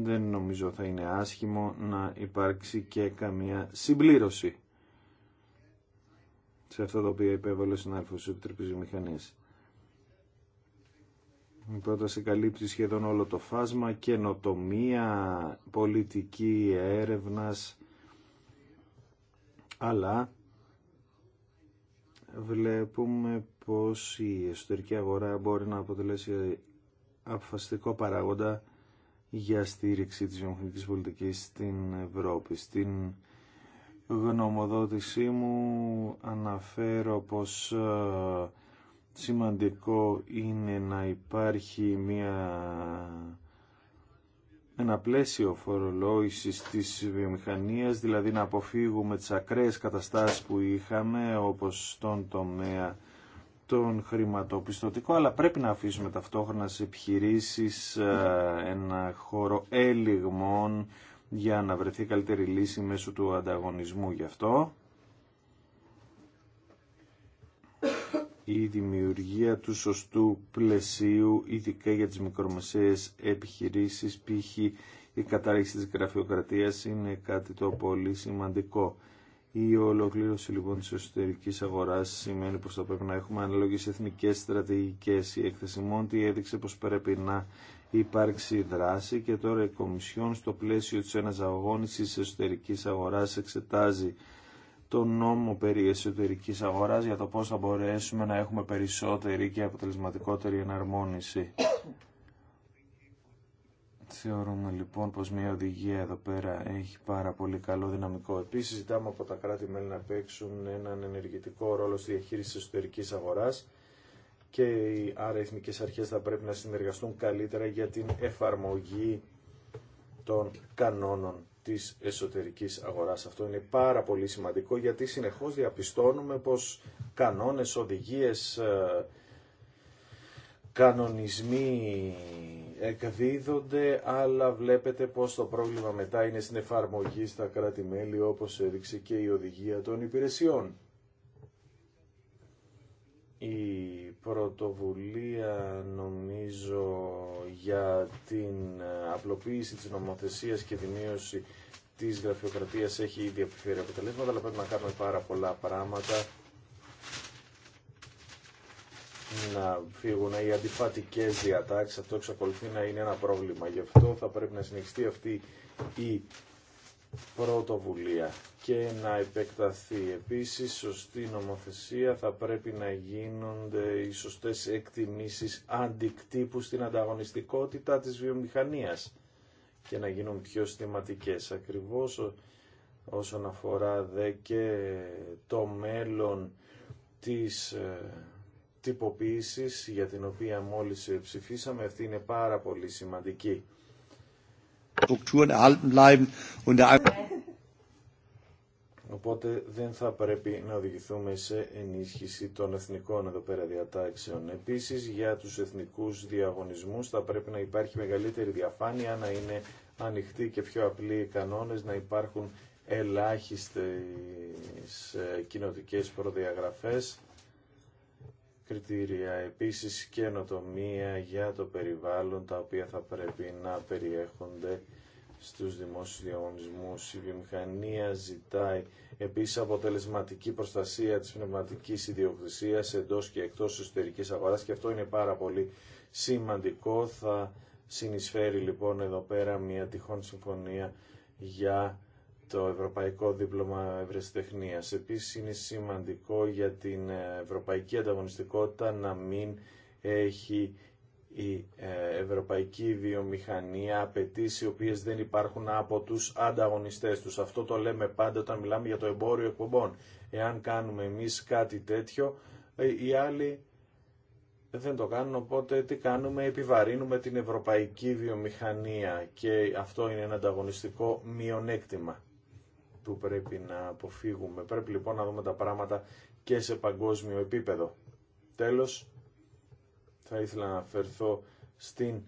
δεν νομίζω θα είναι άσχημο να δουμε εαν θα κανουμε καποιες προτασεις εσωτερικης αγορας αυτο το οποιο θελω να κανω ειναι να δωσω βαρος στις προτασεις εσωτερικης αγορας που ειναι βεβαιος η επιτροπη μας αλλα δεν νομιζω θα ειναι ασχημο να υπαρξει και καμία συμπλήρωση σε αυτά τα οποία υπέβαλε ο συνάδελφος του Επιτροπής Μηχανής. Η πρόταση καλύπτει σχεδόν όλο το φάσμα, καινοτομία, πολιτική έρευνας, αλλά βλέπουμε πως η εσωτερική αγορά μπορεί να αποτελέσει αποφασιστικό παράγοντα για στήριξη της βιομηχανικής πολιτικής στην Ευρώπη. Στην γνωμοδότησή μου αναφέρω πως ε, σημαντικό είναι να υπάρχει μια, ένα πλαίσιο φορολόγησης της βιομηχανίας, δηλαδή να αποφύγουμε τις ακραίες καταστάσεις που είχαμε, όπως στον τομέα τον χρηματοπιστωτικό, αλλά πρέπει να αφήσουμε ταυτόχρονα σε επιχειρήσεις ε, ένα χώρο έλιγμων για να βρεθεί καλύτερη λύση μέσω του ανταγωνισμού γι' αυτό. Η δημιουργία του σωστού πλαισίου, ειδικά για τις μικρομεσαίες επιχειρήσεις, π.χ. η κατάργηση της γραφειοκρατίας είναι κάτι το πολύ σημαντικό. Η ολοκλήρωση λοιπόν της εσωτερικής αγοράς σημαίνει πως θα πρέπει να έχουμε αναλόγες εθνικές στρατηγικές. Η έκθεση Μόντι έδειξε πως πρέπει να υπάρξει δράση και τώρα η Κομισιόν στο πλαίσιο της αγώνησης εσωτερικής αγοράς εξετάζει τον νόμο περί εσωτερικής αγοράς για το πώς θα μπορέσουμε να έχουμε περισσότερη και αποτελεσματικότερη εναρμόνιση. Θεωρούμε λοιπόν πως μια οδηγία εδώ πέρα έχει πάρα πολύ καλό δυναμικό. Επίσης ζητάμε από τα κράτη-μέλη να παίξουν έναν ενεργητικό ρόλο στη διαχείριση της εσωτερικής αγοράς και οι αριθμικές αρχές θα πρέπει να συνεργαστούν καλύτερα για την εφαρμογή των κανόνων της εσωτερικής αγοράς. Αυτό είναι πάρα πολύ σημαντικό γιατί συνεχώς διαπιστώνουμε πως κανόνες, οδηγίες, ε, κανονισμοί εκδίδονται, αλλά βλέπετε πως το πρόβλημα μετά είναι στην εφαρμογή στα κράτη-μέλη, όπως έδειξε και η οδηγία των υπηρεσιών πρωτοβουλία νομίζω για την ε, απλοποίηση της νομοθεσίας και τη μείωση της γραφειοκρατίας έχει ήδη επιφέρει αποτελέσματα, αλλά πρέπει να κάνουμε πάρα πολλά πράγματα να φύγουν οι αντιφατικές διατάξεις. Αυτό εξακολουθεί να είναι ένα πρόβλημα. Γι' αυτό θα πρέπει να συνεχιστεί αυτή η πρωτοβουλία και να επεκταθεί. Επίσης, σωστή νομοθεσία θα πρέπει να γίνονται οι σωστές εκτιμήσεις αντικτύπου στην ανταγωνιστικότητα της βιομηχανίας και να γίνουν πιο στηματικές. Ακριβώς όσον αφορά δε και το μέλλον της ε, τυποποίησης για την οποία μόλις ψηφίσαμε, αυτή είναι πάρα πολύ σημαντική. Οπότε δεν θα πρέπει να οδηγηθούμε σε ενίσχυση των εθνικών εδώ πέρα διατάξεων. Επίσης για τους εθνικούς διαγωνισμούς θα πρέπει να υπάρχει μεγαλύτερη διαφάνεια, να είναι ανοιχτοί και πιο απλοί οι κανόνες, να υπάρχουν ελάχιστες ε, κοινοτικές προδιαγραφές κριτήρια. Επίσης καινοτομία για το περιβάλλον τα οποία θα πρέπει να περιέχονται στους δημόσιους διαγωνισμούς. Η βιομηχανία ζητάει επίσης αποτελεσματική προστασία της πνευματικής ιδιοκτησίας εντός και εκτός εσωτερικής αγοράς και αυτό είναι πάρα πολύ σημαντικό. Θα συνεισφέρει λοιπόν εδώ πέρα μια τυχόν συμφωνία για το Ευρωπαϊκό Δίπλωμα Ευρεσιτεχνίας. Επίσης είναι σημαντικό για την ευρωπαϊκή ανταγωνιστικότητα να μην έχει η ε, ευρωπαϊκή βιομηχανία απαιτήσει οι οποίες δεν υπάρχουν από τους ανταγωνιστές τους. Αυτό το λέμε πάντα όταν μιλάμε για το εμπόριο εκπομπών. Εάν κάνουμε εμείς κάτι τέτοιο, ε, οι άλλοι δεν το κάνουν, οπότε τι κάνουμε, επιβαρύνουμε την ευρωπαϊκή βιομηχανία και αυτό είναι ένα ανταγωνιστικό μειονέκτημα που πρέπει να αποφύγουμε. Πρέπει λοιπόν να δούμε τα πράγματα και σε παγκόσμιο επίπεδο. Τέλος, θα ήθελα να αναφερθώ στην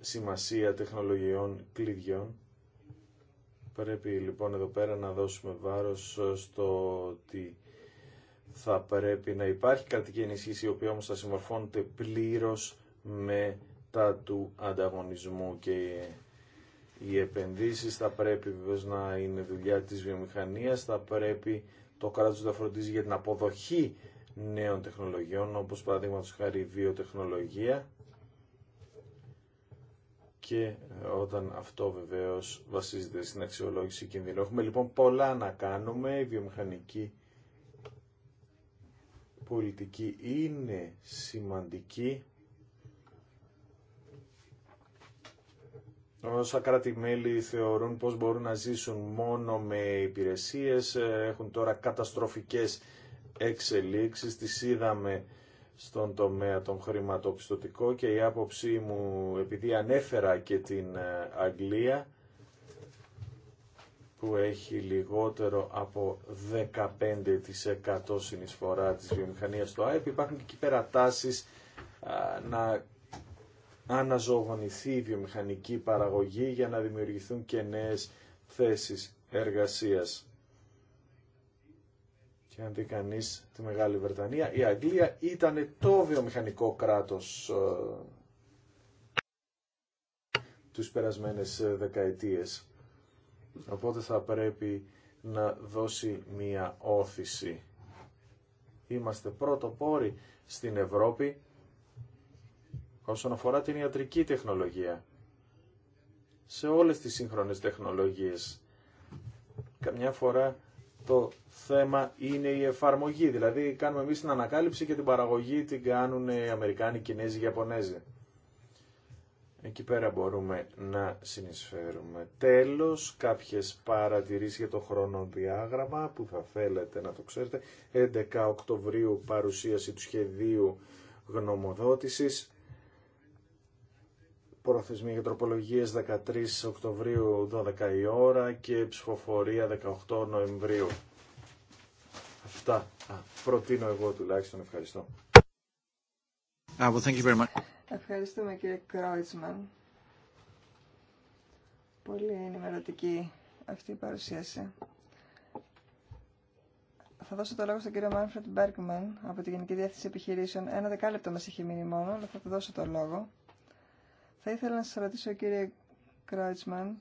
σημασία τεχνολογιών κλειδιών. Πρέπει λοιπόν εδώ πέρα να δώσουμε βάρος στο ότι θα πρέπει να υπάρχει κρατική ενισχύση η οποία όμως θα συμμορφώνεται πλήρως με τα του ανταγωνισμού και οι επενδύσεις θα πρέπει βεβαίως να είναι δουλειά της βιομηχανίας, θα πρέπει το κράτος να φροντίζει για την αποδοχή νέων τεχνολογιών, όπως παραδείγματο χάρη η βιοτεχνολογία. Και όταν αυτό βεβαίως βασίζεται στην αξιολόγηση κινδύνου. Έχουμε λοιπόν πολλά να κάνουμε. Η βιομηχανική πολιτική είναι σημαντική Όσα κράτη-μέλη θεωρούν πως μπορούν να ζήσουν μόνο με υπηρεσίες, ε, έχουν τώρα καταστροφικές εξελίξεις, τις είδαμε στον τομέα των χρηματοπιστωτικό και η άποψή μου, επειδή ανέφερα και την ε, Αγγλία, που έχει λιγότερο από 15% συνεισφορά της βιομηχανίας στο ΑΕΠ, υπάρχουν και εκεί πέρα να αναζωογονηθεί η βιομηχανική παραγωγή για να δημιουργηθούν και νέες θέσεις εργασίας. Και αν δει κανεί τη Μεγάλη Βρετανία, η Αγγλία ήταν το βιομηχανικό κράτος ε, τους περασμένες ε, δεκαετίες. Οπότε θα πρέπει να δώσει μία όθηση. Είμαστε πρώτο πόροι στην Ευρώπη όσον αφορά την ιατρική τεχνολογία, σε όλες τις σύγχρονες τεχνολογίες. Καμιά φορά το θέμα είναι η εφαρμογή, δηλαδή κάνουμε εμείς την ανακάλυψη και την παραγωγή την κάνουν οι Αμερικάνοι, οι Κινέζοι, οι Ιαπωνέζοι. Εκεί πέρα μπορούμε να συνεισφέρουμε. Τέλος, κάποιες παρατηρήσεις για το χρονοδιάγραμμα που θα θέλετε να το ξέρετε. 11 Οκτωβρίου παρουσίαση του σχεδίου γνωμοδότησης προθεσμία για τροπολογίες 13 Οκτωβρίου 12 η ώρα και ψηφοφορία 18 Νοεμβρίου. Αυτά προτείνω εγώ τουλάχιστον. Ευχαριστώ. Ah, well, thank you very much. Ευχαριστούμε κύριε Κρόιτσμαν. Πολύ ενημερωτική αυτή η παρουσίαση. Θα δώσω το λόγο στον κύριο Μάνφρετ Μπέρκμαν από τη Γενική Διεύθυνση Επιχειρήσεων. Ένα δεκάλεπτο μας έχει μείνει μόνο, αλλά θα του δώσω το λόγο. Θα ήθελα να σας ρωτήσω, κύριε Κρόιτσμαν,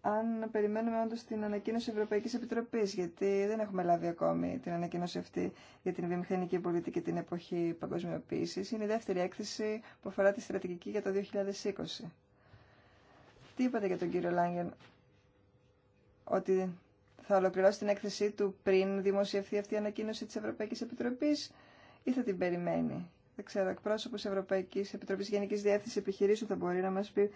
αν περιμένουμε όντως την ανακοίνωση Ευρωπαϊκής Επιτροπής, γιατί δεν έχουμε λάβει ακόμη την ανακοίνωση αυτή για την βιομηχανική πολιτική την εποχή παγκοσμιοποίησης. Είναι η δεύτερη έκθεση που αφορά τη στρατηγική για το 2020. Τι είπατε για τον κύριο Λάγγεν, ότι θα ολοκληρώσει την έκθεσή του πριν δημοσιευθεί αυτή η ανακοίνωση της Ευρωπαϊκής Επιτροπής ή θα την περιμένει δεν ξέρω, εκπρόσωπος Ευρωπαϊκής Επιτροπής Γενικής Διεύθυνσης Επιχειρήσεων θα μπορεί να μας πει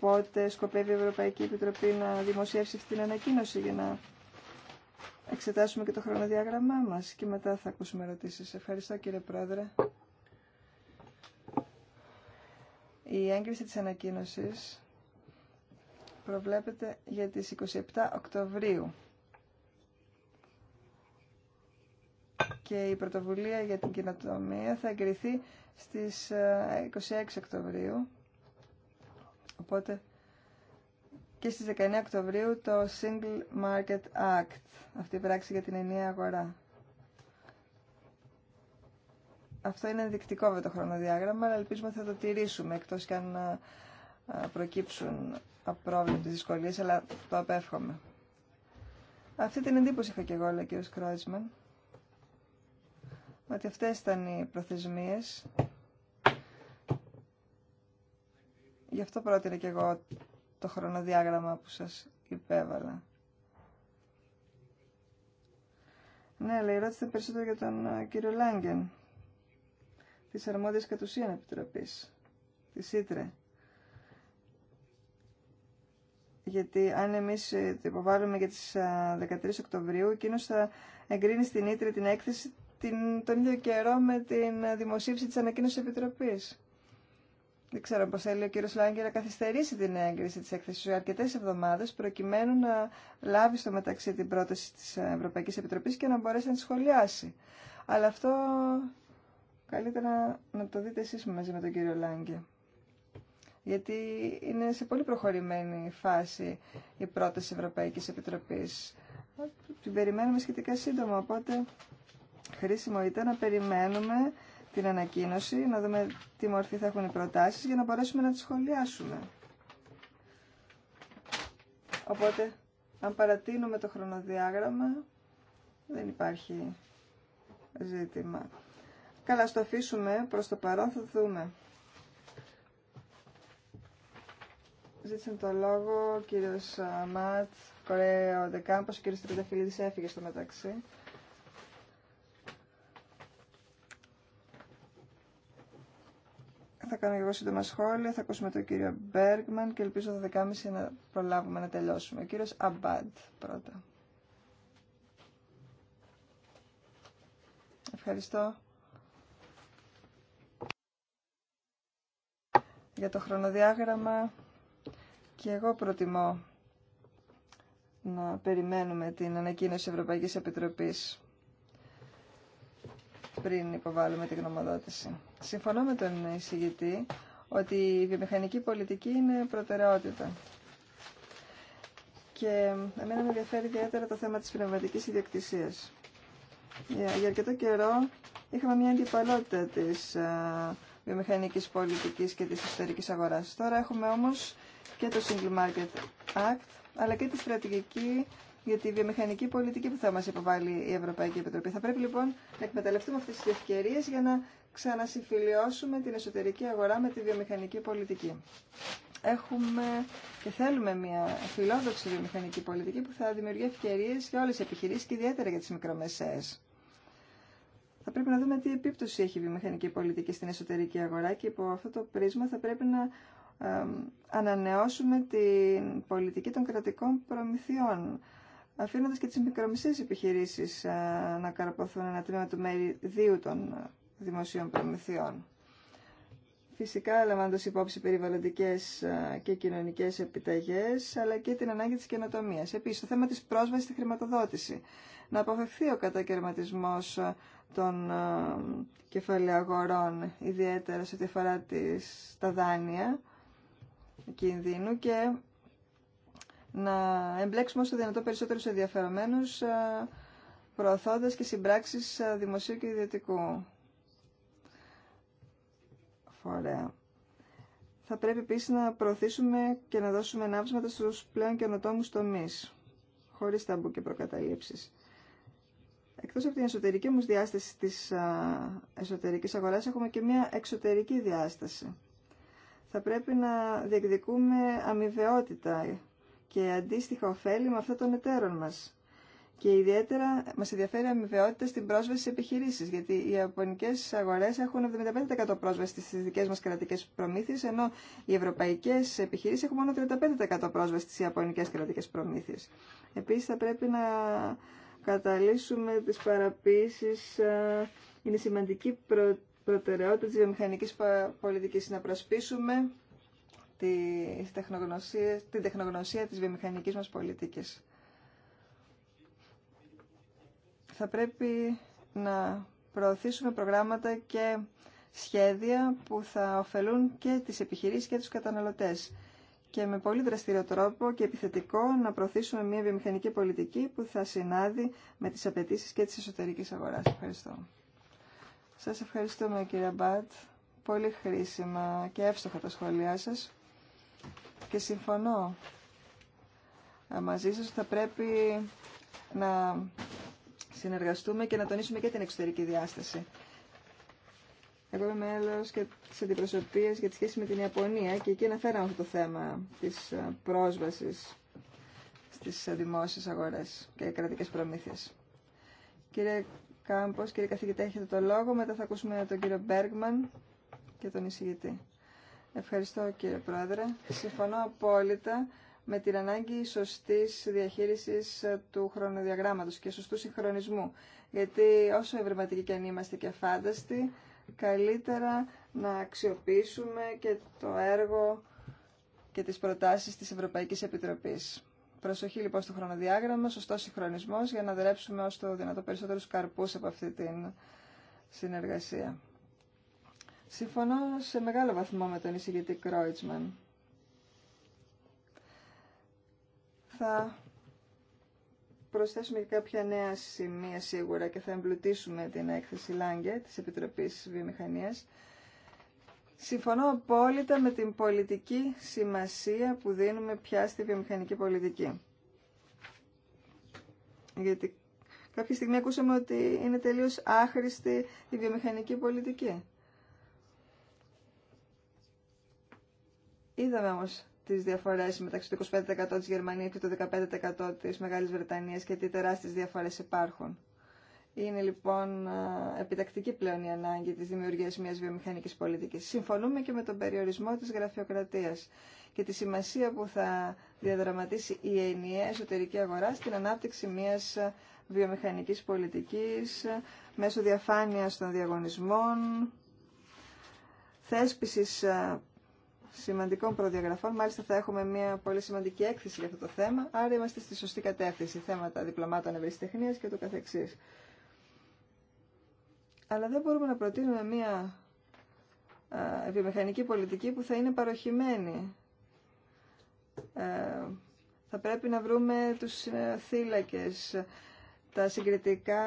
πότε σκοπεύει η Ευρωπαϊκή Επιτροπή να δημοσιεύσει αυτή την ανακοίνωση για να εξετάσουμε και το χρονοδιάγραμμά μας και μετά θα ακούσουμε ερωτήσεις. Ευχαριστώ κύριε Πρόεδρε. Η έγκριση της ανακοίνωσης προβλέπεται για τις 27 Οκτωβρίου. και η πρωτοβουλία για την κοινοτομία θα εγκριθεί στις 26 ε, Οκτωβρίου. Οπότε και στις 19 Οκτωβρίου το Single Market Act, αυτή η πράξη για την ενιαία αγορά. Αυτό είναι ενδεικτικό με το χρονοδιάγραμμα, αλλά ελπίζουμε θα το τηρήσουμε, εκτός και αν ε, ε, προκύψουν απρόβλεπτες δυσκολίες, αλλά το απέφχομαι. Αυτή την εντύπωση είχα και εγώ, λέει ο κ ότι αυτές ήταν οι προθεσμίες. Γι' αυτό πρότεινα και εγώ το χρονοδιάγραμμα που σας υπέβαλα. Ναι, αλλά η περισσότερο για τον ε, κύριο Λάγκεν της αρμόδιας κατουσίαν επιτροπής, της Ήτρε. Γιατί αν εμείς ε, το υποβάλλουμε για τις 13 ε, Οκτωβρίου, εκείνος θα εγκρίνει στην Ήτρε την έκθεση την, τον ίδιο καιρό με την δημοσίευση της ανακοίνωσης Επιτροπής. Δεν ξέρω πώς θέλει ο κύριος Λάγκερ να καθυστερήσει την έγκριση της έκθεσης για αρκετές εβδομάδες προκειμένου να λάβει στο μεταξύ την πρόταση της Ευρωπαϊκής Επιτροπής και να μπορέσει να τη σχολιάσει. Αλλά αυτό καλύτερα να το δείτε εσείς μαζί με τον κύριο Λάγκερ γιατί είναι σε πολύ προχωρημένη φάση η πρόταση Ευρωπαϊκής Επιτροπής. Την περιμένουμε σχετικά σύντομα, οπότε Χρήσιμο ήταν να περιμένουμε την ανακοίνωση, να δούμε τι μορφή θα έχουν οι προτάσεις για να μπορέσουμε να τις σχολιάσουμε. Οπότε, αν παρατείνουμε το χρονοδιάγραμμα, δεν υπάρχει ζήτημα. Καλά, στο αφήσουμε προς το παρόν, θα δούμε. Ζήτησαν το λόγο ο κύριος ε, Ματ, Κορέο Δεκάμπος, ο κύριος έφυγε στο μεταξύ. θα κάνω εγώ σύντομα σχόλια, θα ακούσουμε τον κύριο Μπέργκμαν και ελπίζω το 12.30 να προλάβουμε να τελειώσουμε. Ο κύριος Αμπάντ πρώτα. Ευχαριστώ. Για το χρονοδιάγραμμα και εγώ προτιμώ να περιμένουμε την ανακοίνωση Ευρωπαϊκής Επιτροπής πριν υποβάλουμε την γνωμοδότηση. Συμφωνώ με τον εισηγητή ότι η βιομηχανική πολιτική είναι προτεραιότητα. Και εμένα με ενδιαφέρει ιδιαίτερα το θέμα της πνευματικής ιδιοκτησίας. Για αρκετό καιρό είχαμε μια αντιπαλότητα της ε, βιομηχανικής πολιτικής και της εσωτερικής αγοράς. Τώρα έχουμε όμως και το Single Market Act, αλλά και τη στρατηγική για τη βιομηχανική πολιτική που θα μας υποβάλει η Ευρωπαϊκή Επιτροπή. Θα πρέπει λοιπόν να εκμεταλλευτούμε αυτές τις ευκαιρίες για να ξανασυμφιλιώσουμε την εσωτερική αγορά με τη βιομηχανική πολιτική. Έχουμε και θέλουμε μια φιλόδοξη βιομηχανική πολιτική που θα δημιουργεί ευκαιρίε για όλε τι επιχειρήσει και ιδιαίτερα για τι μικρομεσαίε. Θα πρέπει να δούμε τι επίπτωση έχει η βιομηχανική πολιτική στην εσωτερική αγορά και υπό αυτό το πρίσμα θα πρέπει να ανανεώσουμε την πολιτική των κρατικών προμηθειών αφήνοντας και τις μικρομεσαίες επιχειρήσεις ε, να καρποθούν ένα τμήμα του μεριδίου των ε, δημοσίων προμηθειών. Φυσικά, λαμβάνοντα υπόψη περιβαλλοντικέ ε, και κοινωνικέ επιταγέ, αλλά και την ανάγκη τη καινοτομία. Επίση, το θέμα τη πρόσβαση στη χρηματοδότηση. Να αποφευθεί ο κατακαιρματισμό των κεφαλαίων ιδιαίτερα σε ό,τι αφορά τις, τα δάνεια κινδύνου και να εμπλέξουμε όσο δυνατό περισσότερους ενδιαφερομένους ε, προωθώντας και συμπράξεις ε, δημοσίου και ιδιωτικού φορέα. Θα πρέπει επίση να προωθήσουμε και να δώσουμε ανάψματα στους πλέον καινοτόμους τομείς, χωρίς ταμπού και προκαταλήψεις. Εκτός από την εσωτερική όμως διάσταση της ε, εσωτερικής αγοράς, έχουμε και μια εξωτερική διάσταση. Θα πρέπει να διεκδικούμε αμοιβαιότητα και αντίστοιχα ωφέλη με αυτά των εταίρων μας. Και ιδιαίτερα μας ενδιαφέρει η αμοιβαιότητα στην πρόσβαση σε επιχειρήσεις, γιατί οι ιαπωνικές αγορές έχουν 75% πρόσβαση στις δικές μας κρατικές προμήθειες, ενώ οι ευρωπαϊκές επιχειρήσεις έχουν μόνο 35% πρόσβαση στις ιαπωνικές κρατικές προμήθειες. Επίσης θα πρέπει να καταλύσουμε τις παραποίησεις. Είναι σημαντική προτεραιότητα της βιομηχανικής πολιτικής να προσπίσουμε τις τεχνογνωσίες, την τεχνογνωσία της βιομηχανικής μας πολιτικής. Θα πρέπει να προωθήσουμε προγράμματα και σχέδια που θα ωφελούν και τις επιχειρήσεις και τους καταναλωτές και με πολύ δραστηριό τρόπο και επιθετικό να προωθήσουμε μια βιομηχανική πολιτική που θα συνάδει με τις απαιτήσει και τις εσωτερικές αγοράς. Ευχαριστώ. Σας ευχαριστούμε κύριε Μπάτ. Πολύ χρήσιμα και εύστοχα τα σχόλιά σας και συμφωνώ ε, μαζί σας θα πρέπει να συνεργαστούμε και να τονίσουμε και την εξωτερική διάσταση. Εγώ είμαι μέλο και τη αντιπροσωπεία για τη σχέση με την Ιαπωνία και εκεί αναφέραμε αυτό το θέμα της ε, πρόσβασης στις ε, δημόσιε αγορές και κρατικές προμήθειες. Κύριε Κάμπος, κύριε καθηγητά, έχετε το λόγο. Μετά θα ακούσουμε τον κύριο Μπέργμαν και τον εισηγητή. Ευχαριστώ κύριε Πρόεδρε. Συμφωνώ απόλυτα με την ανάγκη σωστής διαχείρισης του χρονοδιαγράμματος και σωστού συγχρονισμού. Γιατί όσο ευρηματικοί και αν είμαστε και φάνταστοι, καλύτερα να αξιοποιήσουμε και το έργο και τις προτάσεις της Ευρωπαϊκής Επιτροπής. Προσοχή λοιπόν στο χρονοδιάγραμμα, σωστό συγχρονισμός για να δρέψουμε όσο το δυνατό περισσότερους καρπούς από αυτή την συνεργασία. Συμφωνώ σε μεγάλο βαθμό με τον εισηγητή Κρόιτσμαν. Θα προσθέσουμε και κάποια νέα σημεία σίγουρα και θα εμπλουτίσουμε την έκθεση Λάγκε της Επιτροπής Βιομηχανίας. Συμφωνώ απόλυτα με την πολιτική σημασία που δίνουμε πια στη βιομηχανική πολιτική. Γιατί κάποια στιγμή ακούσαμε ότι είναι τελείως άχρηστη η βιομηχανική πολιτική. Είδαμε όμω τις διαφορέ μεταξύ του 25% της Γερμανίας και του 15% της Μεγάλης Βρετανίας και τι τεράστιες διαφορέ υπάρχουν. Είναι λοιπόν επιτακτική πλέον η ανάγκη της δημιουργίας μιας βιομηχανικής πολιτικής. Συμφωνούμε και με τον περιορισμό της γραφειοκρατίας και τη σημασία που θα διαδραματίσει η ενιαία εσωτερική αγορά στην ανάπτυξη μιας βιομηχανικής πολιτικής μέσω διαφάνειας των διαγωνισμών, θέσπισης σημαντικών προδιαγραφών. Μάλιστα θα έχουμε μια πολύ σημαντική έκθεση για αυτό το θέμα, άρα είμαστε στη σωστή κατεύθυνση, θέματα διπλωμάτων ευρεσιτεχνία και το καθεξής. Αλλά δεν μπορούμε να προτείνουμε μια βιομηχανική πολιτική που θα είναι παροχημένη. Ε, θα πρέπει να βρούμε τους ε, θύλακες, τα συγκριτικά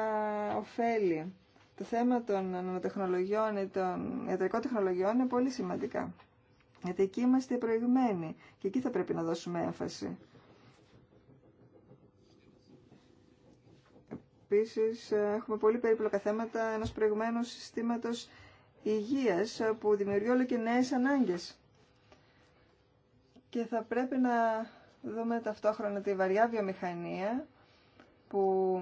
ωφέλη. Το θέμα των νανοτεχνολογιών ή των ιατρικών τεχνολογιών είναι πολύ σημαντικά. Γιατί εκεί είμαστε προηγμένοι και εκεί θα πρέπει να δώσουμε έμφαση. Επίση, έχουμε πολύ περίπλοκα θέματα ενό προηγμένου συστήματος υγείας που δημιουργεί όλο και νέες ανάγκες. Και θα πρέπει να δούμε ταυτόχρονα τη βαριά βιομηχανία που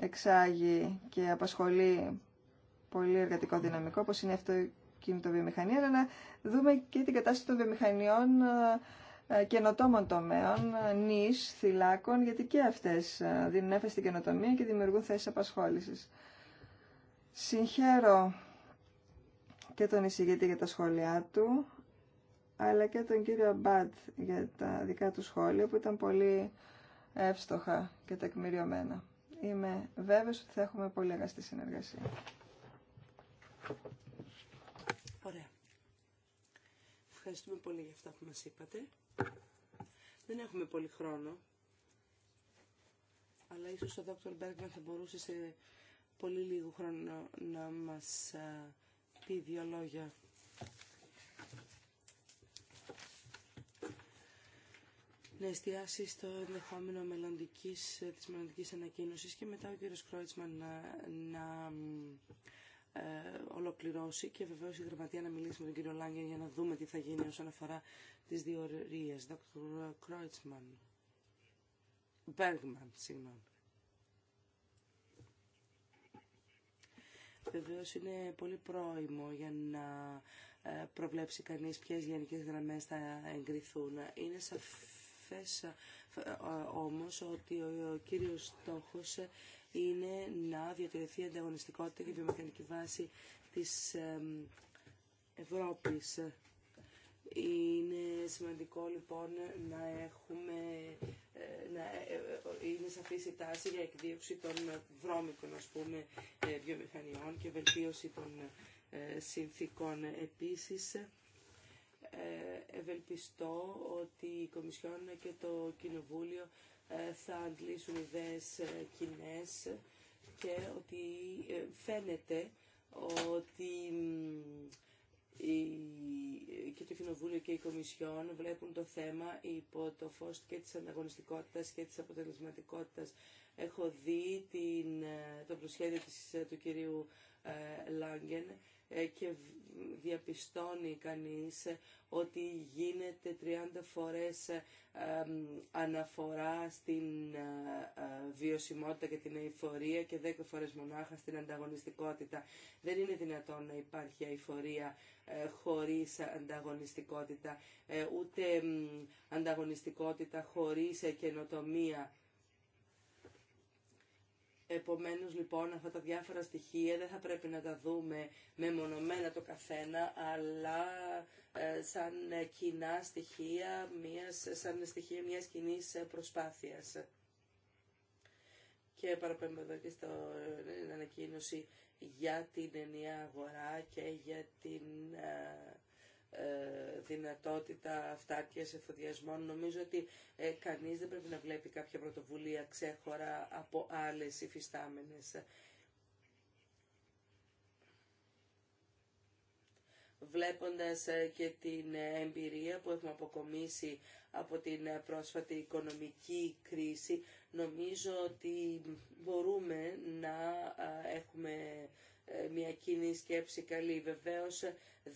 εξάγει και απασχολεί πολύ εργατικό δυναμικό, όπως είναι η το αλλά να δούμε και την κατάσταση των βιομηχανιών ε, ε, καινοτόμων τομέων, ε, νης, θυλάκων, γιατί και αυτές δίνουν έφεση στην καινοτομία και δημιουργούν θέσεις απασχόλησης. Συγχαίρω και τον εισηγητή για τα σχόλιά του, αλλά και τον κύριο Μπάτ για τα δικά του σχόλια που ήταν πολύ εύστοχα και τεκμηριωμένα. Είμαι βέβαιος ότι θα έχουμε πολύ αγαστή συνεργασία. Ευχαριστούμε πολύ για αυτά που μας είπατε. Δεν έχουμε πολύ χρόνο, αλλά ίσως ο Δόκτωρ Μπέργκμαν θα μπορούσε σε πολύ λίγο χρόνο να μας πει δύο λόγια. να εστιάσει στο ενδεχόμενο μελλοντικής, ε, της μελλοντικής ανακοίνωσης και μετά ο κύριος Κρόιτσμαν να ε, ολοκληρώσει και βεβαίως η Γραμματεία να μιλήσει με τον κύριο Λάγκεν για να δούμε τι θα γίνει όσον αφορά τις διορίες. Δόκτωρ Κρόιτσμαν. Μπέργμαν, συγγνώμη. Βεβαίω είναι πολύ πρόημο για να ε, προβλέψει κανείς ποιες γενικές γραμμές θα εγκριθούν. Είναι σαφές ε, όμως ότι ο κύριος στόχος είναι να διατηρηθεί η ανταγωνιστικότητα και η βιομηχανική βάση της Ευρώπης. Είναι σημαντικό λοιπόν να έχουμε, ε, να, ε, ε, είναι σαφής η τάση για εκδίωξη των βρώμικων ας πούμε βιομηχανιών και βελτίωση των συνθήκων. Επίσης, ευελπιστώ ότι η Κομισιόν και το Κοινοβούλιο ε, θα αντλήσουν ιδέες ε, κοινέ και ότι ε, φαίνεται ότι και το Κοινοβούλιο και η Κομισιόν βλέπουν το θέμα υπό το φως και της ανταγωνιστικότητας και της αποτελεσματικότητας. Έχω δει την, το προσχέδιο του κυρίου Λάγκεν και διαπιστώνει κανείς ότι γίνεται 30 φορές αναφορά στην ε, ε, βιωσιμότητα και την αηφορία και 10 φορές μονάχα στην ανταγωνιστικότητα. Δεν είναι δυνατόν να υπάρχει αηφορία ε, χωρίς ανταγωνιστικότητα, ούτε ανταγωνιστικότητα χωρίς καινοτομία. Επομένως λοιπόν αυτά τα διάφορα στοιχεία δεν θα πρέπει να τα δούμε μεμονωμένα το καθένα, αλλά ε, σαν κοινά στοιχεία, μιας, σαν στοιχεία μιας κοινή προσπάθειας. Και παραπέμπω εδώ και στην ε, ανακοίνωση για την ενιαία αγορά και για την ε, ε, δυνατότητα αυτάρκειας εφοδιασμών. Νομίζω ότι ε, κανείς δεν πρέπει να βλέπει κάποια πρωτοβουλία ξέχωρα από άλλες υφιστάμενες. βλέποντας ε, και την εμπειρία που έχουμε αποκομίσει από την πρόσφατη οικονομική κρίση, νομίζω ότι μπορούμε να έχουμε ε, μια κοινή σκέψη καλή. Βεβαίως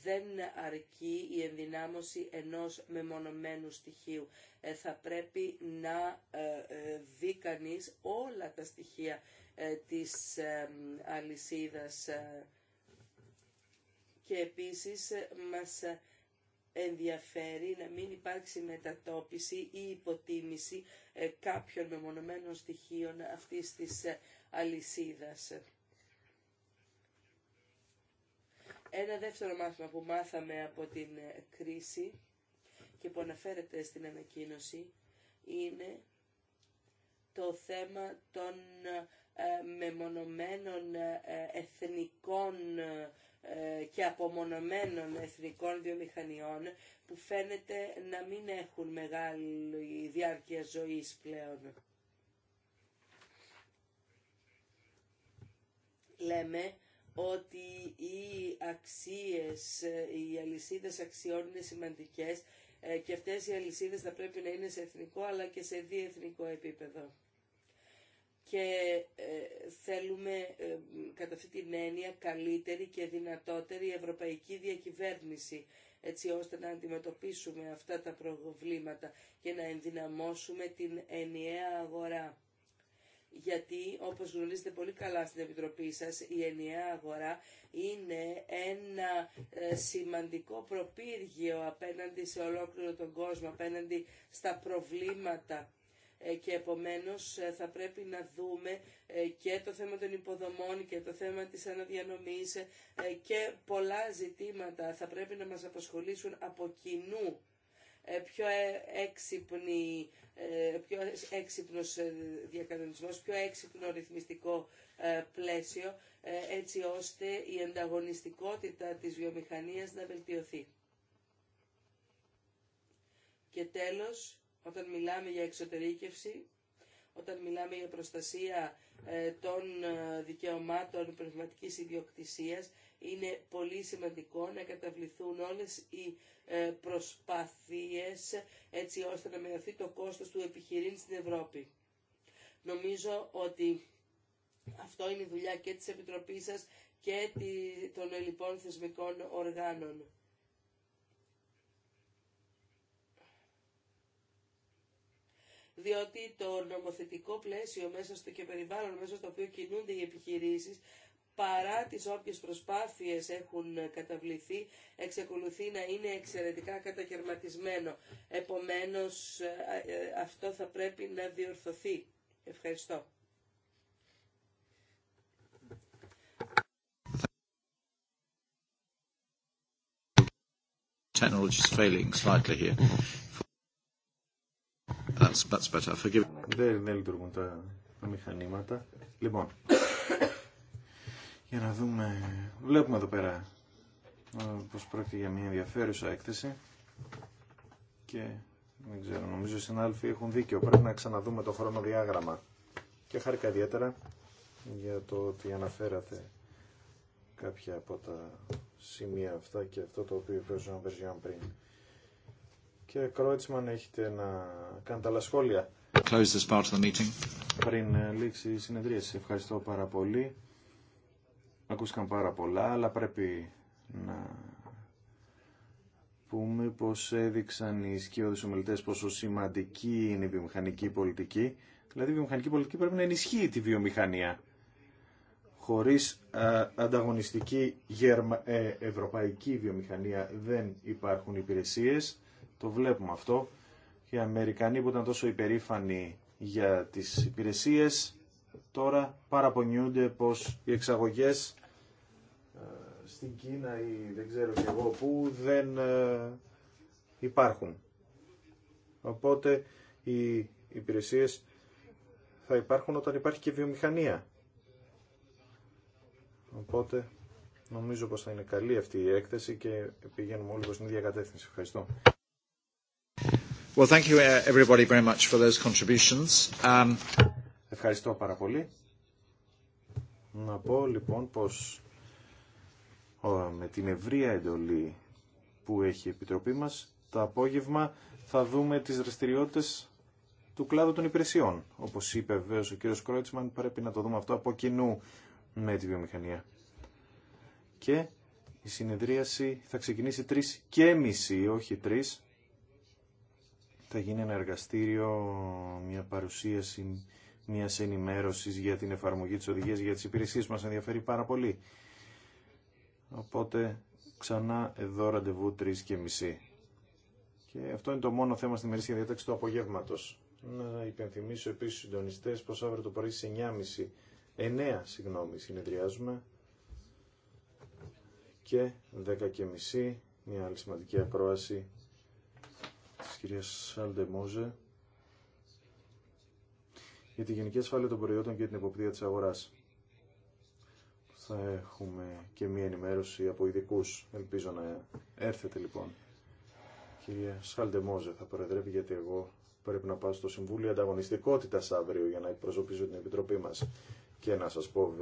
δεν αρκεί η ενδυνάμωση ενός μεμονωμένου στοιχείου. Ε, θα πρέπει να ε, δει κανεί όλα τα στοιχεία της αλυσίδας και επίσης μας ενδιαφέρει να μην υπάρξει μετατόπιση ή υποτίμηση κάποιων μεμονωμένων στοιχείων αυτής της αλυσίδας. Ένα δεύτερο μάθημα που μάθαμε από την ε, κρίση και που αναφέρεται στην ανακοίνωση είναι το θέμα των ε, μεμονωμένων ε, εθνικών και απομονωμένων εθνικών βιομηχανιών που φαίνεται να μην έχουν μεγάλη διάρκεια ζωής πλέον. Λέμε ότι οι αξίες, οι αλυσίδες αξιών είναι σημαντικές ε, και αυτές οι αλυσίδες θα πρέπει να είναι σε εθνικό αλλά και σε διεθνικό επίπεδο. Και ε, θέλουμε ε, κατά αυτή την έννοια καλύτερη και δυνατότερη ευρωπαϊκή διακυβέρνηση έτσι ώστε να αντιμετωπίσουμε αυτά τα προβλήματα και να ενδυναμώσουμε την ενιαία αγορά γιατί όπως γνωρίζετε πολύ καλά στην Επιτροπή σας η ενιαία αγορά είναι ένα ε, σημαντικό προπύργιο απέναντι σε ολόκληρο τον κόσμο, απέναντι στα προβλήματα ε, και επομένως ε, θα πρέπει να δούμε και το θέμα των υποδομών και το θέμα της αναδιανομής και πολλά ζητήματα θα πρέπει να μας απασχολήσουν από κοινού ε, πιο ε, έξυπνη, ε, πιο έξυπνος διακανονισμός, πιο έξυπνο ρυθμιστικό πλαίσιο, έτσι ώστε η ανταγωνιστικότητα της βιομηχανίας να βελτιωθεί. Και τέλος, όταν μιλάμε για εξωτερήκευση, όταν μιλάμε για προστασία των δικαιωμάτων πνευματικής ιδιοκτησίας, είναι πολύ σημαντικό να καταβληθούν όλες οι ε, προσπάθειες έτσι ώστε να μειωθεί το κόστος του επιχειρήν στην Ευρώπη. Νομίζω ότι αυτό είναι η δουλειά και της Επιτροπής σας και των λοιπόν θεσμικών οργάνων. διότι το νομοθετικό πλαίσιο μέσα στο και περιβάλλον μέσα στο οποίο κινούνται οι επιχειρήσεις παρά τις όποιες προσπάθειες έχουν καταβληθεί, εξεκολουθεί να είναι εξαιρετικά καταγερματισμένο. Επομένως, ε, ε, αυτό θα πρέπει να διορθωθεί. Ευχαριστώ. δεν λειτουργούν τα μηχανήματα. Λοιπόν, για να δούμε. Βλέπουμε εδώ πέρα ε, πως πρόκειται για μια ενδιαφέρουσα έκθεση και δεν ξέρω, νομίζω οι συνάλφοι έχουν δίκιο. Πρέπει να ξαναδούμε το χρονοδιάγραμμα. Και χάρηκα ιδιαίτερα για το ότι αναφέρατε κάποια από τα σημεία αυτά και αυτό το οποίο είπε ο πριν. Και Κρότσμαν, έχετε να κάνετε άλλα σχόλια. Πριν ε, λήξει η συνεδρίαση. Ευχαριστώ πάρα πολύ. Ακούστηκαν πάρα πολλά, αλλά πρέπει να πούμε πως έδειξαν οι σκιώδες ομιλητές πόσο σημαντική είναι η βιομηχανική πολιτική. Δηλαδή η βιομηχανική πολιτική πρέπει να ενισχύει τη βιομηχανία. Χωρίς ε, ανταγωνιστική ε, ευρωπαϊκή βιομηχανία δεν υπάρχουν υπηρεσίες. Το βλέπουμε αυτό. οι Αμερικανοί που ήταν τόσο υπερήφανοι για τις υπηρεσίες τώρα παραπονιούνται πως οι εξαγωγές στην Κίνα ή δεν ξέρω και εγώ που δεν ε, υπάρχουν. Οπότε οι υπηρεσίες θα υπάρχουν όταν υπάρχει και βιομηχανία. Οπότε νομίζω πως θα είναι καλή αυτή η έκθεση και πηγαίνουμε όλοι προς την ίδια κατεύθυνση. Ευχαριστώ. Well, thank you uh, everybody very much for those contributions. Um... Ευχαριστώ πάρα πολύ. Να πω λοιπόν πως με την ευρία εντολή που έχει η Επιτροπή μας, το απόγευμα θα δούμε τις δραστηριότητες του κλάδου των υπηρεσιών. Όπως είπε βέβαια, ο κύριος Κρότσμαν, πρέπει να το δούμε αυτό από κοινού με τη βιομηχανία. Και η συνεδρίαση θα ξεκινήσει τρεις και μισή, όχι τρεις. Θα γίνει ένα εργαστήριο, μια παρουσίαση μια ενημέρωση για την εφαρμογή της οδηγίας για τις υπηρεσίες μας ενδιαφέρει πάρα πολύ. Οπότε ξανά εδώ ραντεβού 3 και μισή. Και αυτό είναι το μόνο θέμα στη μερίσια διάταξη του απογεύματο. Να υπενθυμίσω επίσης στου συντονιστές πως αύριο το πρωί στις 9.30, 9 συγγνώμη, συνεδριάζουμε και 10 και μισή, μια άλλη σημαντική ακρόαση κυρία κυρίας Μόζε για τη γενική ασφάλεια των προϊόντων και την εποπτεία τη αγορά θα έχουμε και μία ενημέρωση από ειδικού. Ελπίζω να έρθετε λοιπόν. Κυρία Μόζε, θα προεδρεύει γιατί εγώ πρέπει να πάω στο Συμβούλιο Ανταγωνιστικότητα αύριο για να εκπροσωπήσω την Επιτροπή μας. Και να σας πω